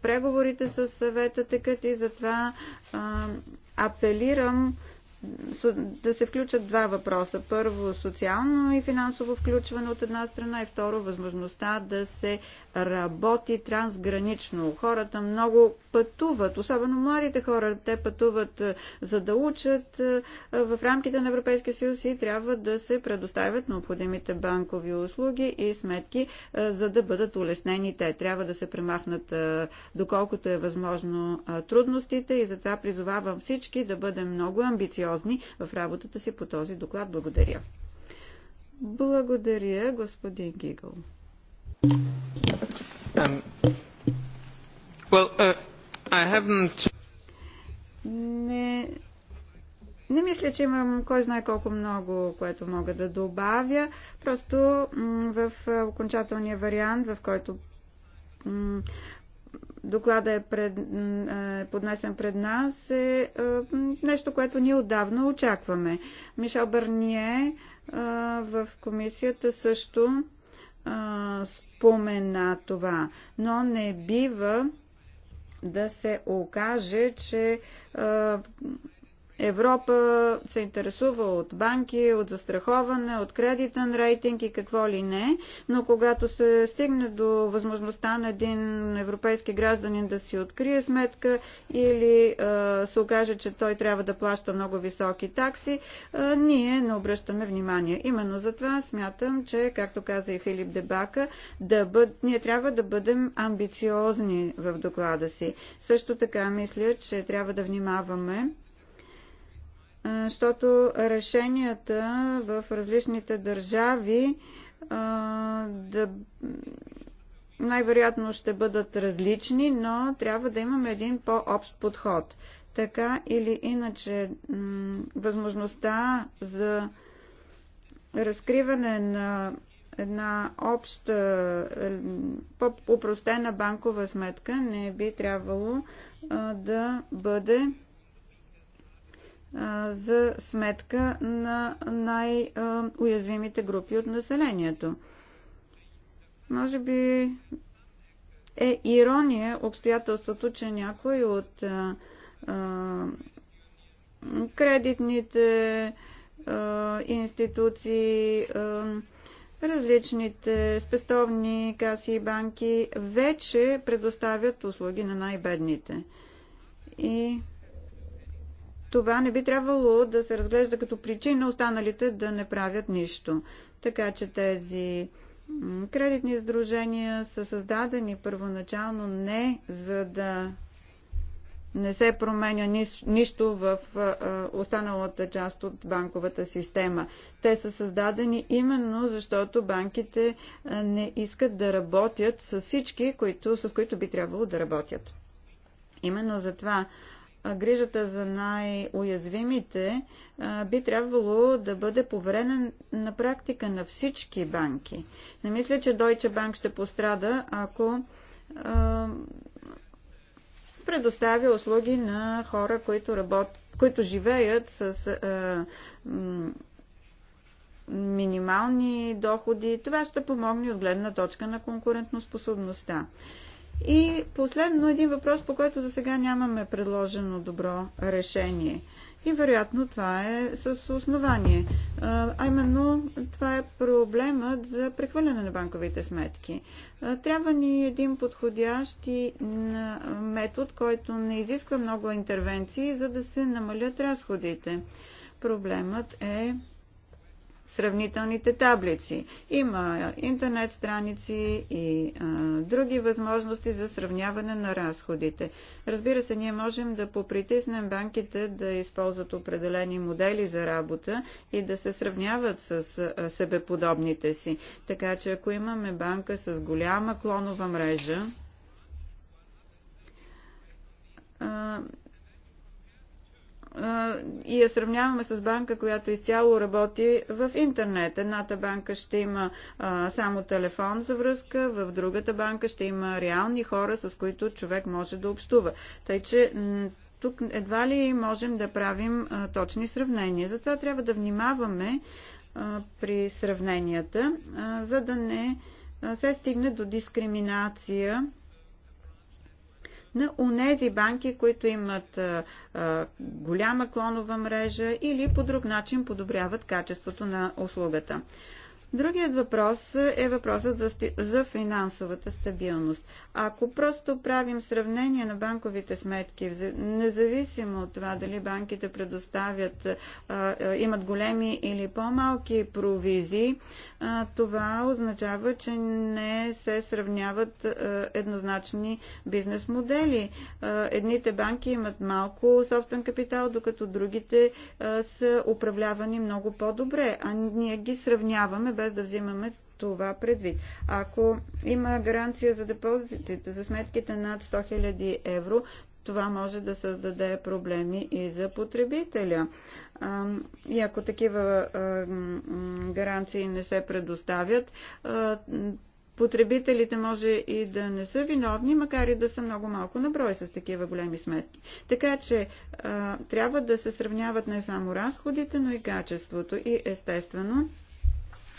Преговорите с съвета текат и затова а, апелирам да се включат два въпроса. Първо, социално и финансово включване от една страна и второ, възможността да се работи трансгранично. Хората много пътуват, особено младите хора. Те пътуват е, за да учат е, в рамките на Европейския съюз и трябва да се предоставят необходимите банкови услуги и сметки, е, за да бъдат улеснени те. Трябва да се премахнат доколкото е възможно трудностите и затова призовавам всички да бъдем много амбициозни сериозни в работата си по този доклад. Благодаря. Благодаря, господин Гигъл. Um, well, uh, I haven't... Не, не мисля, че имам кой знае колко много, което мога да добавя. Просто в окончателния вариант, в който доклада е пред, е, поднесен пред нас е, е, нещо, което ние отдавна очакваме. Мишел Бърние е, в комисията също спомена това, но не бива да се окаже, че Европа се интересува от банки, от застраховане, от кредитен рейтинг и какво ли не, но когато се стигне до възможността на един европейски гражданин да си открие сметка или а, се окаже, че той трябва да плаща много високи такси, а, ние не обръщаме внимание. Именно затова смятам, че, както каза и Филип Дебака, да бъд... ние трябва да бъдем амбициозни в доклада си. Също така мисля, че трябва да внимаваме защото решенията в различните държави да най-вероятно ще бъдат различни, но трябва да имаме един по-общ подход. Така или иначе, възможността за разкриване на една обща, е, по-упростена банкова сметка не би трябвало да бъде за сметка на най-уязвимите групи от населението. Може би е ирония обстоятелството, че някой от кредитните институции, различните спестовни каси и банки вече предоставят услуги на най-бедните. И това не би трябвало да се разглежда като причина останалите да не правят нищо. Така че тези кредитни сдружения са създадени първоначално не за да не се променя нищо в останалата част от банковата система. Те са създадени именно защото банките не искат да работят с всички, които, с които би трябвало да работят. Именно затова грижата за най-уязвимите би трябвало да бъде поверена на практика на всички банки. Не мисля, че Deutsche Bank ще пострада, ако предоставя услуги на хора, които, работ... които живеят с минимални доходи. Това ще помогне от гледна точка на конкурентоспособността. И последно един въпрос, по който за сега нямаме предложено добро решение. И вероятно това е с основание. А именно това е проблемът за прехвърляне на банковите сметки. Трябва ни един подходящ метод, който не изисква много интервенции, за да се намалят разходите. Проблемът е сравнителните таблици. Има интернет страници и а, други възможности за сравняване на разходите. Разбира се, ние можем да попритиснем банките да използват определени модели за работа и да се сравняват с а, себеподобните си. Така че ако имаме банка с голяма клонова мрежа, и я сравняваме с банка, която изцяло работи в интернет. Едната банка ще има само телефон за връзка, в другата банка ще има реални хора, с които човек може да общува. Тъй, че тук едва ли можем да правим точни сравнения. Затова трябва да внимаваме при сравненията, за да не се стигне до дискриминация на онези банки, които имат а, голяма клонова мрежа или по друг начин подобряват качеството на услугата. Другият въпрос е въпросът за, за финансовата стабилност. Ако просто правим сравнение на банковите сметки, независимо от това дали банките предоставят, имат големи или по-малки провизии, това означава, че не се сравняват еднозначни бизнес модели. Едните банки имат малко собствен капитал, докато другите са управлявани много по-добре, а ние ги сравняваме без да взимаме това предвид. Ако има гаранция за депозитите, за сметките над 100 000 евро, това може да създаде проблеми и за потребителя. И ако такива гаранции не се предоставят, потребителите може и да не са виновни, макар и да са много малко на брой с такива големи сметки. Така че трябва да се сравняват не само разходите, но и качеството. И естествено,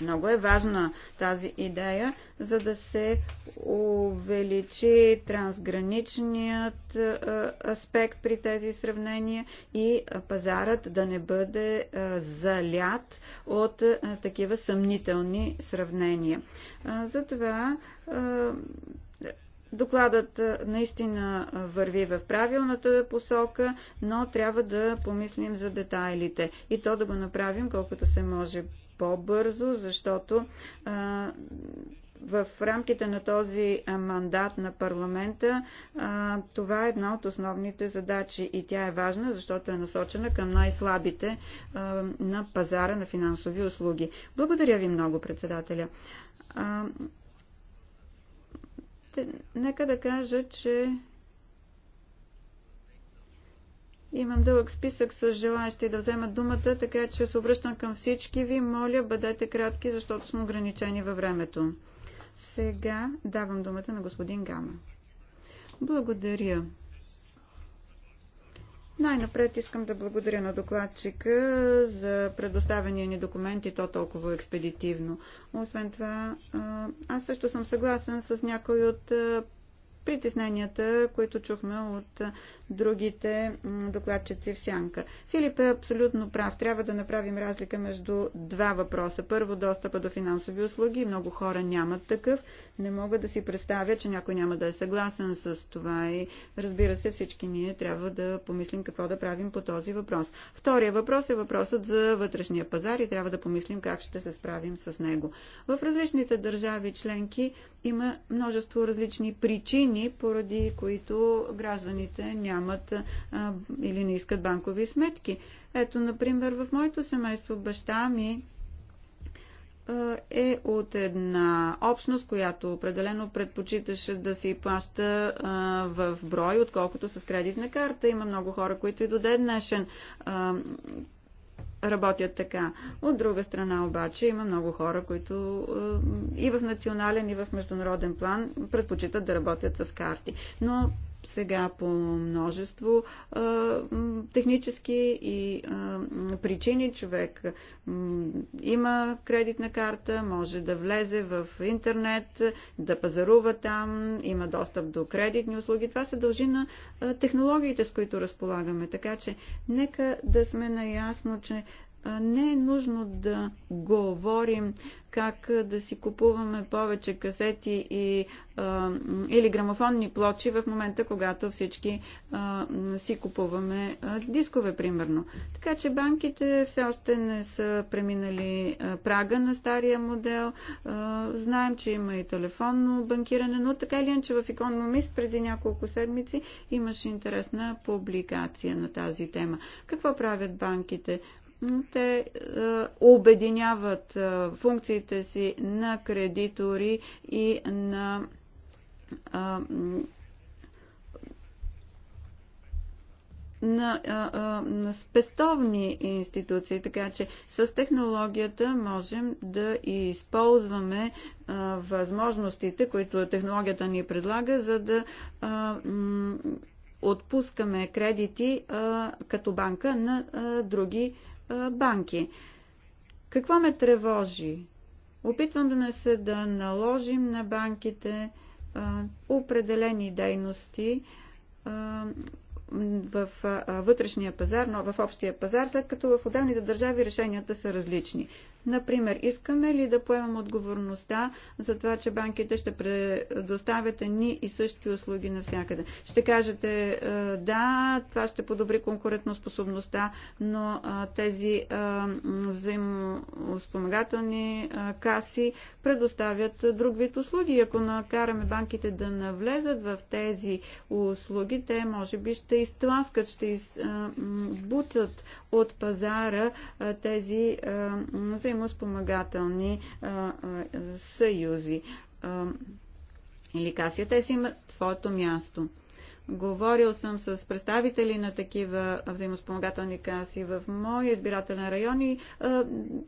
много е важна тази идея, за да се увеличи трансграничният аспект при тези сравнения и пазарът да не бъде залят от такива съмнителни сравнения. Затова Докладът наистина върви в правилната посока, но трябва да помислим за детайлите и то да го направим колкото се може по-бързо, защото а, в рамките на този мандат на парламента а, това е една от основните задачи и тя е важна, защото е насочена към най-слабите на пазара на финансови услуги. Благодаря ви много, председателя. А, те, нека да кажа, че Имам дълъг списък с желаящи да вземат думата, така че се обръщам към всички ви. Моля, бъдете кратки, защото сме ограничени във времето. Сега давам думата на господин Гама. Благодаря. Най-напред искам да благодаря на докладчика за предоставения ни документ и то толкова експедитивно. Освен това, аз също съм съгласен с някои от притесненията, които чухме от другите докладчици в Сянка. Филип е абсолютно прав. Трябва да направим разлика между два въпроса. Първо, достъпа до финансови услуги. Много хора нямат такъв. Не мога да си представя, че някой няма да е съгласен с това. И разбира се, всички ние трябва да помислим какво да правим по този въпрос. Втория въпрос е въпросът за вътрешния пазар и трябва да помислим как ще се справим с него. В различните държави членки има множество различни причини причини, поради които гражданите нямат а, или не искат банкови сметки. Ето, например, в моето семейство баща ми е от една общност, която определено предпочиташе да се плаща в брой, отколкото с кредитна карта. Има много хора, които и до ден днешен работят така. От друга страна обаче има много хора, които е, и в национален, и в международен план предпочитат да работят с карти. Но сега по множество а, технически и а, причини човек има кредитна карта, може да влезе в интернет, да пазарува там, има достъп до кредитни услуги. Това се дължи на технологиите, с които разполагаме. Така че нека да сме наясно, че не е нужно да говорим как да си купуваме повече касети и, а, или грамофонни плочи в момента, когато всички а, си купуваме а, дискове, примерно. Така че банките все още не са преминали а, прага на стария модел. А, знаем, че има и телефонно банкиране, но така или иначе в Economist преди няколко седмици имаше интересна публикация на тази тема. Какво правят банките? те е, обединяват е, функциите си на кредитори и на е, на, е, е, на спестовни институции, така че с технологията можем да използваме е, възможностите, които технологията ни предлага, за да е, отпускаме кредити а, като банка на а, други а, банки. Какво ме тревожи? Опитваме се да наложим на банките а, определени дейности а, в а, вътрешния пазар, но в общия пазар, след като в отделните държави решенията са различни. Например, искаме ли да поемем отговорността за това, че банките ще предоставят едни и същи услуги навсякъде? Ще кажете е, да, това ще подобри конкурентоспособността, но е, тези е, взаимоспомагателни каси предоставят друг вид услуги. Ако накараме банките да навлезат в тези услуги, те може би ще изтласкат, ще избутат от пазара тези взаимоспомагателни взаимоспомагателни а, а, съюзи А, или касията, Те си имат своето място. Говорил съм с представители на такива взаимоспомагателни каси в моя избирателен район и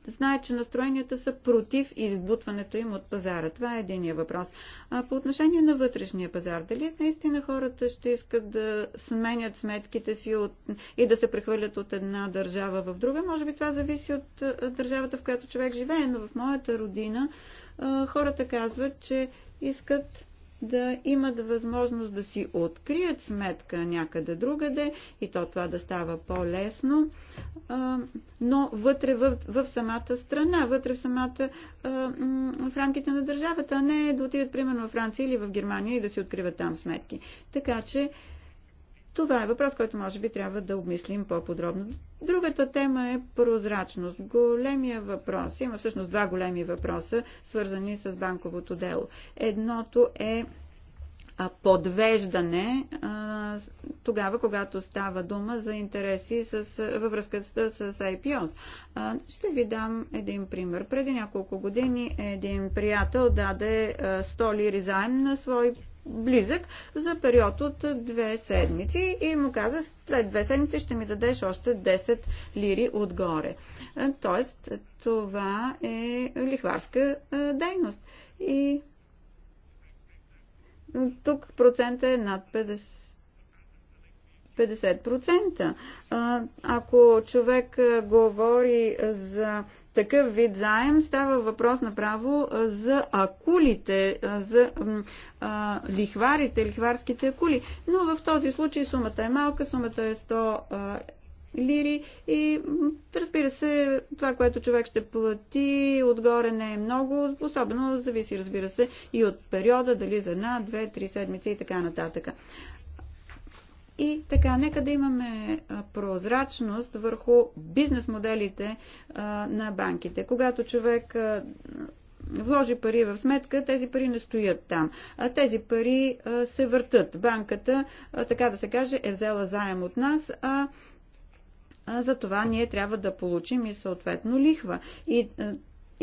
знаят, че настроенията са против избутването им от пазара. Това е единия въпрос. А по отношение на вътрешния пазар, дали наистина хората ще искат да сменят сметките си от, и да се прехвърлят от една държава в друга? Може би това зависи от държавата, в която човек живее, но в моята родина а, хората казват, че искат да имат възможност да си открият сметка някъде другаде и то това да става по-лесно, но вътре в, в самата страна, вътре в самата в рамките на държавата, а не да отидат примерно в Франция или в Германия и да си откриват там сметки. Така че това е въпрос, който може би трябва да обмислим по-подробно. Другата тема е прозрачност. Големия въпрос. Има всъщност два големи въпроса, свързани с банковото дело. Едното е подвеждане тогава, когато става дума за интереси с, във връзка с, с IPOs. Ще ви дам един пример. Преди няколко години един приятел даде 100 лири заем на свой близък за период от две седмици и му каза след две седмици ще ми дадеш още 10 лири отгоре. Тоест, това е лихварска дейност. И тук процента е над 50. 50%. Ако човек говори за такъв вид заем става въпрос направо за акулите, за а, лихварите, лихварските акули. Но в този случай сумата е малка, сумата е 100 а, лири и разбира се, това, което човек ще плати отгоре не е много, особено зависи разбира се и от периода, дали за една, две, три седмици и така нататък. И така, нека да имаме прозрачност върху бизнес моделите на банките. Когато човек вложи пари в сметка, тези пари не стоят там. А тези пари се въртат. Банката, така да се каже, е взела заем от нас, а за това ние трябва да получим и съответно лихва. И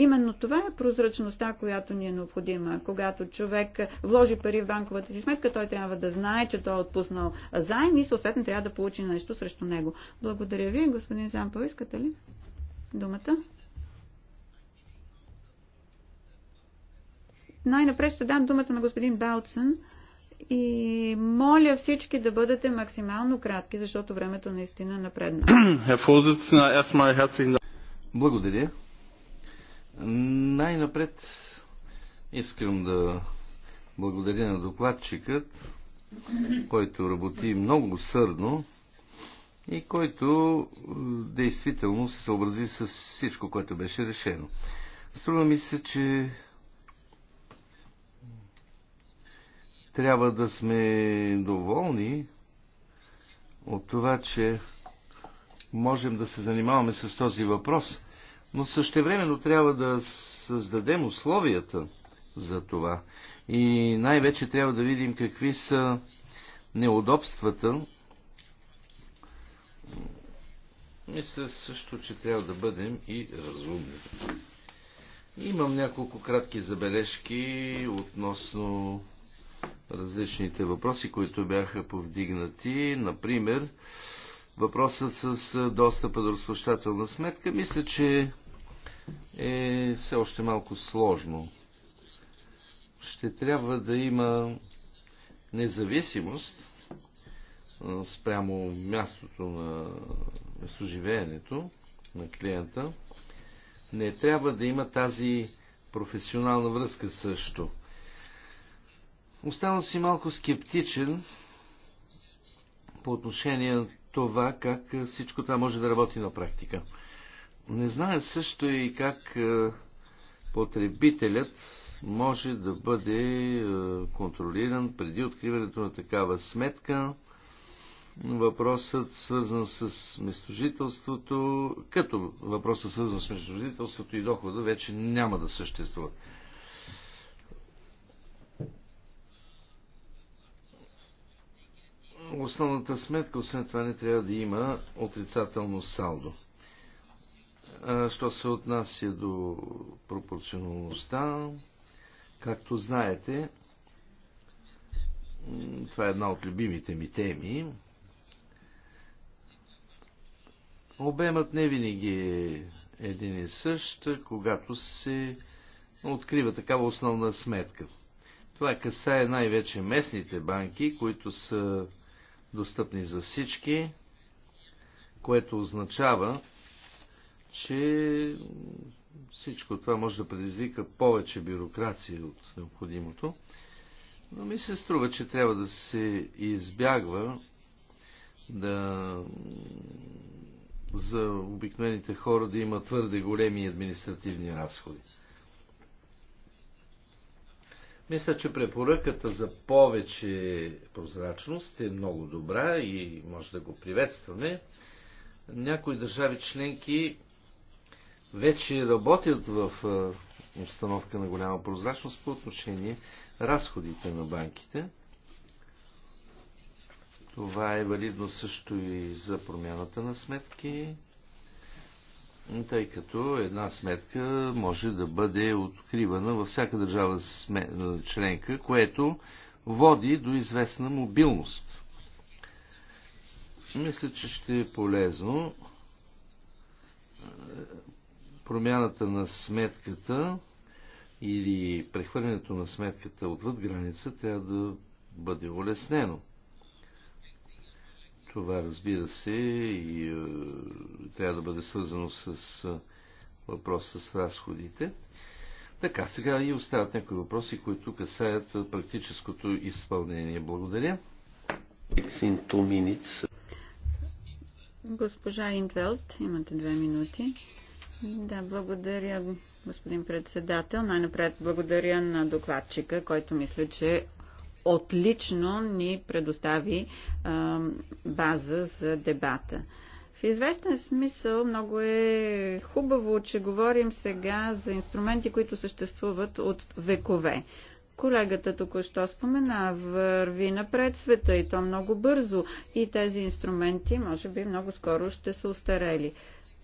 Именно това е прозрачността, която ни е необходима. Когато човек вложи пари в банковата си сметка, той трябва да знае, че той е отпуснал заем и съответно трябва да получи нещо срещу него. Благодаря ви, господин Зампел. Искате ли думата? Най-напред ще дам думата на господин Балцън и моля всички да бъдете максимално кратки, защото времето наистина напредна. Благодаря. Най-напред искам да благодаря на докладчикът, който работи много сърдно и който е, действително се съобрази с всичко, което беше решено. Струва ми се, че трябва да сме доволни от това, че можем да се занимаваме с този въпрос – но същевременно трябва да създадем условията за това. И най-вече трябва да видим какви са неудобствата. Мисля също, че трябва да бъдем и разумни. Имам няколко кратки забележки относно различните въпроси, които бяха повдигнати. Например, въпросът с достъпа до разплащателна сметка, мисля, че е все още малко сложно. Ще трябва да има независимост спрямо мястото на местоживеенето на клиента. Не трябва да има тази професионална връзка също. Оставам си малко скептичен по отношение това как е, всичко това може да работи на практика. Не знае също и как е, потребителят може да бъде е, контролиран преди откриването на такава сметка. Въпросът свързан с местожителството, като въпросът свързан с местожителството и дохода вече няма да съществува. основната сметка, освен това, не трябва да има отрицателно салдо. Що се отнася до пропорционалността, както знаете, това е една от любимите ми теми. Обемът не винаги е един и същ, когато се открива такава основна сметка. Това касае най-вече местните банки, които са достъпни за всички, което означава, че всичко това може да предизвика повече бюрокрация от необходимото. Но ми се струва, че трябва да се избягва да за обикновените хора да има твърде големи административни разходи. Мисля, че препоръката за повече прозрачност е много добра и може да го приветстваме. Някои държави членки вече работят в обстановка на голяма прозрачност по отношение разходите на банките. Това е валидно също и за промяната на сметки, тъй като една сметка може да бъде откривана във всяка държава членка, което води до известна мобилност. Мисля, че ще е полезно е, промяната на сметката или прехвърлянето на сметката отвъд граница трябва да бъде улеснено. Това разбира се и е, трябва да бъде свързано с е, въпрос с разходите. Така, сега и остават някои въпроси, които касаят е, практическото изпълнение. Благодаря. Госпожа Интвелт, имате две минути. Да, благодаря, господин председател. Най-напред благодаря на докладчика, който мисля, че отлично ни предостави а, база за дебата. В известен смисъл много е хубаво, че говорим сега за инструменти, които съществуват от векове. Колегата току-що спомена, върви напред света и то много бързо и тези инструменти може би много скоро ще са устарели.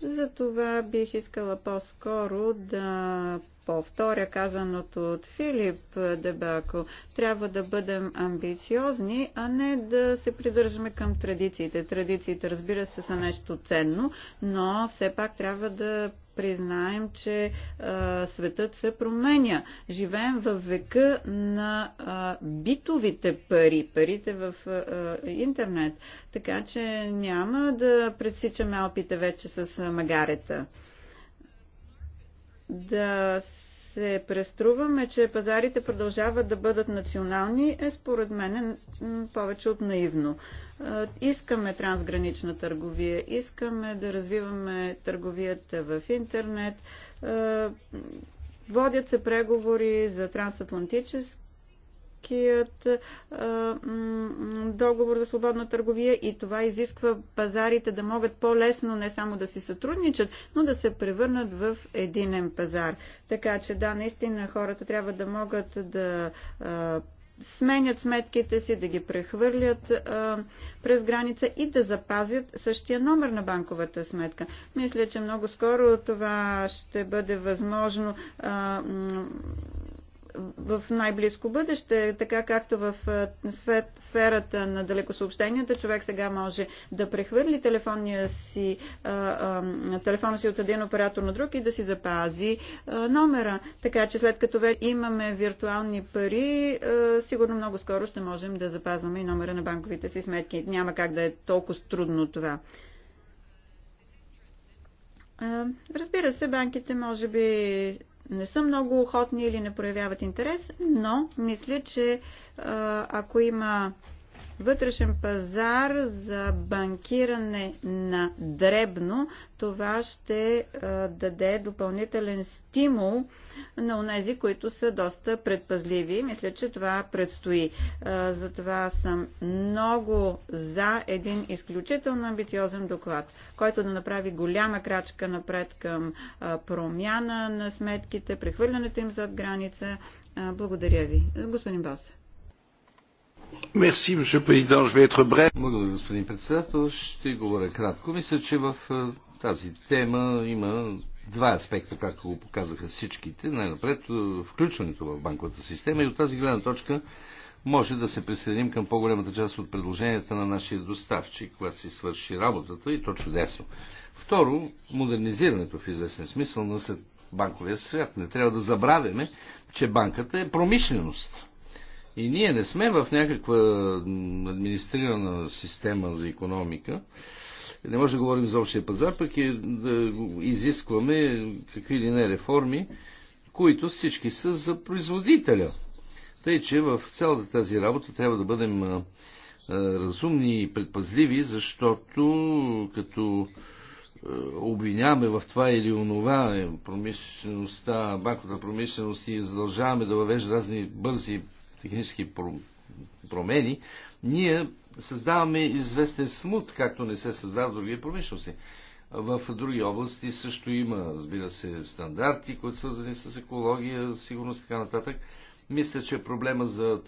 Затова бих искала по-скоро да повторя казаното от Филип Дебако. Трябва да бъдем амбициозни, а не да се придържаме към традициите. Традициите, разбира се, са нещо ценно, но все пак трябва да признаем, че а, светът се променя. Живеем в века на а, битовите пари, парите в а, интернет. Така че няма да предсичаме опите вече с магарета да се преструваме, че пазарите продължават да бъдат национални, е според мен повече от наивно. Искаме трансгранична търговия, искаме да развиваме търговията в интернет. Водят се преговори за трансатлантически Кият договор за свободна търговия и това изисква пазарите да могат по-лесно не само да си сътрудничат, но да се превърнат в единен пазар. Така че да, наистина хората трябва да могат да сменят сметките си, да ги прехвърлят а, през граница и да запазят същия номер на банковата сметка. Мисля, че много скоро това ще бъде възможно. А, в най-близко бъдеще, така както в сферата на далекосъобщенията, човек сега може да прехвърли телефонния си, телефона си от един оператор на друг и да си запази номера. Така че след като имаме виртуални пари, сигурно много скоро ще можем да запазваме и номера на банковите си сметки. Няма как да е толкова трудно това. Разбира се, банките може би не са много охотни или не проявяват интерес, но мисля, че ако има вътрешен пазар за банкиране на дребно, това ще даде допълнителен стимул на унези, които са доста предпазливи. Мисля, че това предстои. Затова съм много за един изключително амбициозен доклад, който да направи голяма крачка напред към промяна на сметките, прехвърлянето им зад граница. Благодаря ви. Господин Босе. Благодаря, господин председател. Ще говоря кратко. Мисля, че в е, тази тема има два аспекта, както го показаха всичките. Най-напред е, включването в банковата система и от тази гледна точка може да се присъединим към по-голямата част от предложенията на нашия доставчик, когато си свърши работата и то чудесно. Второ, модернизирането в известен смисъл на банковия свят. Не трябва да забравяме, че банката е промишленост. И ние не сме в някаква администрирана система за економика. Не може да говорим за общия пазар, пък и да изискваме какви ли не реформи, които всички са за производителя. Тъй, че в цялата тази работа трябва да бъдем разумни и предпазливи, защото като обвиняваме в това или онова е, промишлеността, банковата промишленост и задължаваме да въвежда разни бързи технически промени, ние създаваме известен смут, както не се създава в други промишлости. В други области също има, разбира се, стандарти, които са свързани с екология, сигурност и така нататък. Мисля, че проблема за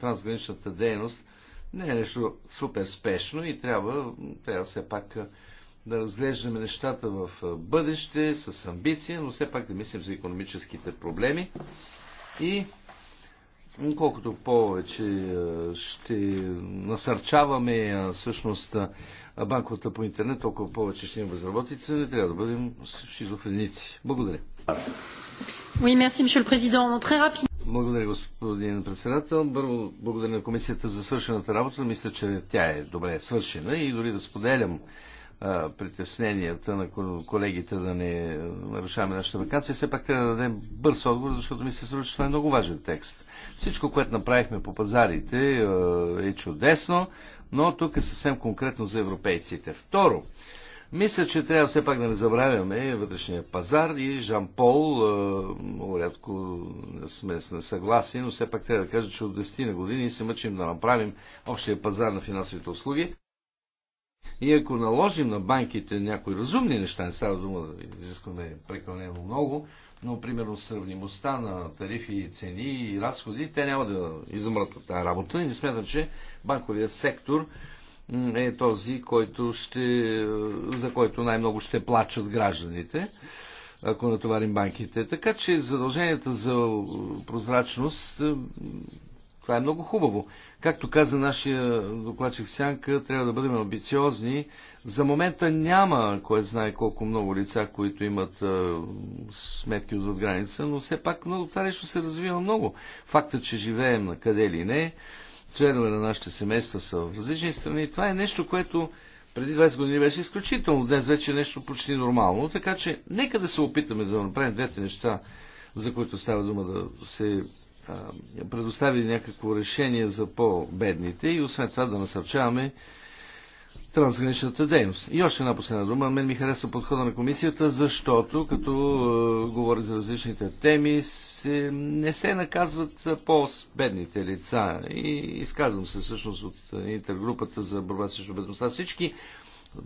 трансграничната дейност не е нещо супер спешно и трябва, трябва все пак да разглеждаме нещата в бъдеще с амбиция, но все пак да мислим за економическите проблеми и колкото повече ще насърчаваме всъщност банковата по интернет, толкова повече ще има безработица. Не трябва да бъдем шизофреници. Благодаря. Oui, merci, monsieur le président. Très rapide. Благодаря, господин председател. Първо, благодаря на комисията за свършената работа. Мисля, че тя е добре свършена и дори да споделям притесненията на колегите да не нарушаваме нашата вакансия, все пак трябва да дадем бърз отговор, защото ми се струва, че това е много важен текст. Всичко, което направихме по пазарите е чудесно, но тук е съвсем конкретно за европейците. Второ, мисля, че трябва все пак да не забравяме вътрешния пазар и Жан Пол, рядко сме съгласни, но все пак трябва да кажа, че от 10 на години се мъчим да направим общия пазар на финансовите услуги и ако наложим на банките някои разумни неща, не става дума да изискваме прекалено много, но примерно сравнимостта на тарифи, цени и разходи, те няма да измрат от тази работа и не смятам, че банковият сектор е този, който ще, за който най-много ще плачат гражданите, ако натоварим банките. Така че задълженията за прозрачност това е много хубаво. Както каза нашия докладчик Сянка, трябва да бъдем амбициозни. За момента няма, кой знае колко много лица, които имат е, сметки от граница, но все пак много, това нещо се развива много. Факта, че живеем на къде или не, членове на нашите семейства са в различни страни, това е нещо, което преди 20 години беше изключително, днес вече е нещо почти нормално, така че нека да се опитаме да направим двете неща, за които става дума да се Предостави някакво решение за по-бедните и освен това да насърчаваме трансграничната дейност. И още една последна дума. Мен ми харесва подхода на комисията, защото като е, говори за различните теми, се, не се наказват по-бедните лица. И изказвам се всъщност от интергрупата за борба срещу бедността. Всички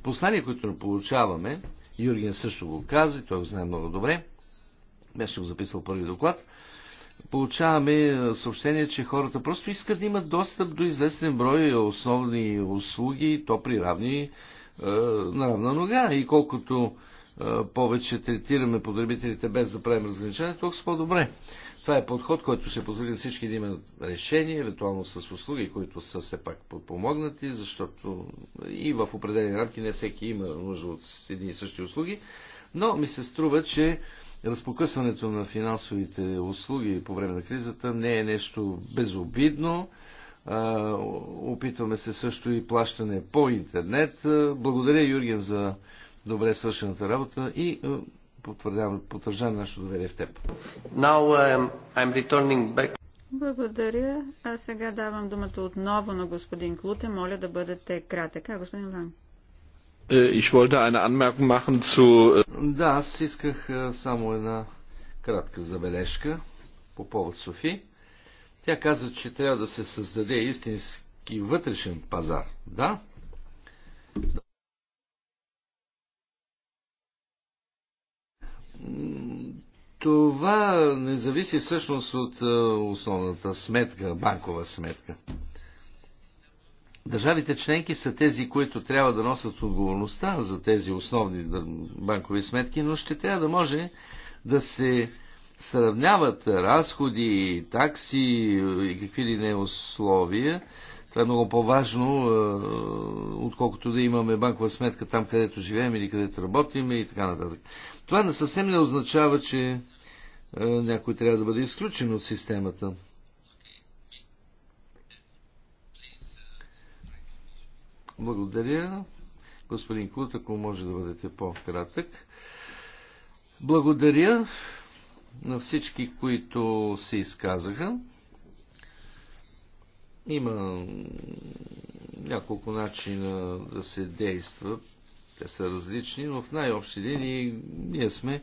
послания, които не получаваме, Юрген също го каза, той го знае много добре, беше го записал първи доклад, получаваме е, съобщение, че хората просто искат да имат достъп до известен брой основни услуги, то при равни е, на равна нога. И колкото е, повече третираме потребителите без да правим разграничение, толкова по-добре. Това е подход, който ще позволи на всички да имат решение, евентуално с услуги, които са все пак подпомогнати, защото и в определени рамки не всеки има нужда от едни и същи услуги. Но ми се струва, че разпокъсването на финансовите услуги по време на кризата не е нещо безобидно. Опитваме се също и плащане по интернет. Благодаря Юрген за добре свършената работа и потвърждавам нашето доверие в теб. Now, um, Благодаря. А сега давам думата отново на господин Клуте. Моля да бъдете кратък. А, господин Ланг. Äh, ich wollte eine Anmerkung machen zu... Äh, да, аз исках само една кратка забележка по повод Софи. Тя каза, че трябва да се създаде истински вътрешен пазар. Да? Това не зависи всъщност от основната сметка, банкова сметка. Държавите членки са тези, които трябва да носят отговорността за тези основни банкови сметки, но ще трябва да може да се сравняват разходи, такси и какви ли не условия. Това е много по-важно, е, отколкото да имаме банкова сметка там, където живеем или където работим и така нататък. Това не съвсем не означава, че е, някой трябва да бъде изключен от системата. Благодаря. Господин Кут, ако може да бъдете по-кратък. Благодаря на всички, които се изказаха. Има няколко начина да се действа. Те са различни, но в най-общи линии ние сме,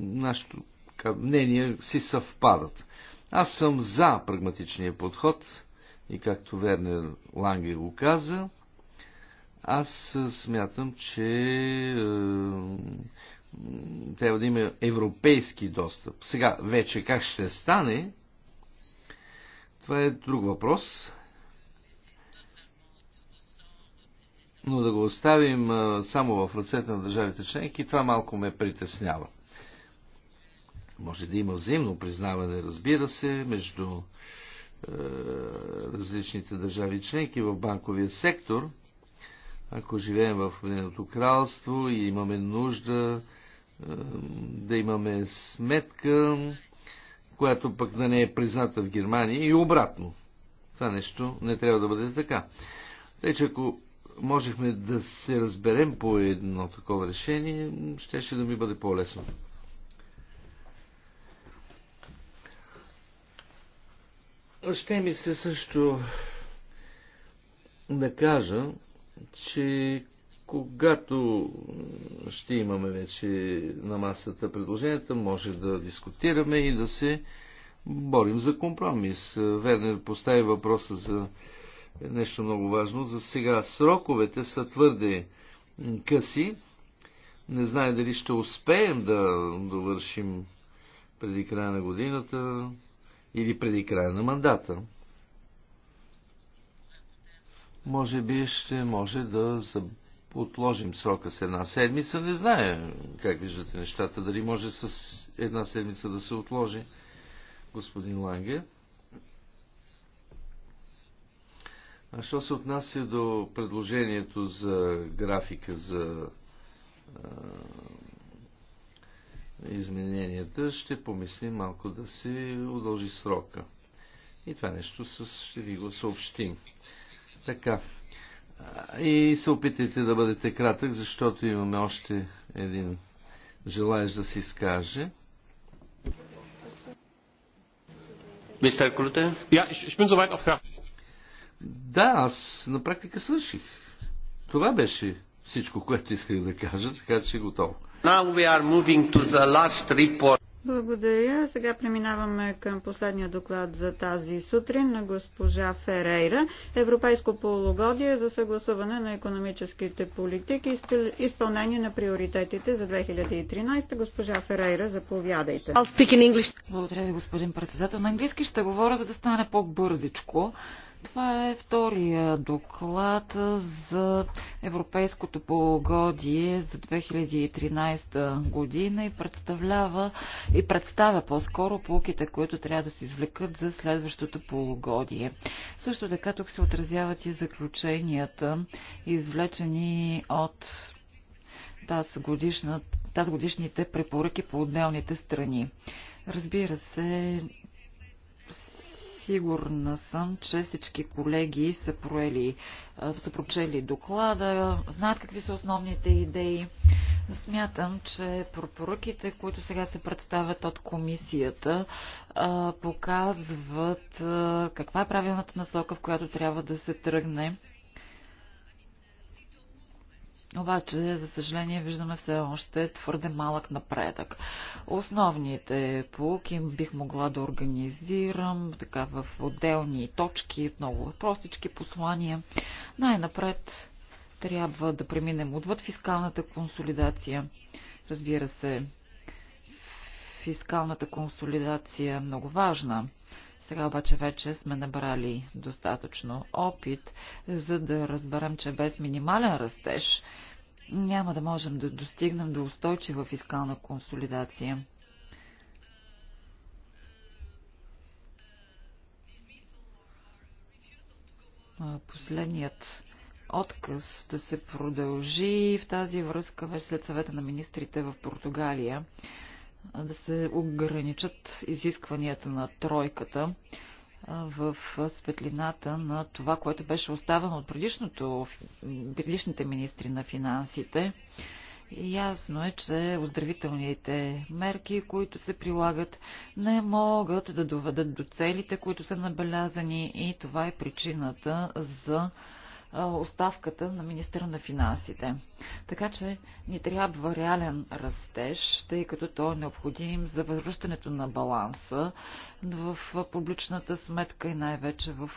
нашето мнение си съвпадат. Аз съм за прагматичния подход и както Вернер Ланге го каза, аз смятам, че е, трябва да има европейски достъп. Сега, вече как ще стане, това е друг въпрос. Но да го оставим само в ръцете на държавите членки, това малко ме притеснява. Може да има взаимно признаване, разбира се, между е, различните държави членки в банковия сектор – ако живеем в Неното кралство и имаме нужда да имаме сметка, която пък да не е призната в Германия и обратно. Това нещо не трябва да бъде така. Тъй, че ако можехме да се разберем по едно такова решение, щеше да ми бъде по-лесно. Ще ми се също да кажа, че когато ще имаме вече на масата предложенията, може да дискутираме и да се борим за компромис. Вернер постави въпроса за нещо много важно. За сега сроковете са твърде къси. Не знае дали ще успеем да довършим преди края на годината или преди края на мандата. Може би ще може да отложим срока с една седмица. Не знае как виждате нещата. Дали може с една седмица да се отложи, господин Ланге. А що се отнася до предложението за графика за измененията, ще помислим малко да се удължи срока. И това нещо с, ще ви го съобщим. Така. И се опитайте да бъдете кратък, защото имаме още един желаещ да се изкаже. Мистер Клюте? Я, ich bin soweit auch Да, аз на практика свърших. Това беше всичко, което исках да кажа, така че готово. Now we are moving to the last report. Благодаря. Сега преминаваме към последния доклад за тази сутрин на госпожа Ферейра. Европейско полугодие за съгласуване на економическите политики и изпълнение на приоритетите за 2013. Госпожа Ферейра, заповядайте. I'll speak in English. Благодаря ви, господин председател. На английски ще говоря, за да стане по-бързичко. Това е втория доклад за европейското полугодие за 2013 година и представлява и представя по-скоро полуките, които трябва да се извлекат за следващото полугодие. Също така тук се отразяват и заключенията, извлечени от тази, годишна, тази годишните препоръки по отделните страни. Разбира се, Сигурна съм, че всички колеги са, проели, са прочели доклада, знаят какви са основните идеи. Смятам, че пропоръките, които сега се представят от комисията, показват каква е правилната насока, в която трябва да се тръгне обаче, за съжаление, виждаме все още твърде малък напредък. Основните полуки бих могла да организирам така в отделни точки, много простички послания. Най-напред трябва да преминем отвъд фискалната консолидация. Разбира се, фискалната консолидация е много важна сега обаче вече сме набрали достатъчно опит, за да разберем, че без минимален растеж няма да можем да достигнем до устойчива фискална консолидация. Последният отказ да се продължи в тази връзка вече след съвета на министрите в Португалия да се ограничат изискванията на тройката в светлината на това, което беше оставено от предишните министри на финансите. Ясно е, че оздравителните мерки, които се прилагат, не могат да доведат до целите, които са набелязани и това е причината за оставката на министра на финансите. Така че ни трябва реален растеж, тъй като то е необходим за възвръщането на баланса в публичната сметка и най-вече в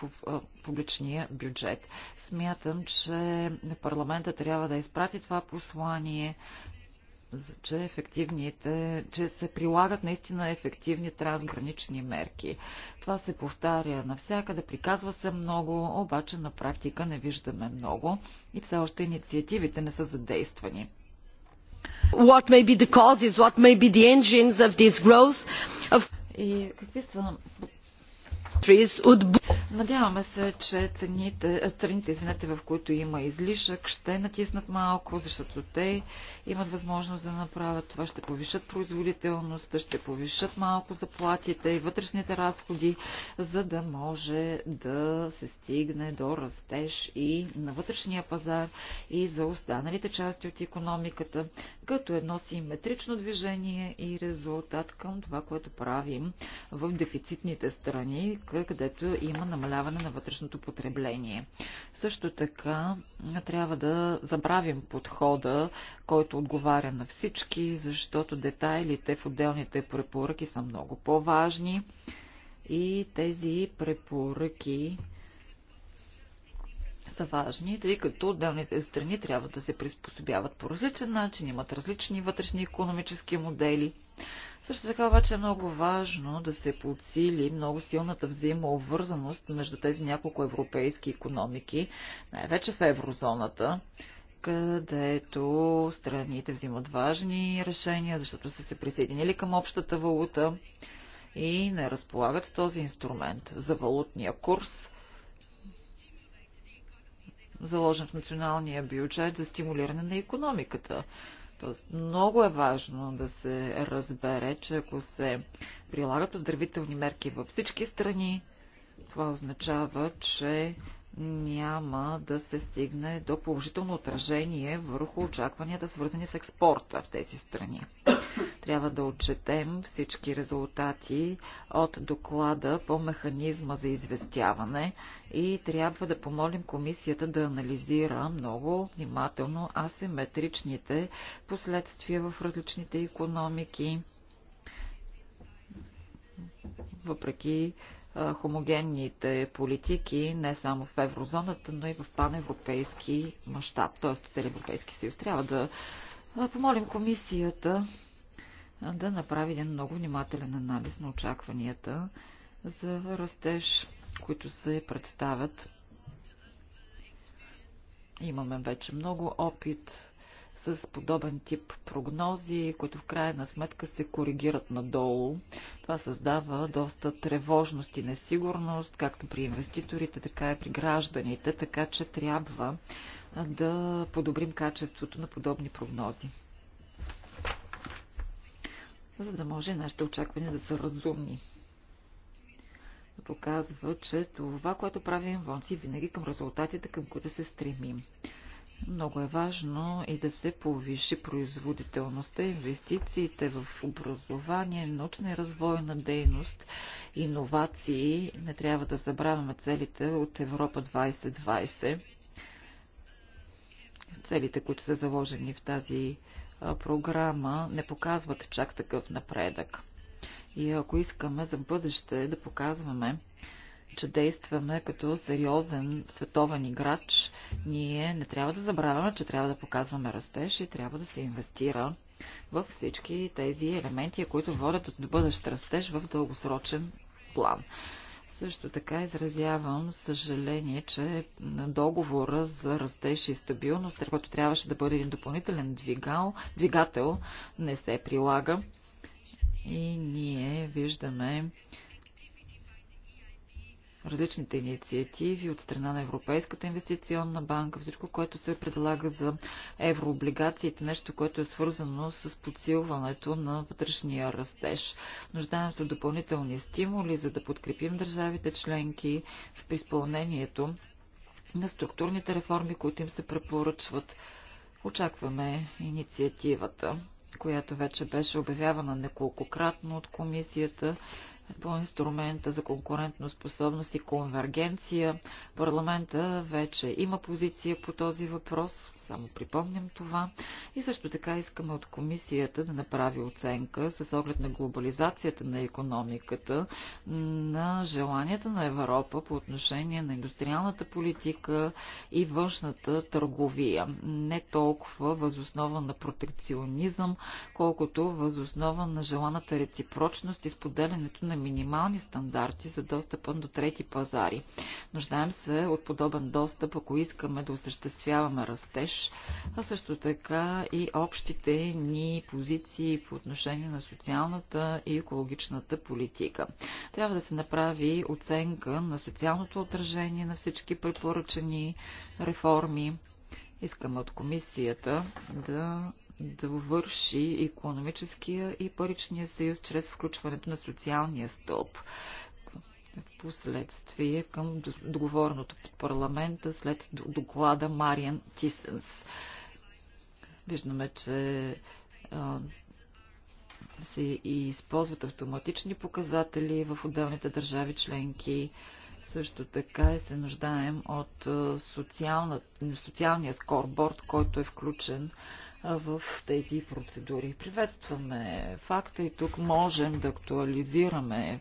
публичния бюджет. Смятам, че парламента трябва да изпрати това послание че, ефективните, че се прилагат наистина ефективни трансгранични мерки. Това се повтаря навсякъде, приказва се много, обаче на практика не виждаме много и все още инициативите не са задействани. What may be the causes, what may be the engines of this growth of... И какви са Надяваме се, че цените, страните, извинете, в които има излишък, ще натиснат малко, защото те имат възможност да направят това. Ще повишат производителността, ще повишат малко заплатите и вътрешните разходи, за да може да се стигне до растеж и на вътрешния пазар и за останалите части от економиката, като едно симетрично движение и резултат към това, което правим в дефицитните страни, където има намаляване на вътрешното потребление. Също така трябва да забравим подхода, който отговаря на всички, защото детайлите в отделните препоръки са много по-важни и тези препоръки са важни, тъй като отделните страни трябва да се приспособяват по различен начин, имат различни вътрешни економически модели. Също така обаче е много важно да се подсили много силната взаимообвързаност между тези няколко европейски економики, най-вече в еврозоната, където страните взимат важни решения, защото са се присъединили към общата валута и не разполагат с този инструмент за валутния курс, заложен в националния бюджет за стимулиране на економиката. Тоест, много е важно да се разбере, че ако се прилагат оздравителни мерки във всички страни, това означава, че няма да се стигне до положително отражение върху очакванията, свързани с експорта в тези страни. Трябва да отчетем всички резултати от доклада по механизма за известяване и трябва да помолим комисията да анализира много внимателно асиметричните последствия в различните економики въпреки хомогенните политики не само в еврозоната, но и в паневропейски мащаб, т.е. в цели Европейски съюз. Трябва да помолим комисията да направи един много внимателен анализ на очакванията за растеж, които се представят. Имаме вече много опит с подобен тип прогнози, които в крайна сметка се коригират надолу. Това създава доста тревожност и несигурност, както при инвеститорите, така и при гражданите, така че трябва да подобрим качеството на подобни прогнози. За да може нашите очаквания да са разумни показва, че това, което правим вонти винаги към резултатите, към които се стремим. Много е важно и да се повиши производителността, инвестициите в образование, научна и развойна дейност, иновации. Не трябва да забравяме целите от Европа 2020. Целите, които са заложени в тази програма, не показват чак такъв напредък. И ако искаме за бъдеще да показваме, че действаме като сериозен световен играч. Ние не трябва да забравяме, че трябва да показваме растеж и трябва да се инвестира в всички тези елементи, които водят до бъдещ растеж в дългосрочен план. Също така изразявам съжаление, че договора за растеж и стабилност, който трябваше да бъде един допълнителен двигал, двигател, не се прилага. И ние виждаме различните инициативи от страна на Европейската инвестиционна банка, всичко, което се предлага за еврооблигациите, нещо, което е свързано с подсилването на вътрешния растеж. Нуждаем се допълнителни стимули, за да подкрепим държавите членки в изпълнението на структурните реформи, които им се препоръчват. Очакваме инициативата която вече беше обявявана неколкократно от комисията по инструмента за конкурентно способност и конвергенция. Парламента вече има позиция по този въпрос. Само припомням това. И също така искаме от комисията да направи оценка с оглед на глобализацията на економиката, на желанията на Европа по отношение на индустриалната политика и външната търговия. Не толкова възоснова на протекционизъм, колкото възоснова на желаната реципрочност и споделянето на минимални стандарти за достъпа до трети пазари. Нуждаем се от подобен достъп, ако искаме да осъществяваме растеж растеж, а също така и общите ни позиции по отношение на социалната и екологичната политика. Трябва да се направи оценка на социалното отражение на всички препоръчени реформи. Искаме от комисията да да върши економическия и паричния съюз чрез включването на социалния стълб в последствие към договорното под парламента след доклада Мариан Тисенс. Виждаме, че се и използват автоматични показатели в отделните държави членки. Също така и се нуждаем от социална, социалния скорборд, който е включен в тези процедури. Приветстваме факта и тук можем да актуализираме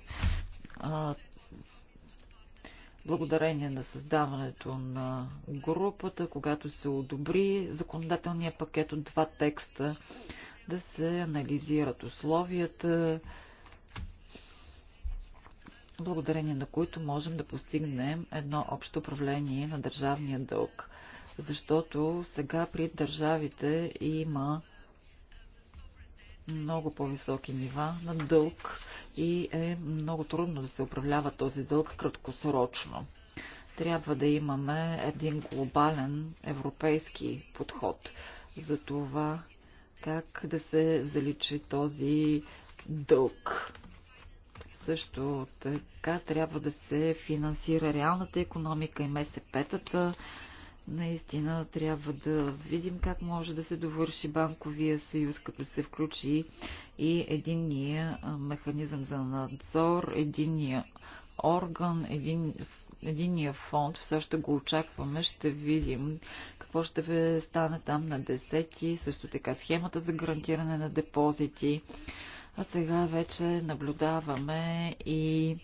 благодарение на създаването на групата, когато се одобри законодателния пакет от два текста, да се анализират условията, благодарение на които можем да постигнем едно общо управление на държавния дълг. Защото сега при държавите има много по-високи нива на дълг и е много трудно да се управлява този дълг краткосрочно. Трябва да имаме един глобален европейски подход за това как да се заличи този дълг. Също така трябва да се финансира реалната економика и МСП-тата, Наистина трябва да видим как може да се довърши банковия съюз, като се включи и единния механизъм за надзор, единния орган, един, единия фонд. Все ще го очакваме, ще видим какво ще ви стане там на 10, също така схемата за гарантиране на депозити. А сега вече наблюдаваме и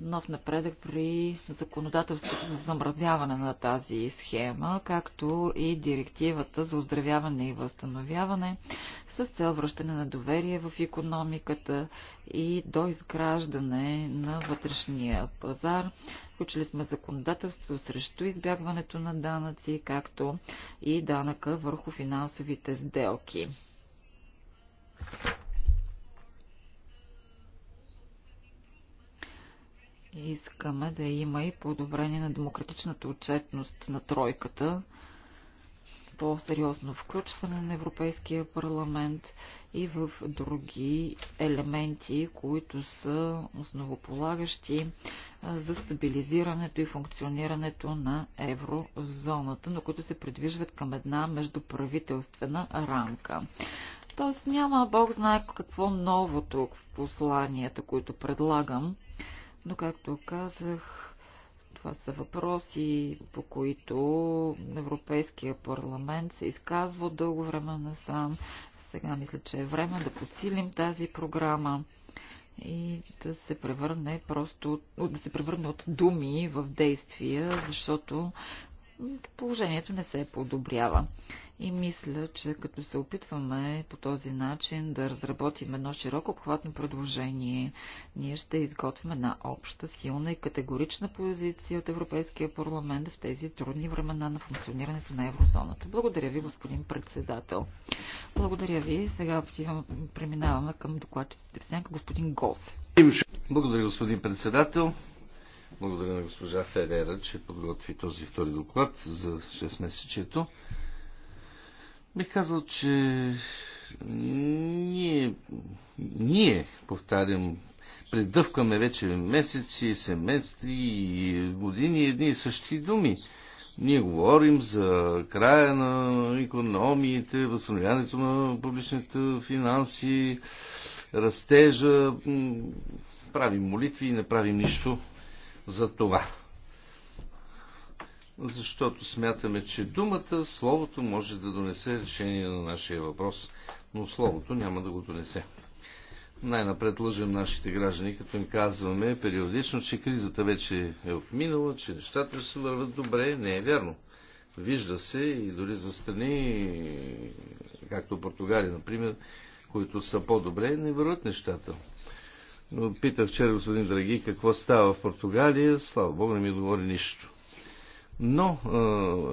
нов напредък при законодателството за замразяване на тази схема, както и директивата за оздравяване и възстановяване с цел връщане на доверие в економиката и до изграждане на вътрешния пазар. Включили сме законодателство срещу избягването на данъци, както и данъка върху финансовите сделки. Искаме да има и подобрение на демократичната отчетност на тройката, по-сериозно включване на Европейския парламент и в други елементи, които са основополагащи за стабилизирането и функционирането на еврозоната, но които се придвижват към една междуправителствена рамка. Тоест няма Бог знае какво ново тук в посланията, които предлагам но както казах, това са въпроси, по които Европейския парламент се изказва от дълго време насам. Сега мисля, че е време да подсилим тази програма и да се превърне просто, да се превърне от думи в действия, защото положението не се подобрява. И мисля, че като се опитваме по този начин да разработим едно широко обхватно предложение, ние ще изготвим една обща, силна и категорична позиция от Европейския парламент в тези трудни времена на функционирането на еврозоната. Благодаря ви, господин председател. Благодаря ви. Сега преминаваме към докладчиците. сянка, господин Гос. Благодаря, господин председател. Благодаря на госпожа Ферера, че подготви този втори доклад за 6 месечето. Бих казал, че ние, ние повтарям, предъвкаме вече месеци, семестри и години едни и същи думи. Ние говорим за края на економиите, възстановяването на публичните финанси, растежа, правим молитви и не правим нищо за това защото смятаме, че думата, словото може да донесе решение на нашия въпрос, но словото няма да го донесе. Най-напред лъжим нашите граждани, като им казваме периодично, че кризата вече е отминала, че нещата ще се върват добре. Не е вярно. Вижда се и дори за страни, както Португалия, например, които са по-добре, не върват нещата. Но питах вчера господин Драги какво става в Португалия. Слава Бог, не ми отговори нищо. Но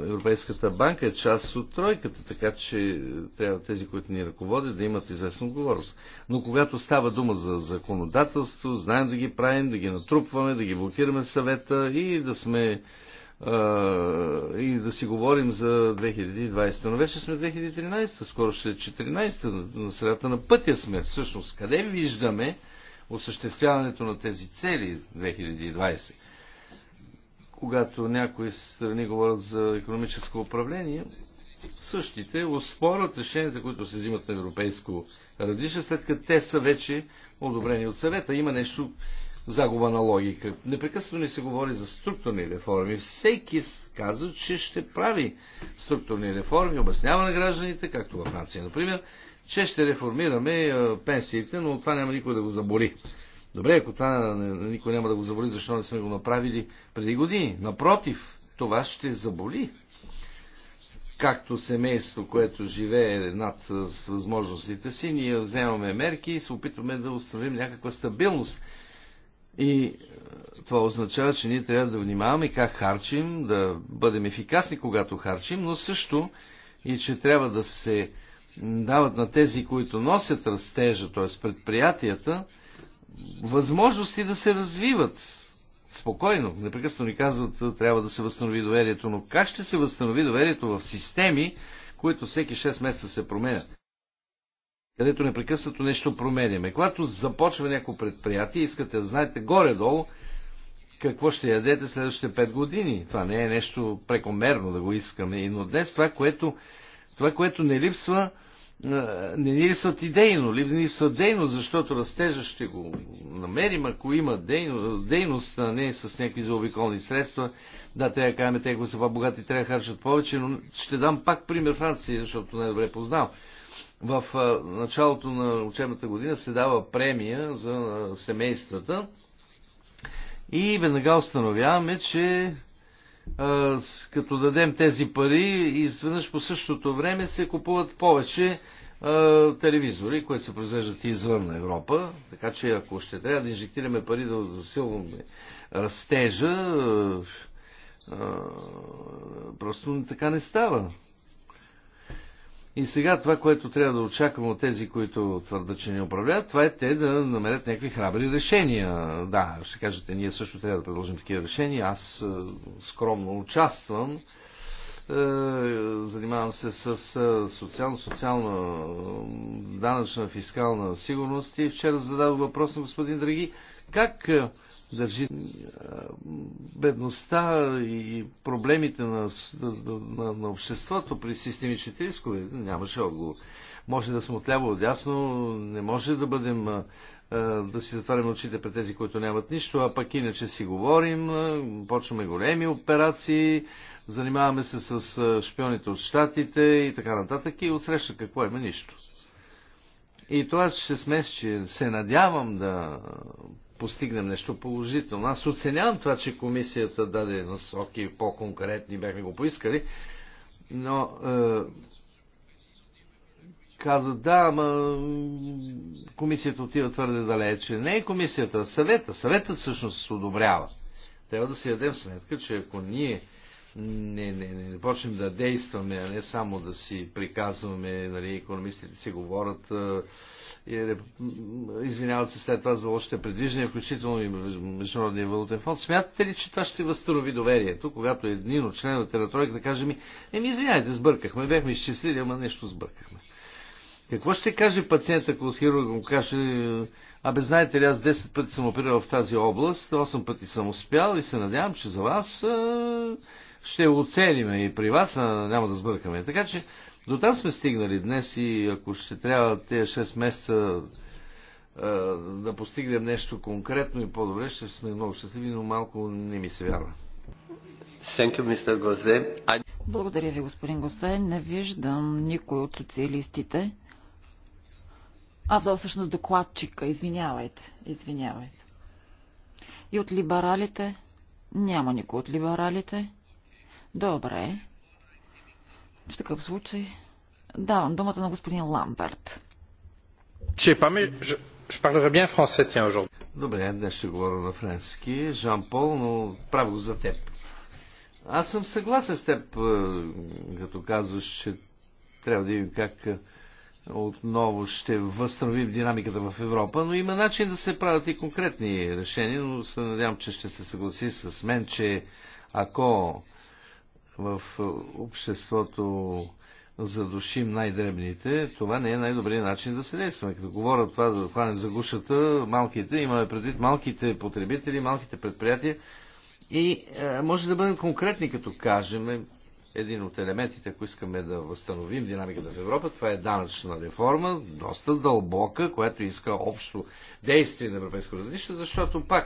Европейската банка е част от тройката, така че трябва тези, които ни ръководят, да имат известна отговорност. Но когато става дума за законодателство, знаем да ги правим, да ги натрупваме, да ги блокираме в съвета и да сме и да си говорим за 2020. Но вече сме 2013, скоро ще е 2014, на средата на пътя сме. Всъщност, къде виждаме осъществяването на тези цели 2020? когато някои страни говорят за економическо управление, същите успорят решенията, които се взимат на европейско радище, след като те са вече одобрени от съвета. Има нещо загуба на логика. Непрекъснато ни се говори за структурни реформи. Всеки казва, че ще прави структурни реформи, обяснява на гражданите, както във Франция, например, че ще реформираме пенсиите, но това няма никой да го заболи. Добре, ако това никой няма да го заболи, защо не сме го направили преди години? Напротив, това ще заболи. Както семейство, което живее над възможностите си, ние вземаме мерки и се опитваме да установим някаква стабилност. И това означава, че ние трябва да внимаваме как харчим, да бъдем ефикасни, когато харчим, но също и че трябва да се дават на тези, които носят растежа, т.е. предприятията, възможности да се развиват. Спокойно, непрекъснато ни казват, е, трябва да се възстанови доверието, но как ще се възстанови доверието в системи, които всеки 6 месеца се променят? където непрекъснато нещо променяме. Когато започва някакво предприятие, искате да знаете горе-долу какво ще ядете следващите 5 години. Това не е нещо прекомерно да го искаме. И но днес това, което, това, което не липсва, е, не ни липсват и дейно, ли ни липсват дейност, защото растежа ще го намерим, ако има дейност, дейност а не с някакви заобиколни средства. Да, те кажем, те, които са по-богати, трябва да харчат повече, но ще дам пак пример Франция, защото най-добре познавам. В началото на учебната година се дава премия за семействата и веднага установяваме, че като дадем тези пари, изведнъж по същото време се купуват повече телевизори, които се произвеждат извън Европа. Така че ако ще трябва да инжектираме пари да засилваме растежа, просто така не става. И сега това, което трябва да очакваме от тези, които твърдат, че не управляват, това е те да намерят някакви храбри решения. Да, ще кажете, ние също трябва да предложим такива решения. Аз е, скромно участвам. Е, занимавам се с е, социална, социална, данъчна, фискална сигурност и вчера зададох въпрос на господин Драги. Как държи бедността и проблемите на, на, на обществото при системичните рискове. Нямаше отговор. Може да сме отляво, отясно, не може да бъдем да си затваряме очите пред тези, които нямат нищо, а пък иначе си говорим, почваме големи операции, занимаваме се с шпионите от щатите и така нататък и отсреща какво има нищо. И това ще 6 че се надявам да постигнем нещо положително. Аз оценявам това, че комисията даде насоки по-конкретни, бяхме го поискали, но е, каза, да, ама комисията отива твърде далече. Не е комисията, съвета. Съветът всъщност се одобрява. Трябва да си дадем сметка, че ако ние не, не, не, Започнем почнем да действаме, а не само да си приказваме, нали, економистите си говорят, и е, извиняват се след това за лошите предвиждания, включително и Международния валутен фонд. Смятате ли, че това ще възстанови доверието, когато един от членовете на тройката да каже ми, еми извинявайте, сбъркахме, бяхме изчислили, ама нещо сбъркахме. Какво ще каже пациента, ако от хирурга му каже, абе знаете ли, аз 10 пъти съм оперирал в тази област, 8 пъти съм успял и се надявам, че за вас ще оценим и при вас, а няма да сбъркаме. Така че до там сме стигнали днес и ако ще трябва тези 6 месеца а, да постигнем нещо конкретно и по-добре, ще сме много щастливи, но малко не ми се вярва. Благодаря ви, господин Госе. Не виждам никой от социалистите. А, то всъщност докладчика. Извинявайте. Извинявайте. И от либералите? Няма никой от либералите. Добре. В такъв случай давам думата на господин Ламберт. Добре, днес ще говоря на френски. Жан Пол, но право го за теб. Аз съм съгласен с теб, е, като казваш, че трябва да видим как е, отново ще възстановим динамиката в Европа, но има начин да се правят и конкретни решения, но се надявам, че ще се съгласи с мен, че ако в е, обществото задушим най-дребните, това не е най-добрият начин да се действаме. Като говоря това да хванем за гушата, малките, имаме предвид малките потребители, малките предприятия и е, може да бъдем конкретни, като кажем един от елементите, ако искаме да възстановим динамиката в Европа, това е данъчна реформа, доста дълбока, която иска общо действие на европейско различие, защото пак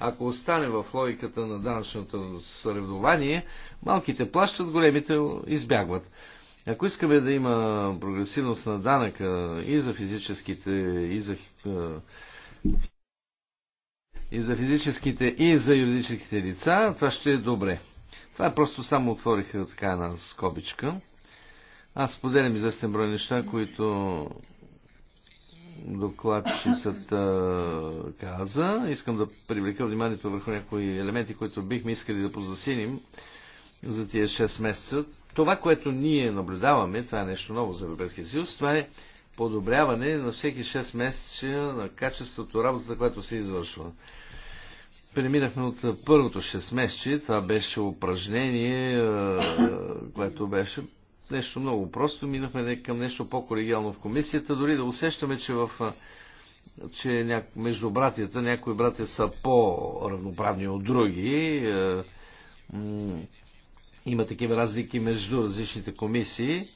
ако остане в логиката на данъчното съревнование, малките плащат, големите избягват. Ако искаме да има прогресивност на данъка и за физическите, и за е, и за физическите, и за юридическите лица, това ще е добре. Това е просто само отвориха така една скобичка. Аз споделям известен брой неща, които докладчицата каза. Искам да привлека вниманието върху някои елементи, които бихме искали да позасиним за тия 6 месеца. Това, което ние наблюдаваме, това е нещо ново за Европейския съюз, това е подобряване на всеки 6 месеца на качеството работата, която се извършва. Преминахме от първото 6 месече, това беше упражнение, което беше нещо много просто, минахме към нещо по-колегиално в комисията, дори да усещаме, че в че ня... между братята, някои братя са по-равноправни от други. Има такива разлики между различните комисии.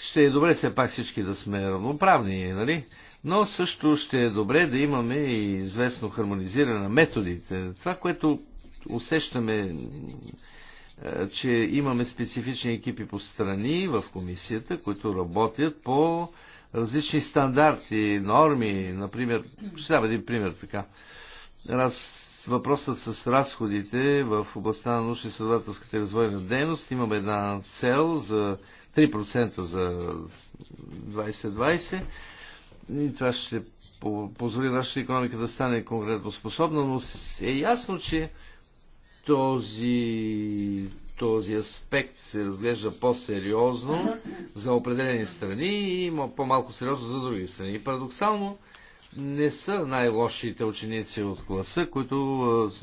Ще е добре все пак всички да сме равноправни, нали? Но също ще е добре да имаме и известно хармонизиране на методите. Това, което усещаме е, че имаме специфични екипи по страни в комисията, които работят по различни стандарти, норми, например, ще дам един пример така. Раз, въпросът с разходите в областта на научно-изследователската и развойна дейност. Имаме една цел за 3% за 2020 и това ще позволи нашата економика да стане конкретно способна, но е ясно, че този, този аспект се разглежда по-сериозно за определени страни и има по-малко сериозно за други страни. И парадоксално не са най-лошите ученици от класа, които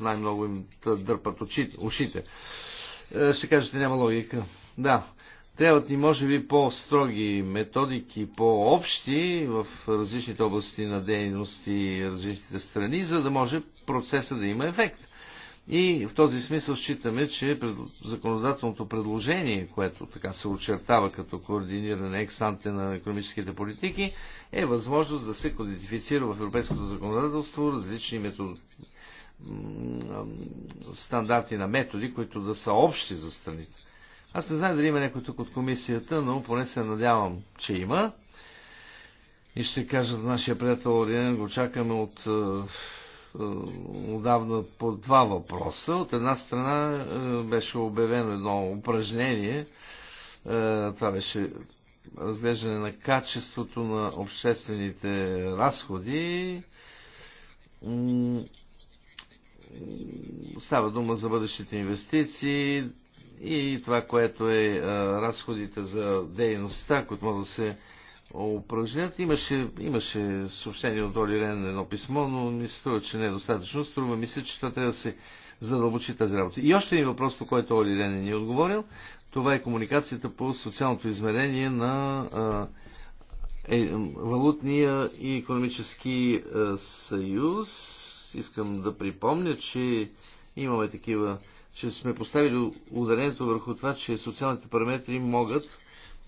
най-много им дърпат ушите. Е, ще кажете, няма логика. Да, трябват ни може би по-строги методики, по-общи в различните области на дейности и различните страни, за да може процеса да има ефект. И в този смисъл считаме, че законодателното предложение, което така се очертава като координиране ексанте на економическите политики, е възможност да се кодифицира в европейското законодателство различни метод... стандарти на методи, които да са общи за страните. Аз не знам дали има някой тук от комисията, но поне се надявам, че има. И ще кажа нашия приятел Ориен, го чакаме от е, е, отдавна по два въпроса. От една страна е, беше обявено едно упражнение, е, това беше разглеждане на качеството на обществените разходи. Става дума за бъдещите инвестиции и това, което е разходите за дейността, които могат да се упражнят. Имаше, имаше съобщение от Оли Рен едно писмо, но ми се струва, че не е достатъчно. Струва ми се, че това трябва да се задълбочи тази работа. И още един въпрос, по който Оли Рен не ни е отговорил. Това е комуникацията по социалното измерение на е, е, валутния и економически е, съюз. Искам да припомня, че имаме такива, че сме поставили ударението върху това, че социалните параметри могат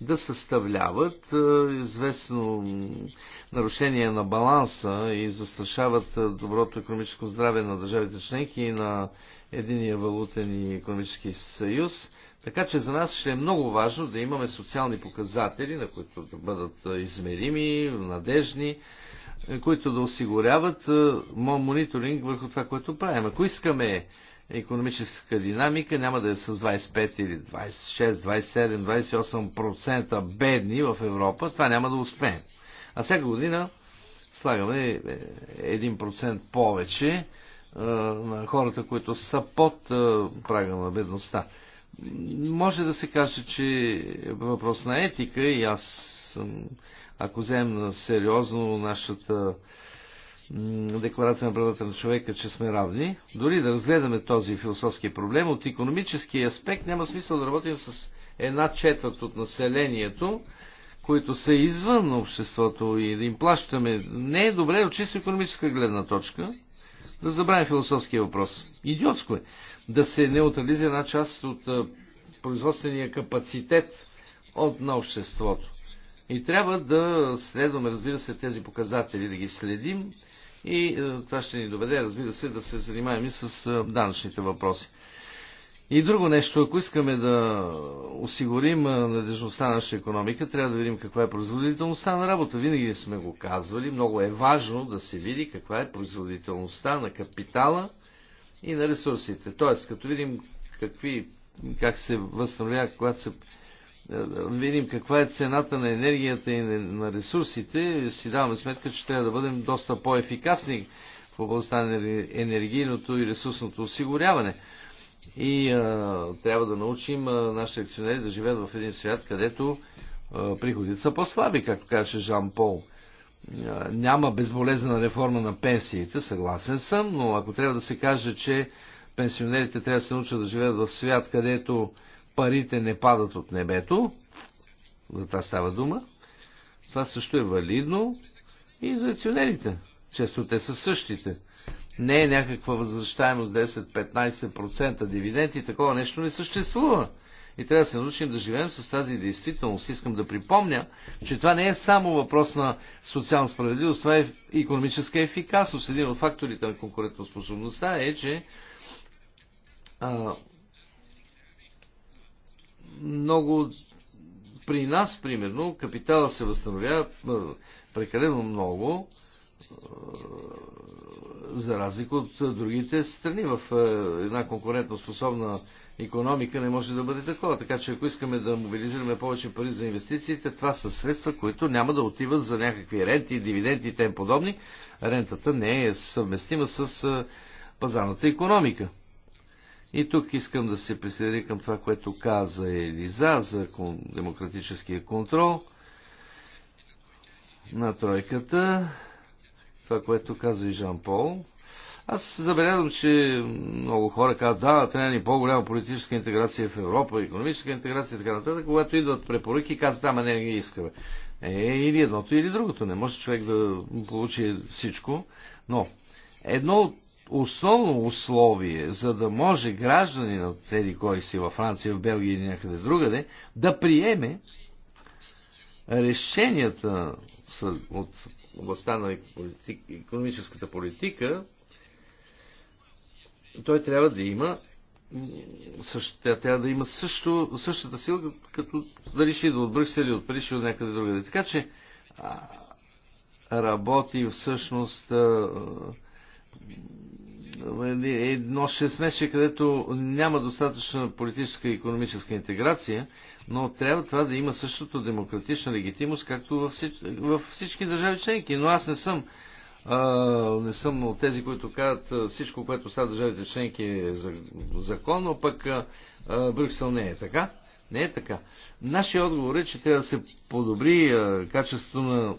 да съставляват е, известно нарушение на баланса и застрашават е, доброто економическо здраве на държавите членки и на единия валутен и економически съюз. Така че за нас ще е много важно да имаме социални показатели, на които да бъдат е, измерими, надежни, които да осигуряват мониторинг върху това, което правим. Ако искаме економическа динамика няма да е с 25 или 26, 27, 28% бедни в Европа, това няма да успеем. А всяка година слагаме 1% е, е, повече е, на хората, които са под прага на бедността. Може да се каже, че е въпрос на етика и аз съм, ако взем сериозно нашата Декларация на правата на човека, че сме равни, дори да разгледаме този философски проблем, от економически аспект няма смисъл да работим с една четвърт от населението, които са извън обществото и да им плащаме. Не е добре от чисто економическа гледна точка да забравим философския въпрос. Идиотско е да се неутрализира една част от производствения капацитет от на обществото. И трябва да следваме, разбира се, тези показатели, да ги следим и е, това ще ни доведе, разбира се, да се занимаем и с е, данъчните въпроси. И друго нещо, ако искаме да осигурим е, надежността на нашата економика, трябва да видим каква е производителността на работа. Винаги сме го казвали. Много е важно да се види каква е производителността на капитала и на ресурсите. Тоест, като видим какви, как се възстановява, когато се видим каква е цената на енергията и на ресурсите, си даваме сметка, че трябва да бъдем доста по-ефикасни в областта на енергийното и ресурсното осигуряване. И а, трябва да научим а, нашите акционери да живеят в един свят, където а, приходите са по-слаби, както каже Жан Пол. А, няма безболезнена реформа на пенсиите, съгласен съм, но ако трябва да се каже, че пенсионерите трябва да се научат да живеят в свят, където а, парите не падат от небето, за това става дума, това също е валидно и за акционерите. Често те са същите. Не е някаква възвръщаемост 10-15% дивиденти и такова нещо не съществува. И трябва да се научим да живеем с тази действителност. Искам да припомня, че това не е само въпрос на социална справедливост, това е економическа ефикасност. Един от факторите на конкурентоспособността е, че а, много при нас, примерно, капитала се възстановява прекалено много, за разлика от другите страни. В една способна економика не може да бъде такова. Така че ако искаме да мобилизираме повече пари за инвестициите, това са средства, които няма да отиват за някакви ренти, дивиденти и тем подобни. Рентата не е съвместима с пазарната економика. И тук искам да се присъединя към това, което каза Елиза за демократическия контрол на тройката. Това, което каза и Жан-Пол. Аз забелязвам, че много хора казват, да, трябва ни е по-голяма политическа интеграция в Европа, економическа интеграция и така нататък. Когато идват препоръки, казват, ама не, не ги искаме. Е, или едното, или другото. Не може човек да получи всичко. Но едно от основно условие, за да може на тези, кой си във Франция, в Белгия или някъде с другаде, да приеме решенията от областта на економическата политика, той трябва да има тя трябва да има също, същата сила, като, да реши да идва от Брюксел или от Париж или от някъде другаде. Така че работи всъщност е, едно 6 месече, където няма достатъчна политическа и економическа интеграция, но трябва това да има същото демократична легитимност, както във всички, във всички държави членки. Но аз не съм, а, не съм от тези, които казват всичко, което са държавите членки е законно, пък а, Брюксел не е така. Не е така. Нашия отговор е, че трябва да се подобри качеството на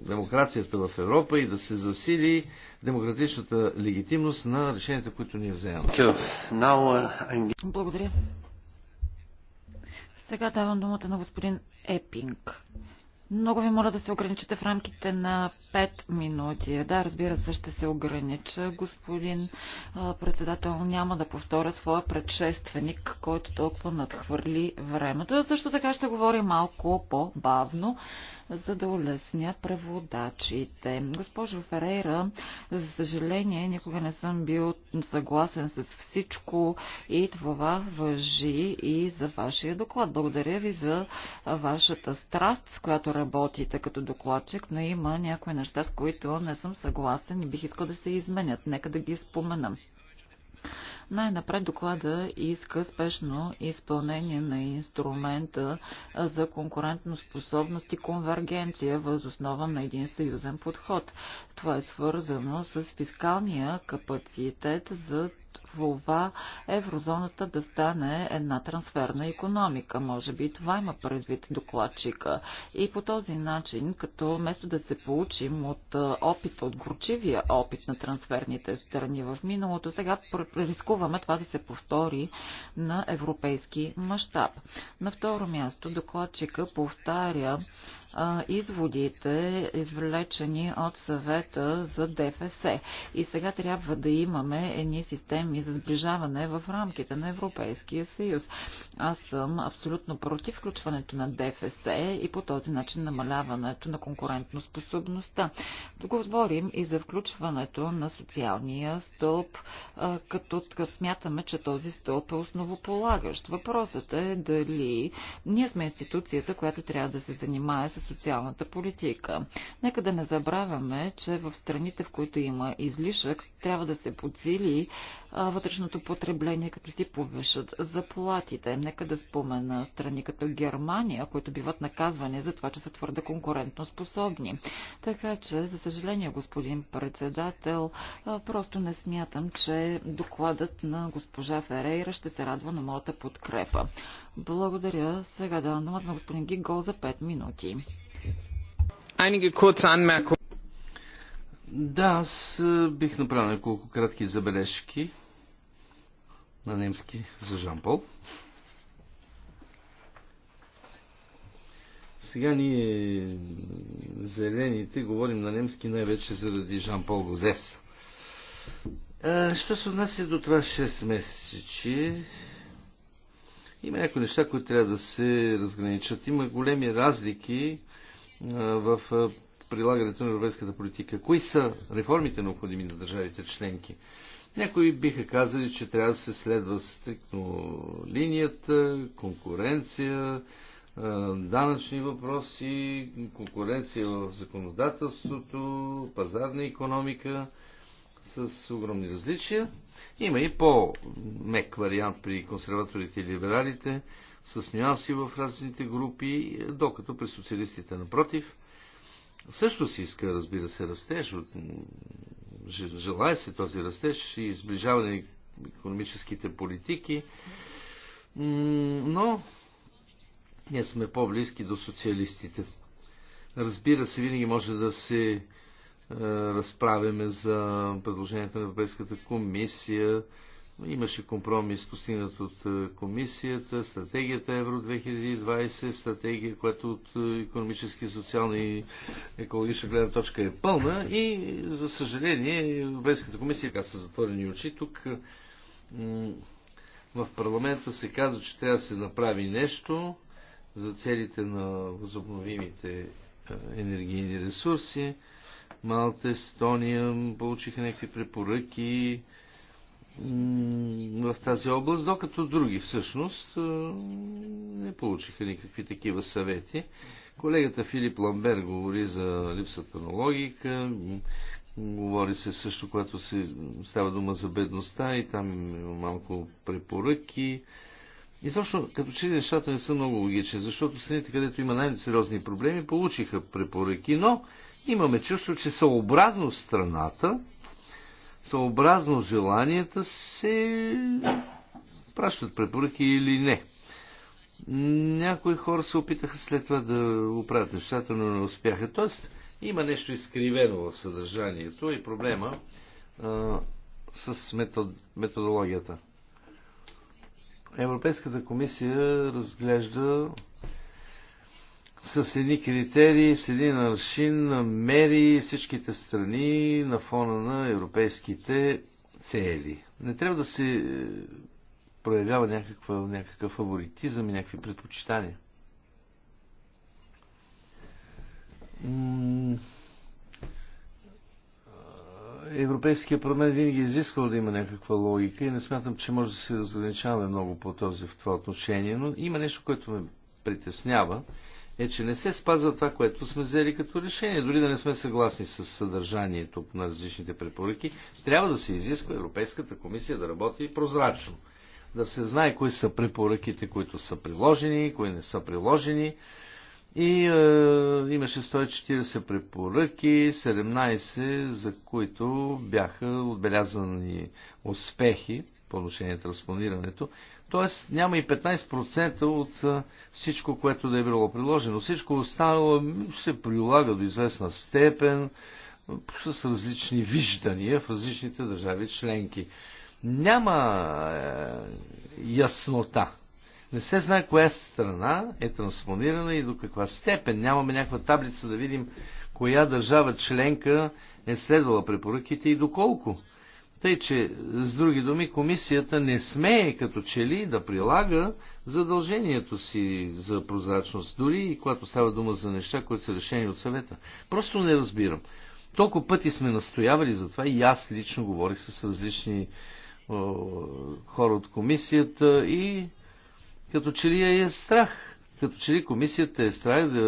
демокрацията в Европа и да се засили демократичната легитимност на решенията, които ние вземаме. Uh, Благодаря. Сега давам думата на господин Епинг. Много ви моля да се ограничите в рамките на 5 минути. Да, разбира се, ще се огранича. Господин председател няма да повторя своя предшественик, който толкова надхвърли времето. също така ще говори малко по-бавно, за да улеснят преводачите. Госпожо Ферейра, за съжаление, никога не съм бил съгласен с всичко и това въжи и за вашия доклад. Благодаря ви за вашата страст, с която работите като докладчик, но има някои неща, с които не съм съгласен и бих искал да се изменят. Нека да ги споменам. Най-напред доклада иска спешно изпълнение на инструмента за конкурентно способност и конвергенция възоснова на един съюзен подход. Това е свързано с фискалния капацитет за това еврозоната да стане една трансферна економика. Може би това има предвид докладчика. И по този начин, като вместо да се получим от опита, от горчивия опит на трансферните страни в миналото, сега рискуваме това да се повтори на европейски мащаб. На второ място докладчика повтаря изводите, извлечени от съвета за ДФС. И сега трябва да имаме едни системи за сближаване в рамките на Европейския съюз. Аз съм абсолютно против включването на ДФС и по този начин намаляването на конкурентно способността. Тук говорим и за включването на социалния стълб, като смятаме, че този стълб е основополагащ. Въпросът е дали ние сме институцията, която трябва да се занимае с социалната политика. Нека да не забравяме, че в страните, в които има излишък, трябва да се подсили вътрешното потребление, като си повишат заплатите. Нека да спомена страни като Германия, които биват наказвани за това, че са твърде конкурентно способни. Така че, за съжаление, господин председател, просто не смятам, че докладът на госпожа Ферейра ще се радва на моята подкрепа. Благодаря. Сега давам думата на господин Гигол за 5 минути. Да, аз бих направил няколко кратки забележки на немски за Жан-Пол. Сега ние, зелените, говорим на немски най-вече заради Жан-Пол Гозес. Що се отнася до това 6 месечи, има някои неща, които трябва да се разграничат. Има големи разлики в прилагането на европейската политика. Кои са реформите необходими на държавите членки? Някои биха казали, че трябва да се следва стрикно линията, конкуренция, данъчни въпроси, конкуренция в законодателството, пазарна економика с огромни различия. Има и по-мек вариант при консерваторите и либералите, с нюанси в различните групи, докато при социалистите напротив също се иска, разбира се, растеж от Желая се този растеж и изближаване на економическите политики, но ние сме по-близки до социалистите. Разбира се, винаги може да се е, разправяме за предложението на Европейската комисия, Имаше компромис постигнат от е, комисията, стратегията Евро 2020, стратегия, която от економически, социална и екологична гледна точка е пълна и, за съжаление, Европейската комисия така са затворени очи. Тук е, в парламента се казва, че трябва да се направи нещо за целите на възобновимите е, енергийни ресурси. Малта, Естония получиха някакви препоръки, в тази област, докато други всъщност не получиха никакви такива съвети. Колегата Филип Ламбер говори за липсата на логика, говори се също, когато се става дума за бедността и там има малко препоръки. И също, като че нещата не са много логични, защото страните, където има най-сериозни проблеми, получиха препоръки, но имаме чувство, че съобразно страната, съобразно желанията се пращат препоръки или не. Някои хора се опитаха след това да оправят нещата, но не успяха. Тоест, има нещо изкривено в съдържанието и проблема а, с метод, методологията. Европейската комисия разглежда с едни критерии, с един аршин, мери всичките страни на фона на европейските цели. Не трябва да се е, проявява някаква, някакъв фаворитизъм и някакви предпочитания. Европейския парламент винаги е изисквал да има някаква логика и не смятам, че може да се разграничаваме много по този в това отношение, но има нещо, което ме притеснява е, че не се спазва това, което сме взели като решение. Дори да не сме съгласни с съдържанието на различните препоръки, трябва да се изисква Европейската комисия да работи прозрачно. Да се знае кои са препоръките, които са приложени, кои не са приложени. И е, имаше 140 препоръки, 17 за които бяха отбелязани успехи по отношение на транспонирането. Тоест няма и 15% от всичко, което да е било приложено. Всичко останало се прилага до известна степен с различни виждания в различните държави членки. Няма е, яснота. Не се знае коя страна е транспонирана и до каква степен. Нямаме някаква таблица да видим коя държава членка е следвала препоръките и доколко. Тъй, че, с други думи, комисията не смее като че ли да прилага задължението си за прозрачност, дори и когато става дума за неща, които са решени от съвета. Просто не разбирам. Толкова пъти сме настоявали за това и аз лично говорих с различни о, хора от комисията и като че ли я е страх. Като че ли комисията е страх да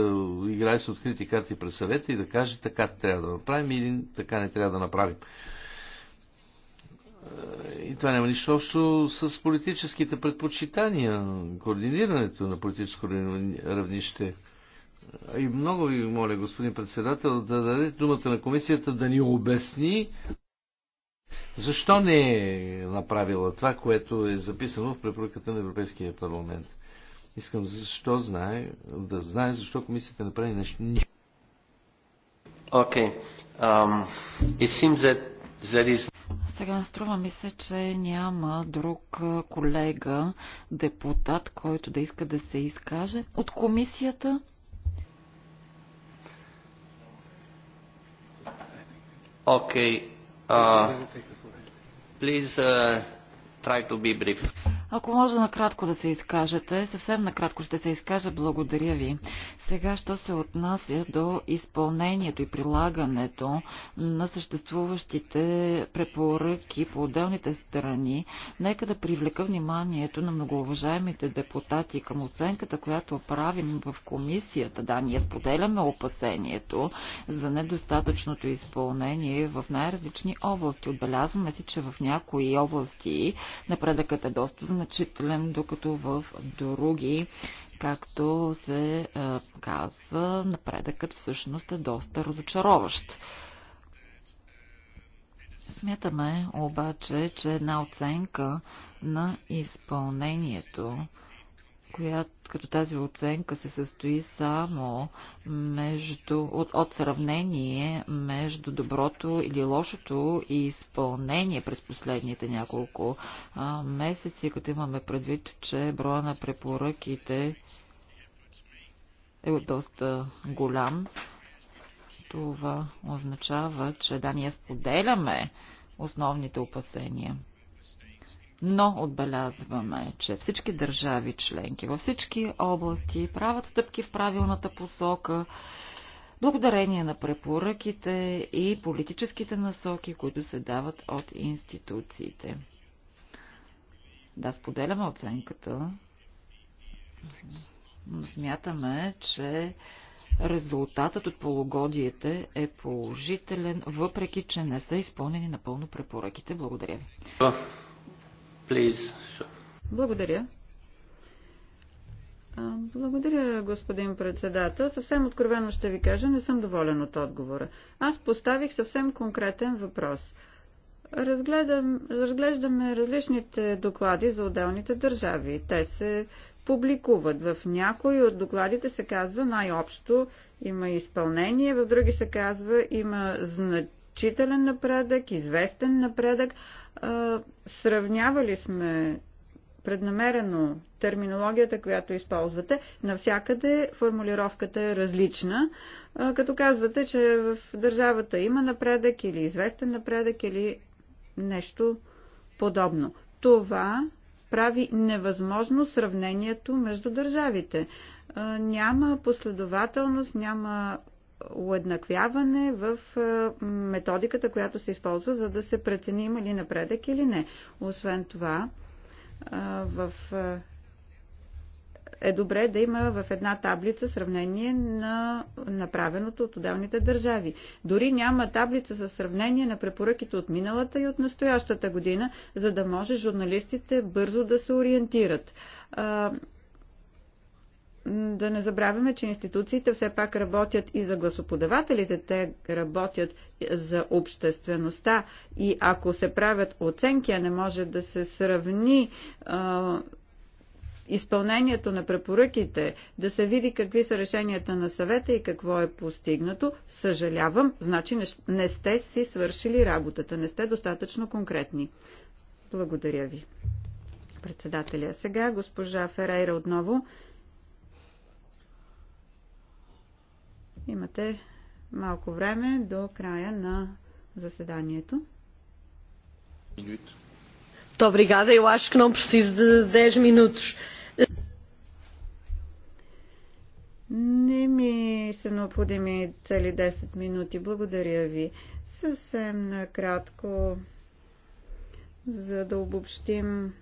играе с открити карти през съвета и да каже така трябва да направим или така не трябва да направим и това няма нищо общо с политическите предпочитания, координирането на политическо равнище. И много ви моля, господин председател, да дадете думата на комисията да ни обясни защо не е направила това, което е записано в препоръката на Европейския парламент. Искам защо знае, да знае защо комисията не прави нещо. Okay. Um, it seems that there is сега струва ми се, че няма друг колега, депутат, който да иска да се изкаже. От комисията Okay. Uh, please uh, try to be brief. Ако може накратко да се изкажете, съвсем накратко ще се изкажа, благодаря ви. Сега, що се отнася до изпълнението и прилагането на съществуващите препоръки по отделните страни, нека да привлека вниманието на многоуважаемите депутати към оценката, която правим в комисията. Да, ние споделяме опасението за недостатъчното изпълнение в най-различни области. Отбелязваме си, че в някои области напредъкът е доста значителен докато в други, както се е, казва, напредъкът всъщност е доста разочароващ. Смятаме обаче, че една оценка на изпълнението която като тази оценка се състои само между, от, от сравнение между доброто или лошото и изпълнение през последните няколко а, месеци, като имаме предвид, че броя на препоръките е доста голям. Това означава, че да, ние споделяме основните опасения. Но отбелязваме, че всички държави членки във всички области правят стъпки в правилната посока, благодарение на препоръките и политическите насоки, които се дават от институциите. Да, споделяме оценката. Но смятаме, че резултатът от полугодиите е положителен, въпреки че не са изпълнени напълно препоръките. Благодаря ви. Благодаря. Благодаря, господин председател. Съвсем откровено ще ви кажа, не съм доволен от отговора. Аз поставих съвсем конкретен въпрос. Разгледам, разглеждаме различните доклади за отделните държави. Те се публикуват. В някои от докладите се казва най-общо има изпълнение, в други се казва има значение значителен напредък, известен напредък. Сравнявали сме преднамерено терминологията, която използвате, навсякъде формулировката е различна, като казвате, че в държавата има напредък или известен напредък или нещо подобно. Това прави невъзможно сравнението между държавите. Няма последователност, няма уеднаквяване в е, методиката, която се използва, за да се прецени има ли напредък или не. Освен това, е, в е, е добре да има в една таблица сравнение на направеното от отделните държави. Дори няма таблица за сравнение на препоръките от миналата и от настоящата година, за да може журналистите бързо да се ориентират да не забравяме, че институциите все пак работят и за гласоподавателите, те работят за обществеността и ако се правят оценки, а не може да се сравни а, изпълнението на препоръките, да се види какви са решенията на съвета и какво е постигнато, съжалявам, значи не, не сте си свършили работата, не сте достатъчно конкретни. Благодаря ви. Председателя. Сега госпожа Ферейра отново. Имате малко време до края на заседанието. Минут. Muito obrigada. Eu acho que não preciso de 10 minutos. Не ми са необходими цели 10 минути. Благодаря ви. Съвсем накратко, за да обобщим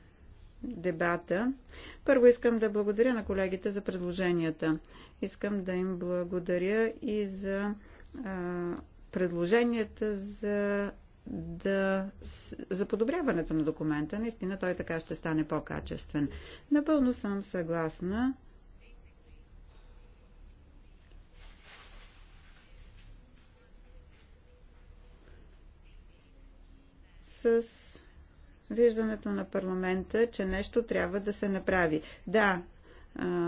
дебата. Първо искам да благодаря на колегите за предложенията. Искам да им благодаря и за а, предложенията за, да, за подобряването на документа. Наистина той така ще стане по-качествен. Напълно съм съгласна с виждането на парламента, че нещо трябва да се направи. Да,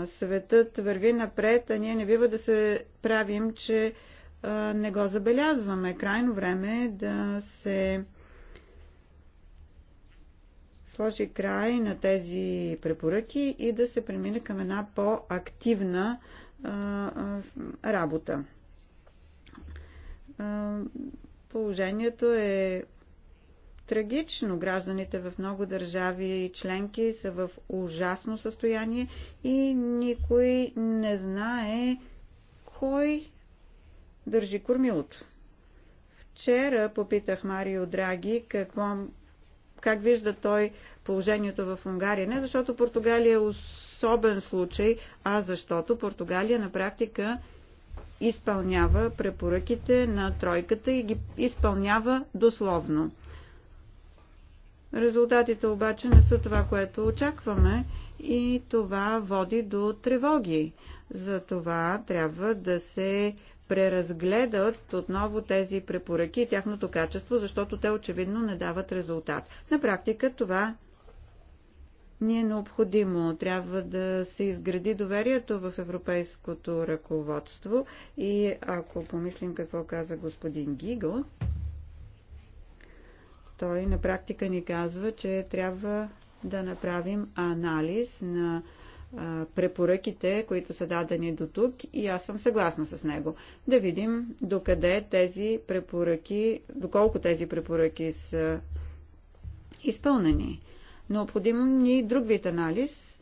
светът върви напред, а ние не бива да се правим, че не го забелязваме. Крайно време е да се сложи край на тези препоръки и да се премине към една по-активна работа. Положението е трагично. Гражданите в много държави и членки са в ужасно състояние и никой не знае кой държи кормилото. Вчера попитах Марио Драги какво, как вижда той положението в Унгария. Не защото Португалия е особен случай, а защото Португалия на практика изпълнява препоръките на тройката и ги изпълнява дословно. Резултатите обаче не са това, което очакваме и това води до тревоги. За това трябва да се преразгледат отново тези препоръки и тяхното качество, защото те очевидно не дават резултат. На практика това ни е необходимо. Трябва да се изгради доверието в европейското ръководство и ако помислим какво каза господин Гигл, той на практика ни казва, че трябва да направим анализ на препоръките, които са дадени до тук и аз съм съгласна с него. Да видим докъде тези препоръки, доколко тези препоръки са изпълнени. Необходим ни друг вид анализ,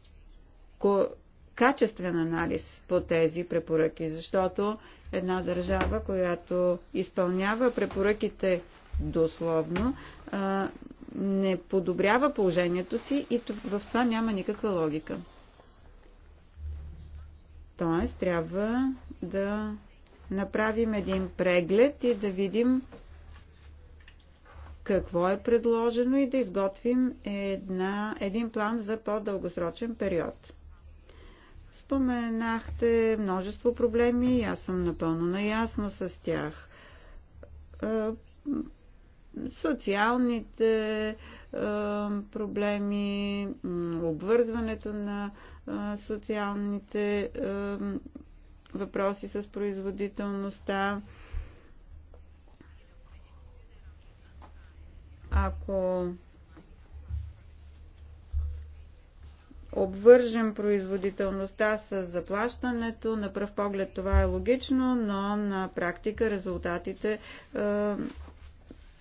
качествен анализ по тези препоръки, защото една държава, която изпълнява препоръките дословно, а, не подобрява положението си и в това няма никаква логика. Тоест, трябва да направим един преглед и да видим какво е предложено и да изготвим една, един план за по-дългосрочен период. Споменахте множество проблеми и аз съм напълно наясно с тях социалните проблеми, обвързването на социалните въпроси с производителността. Ако обвържем производителността с заплащането. На пръв поглед това е логично, но на практика резултатите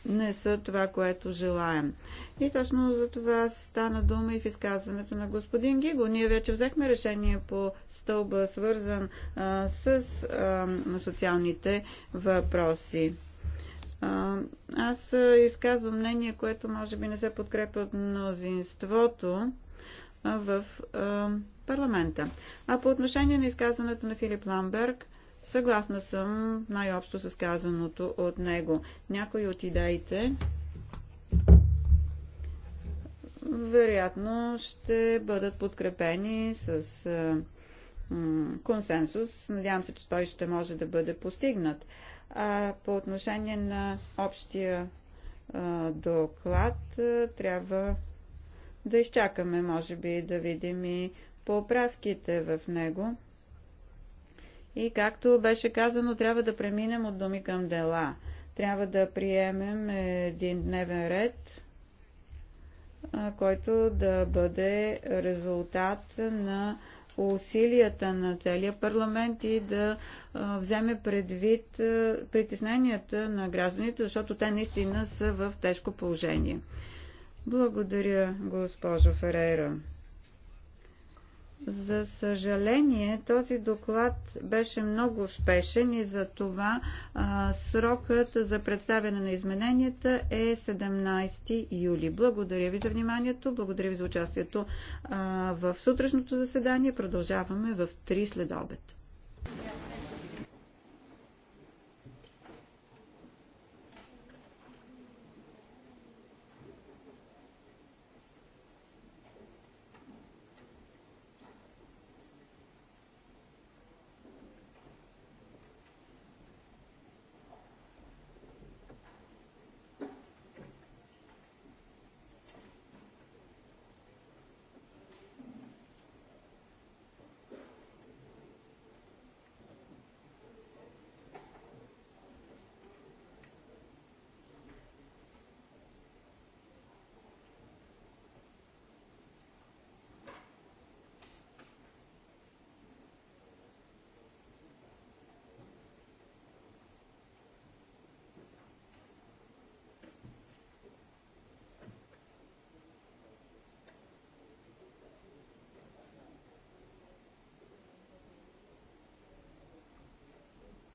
не са това, което желаем. И точно за това стана дума и в изказването на господин Гиго. Ние вече взехме решение по стълба, свързан а, с а, социалните въпроси. А, аз изказвам мнение, което може би не се подкрепя от мнозинството в парламента. А по отношение на изказването на Филип Ламберг, Съгласна съм най-общо с казаното от него. Някои от идеите вероятно ще бъдат подкрепени с консенсус. Надявам се, че той ще може да бъде постигнат. А по отношение на общия доклад трябва да изчакаме, може би, да видим и поправките в него и както беше казано, трябва да преминем от думи към дела. Трябва да приемем един дневен ред, който да бъде резултат на усилията на целия парламент и да вземе предвид притесненията на гражданите, защото те наистина са в тежко положение. Благодаря, госпожо Ферейра. За съжаление, този доклад беше много успешен и за това а, срокът за представяне на измененията е 17 юли. Благодаря ви за вниманието, благодаря ви за участието а, в сутрешното заседание. Продължаваме в 3 след обед.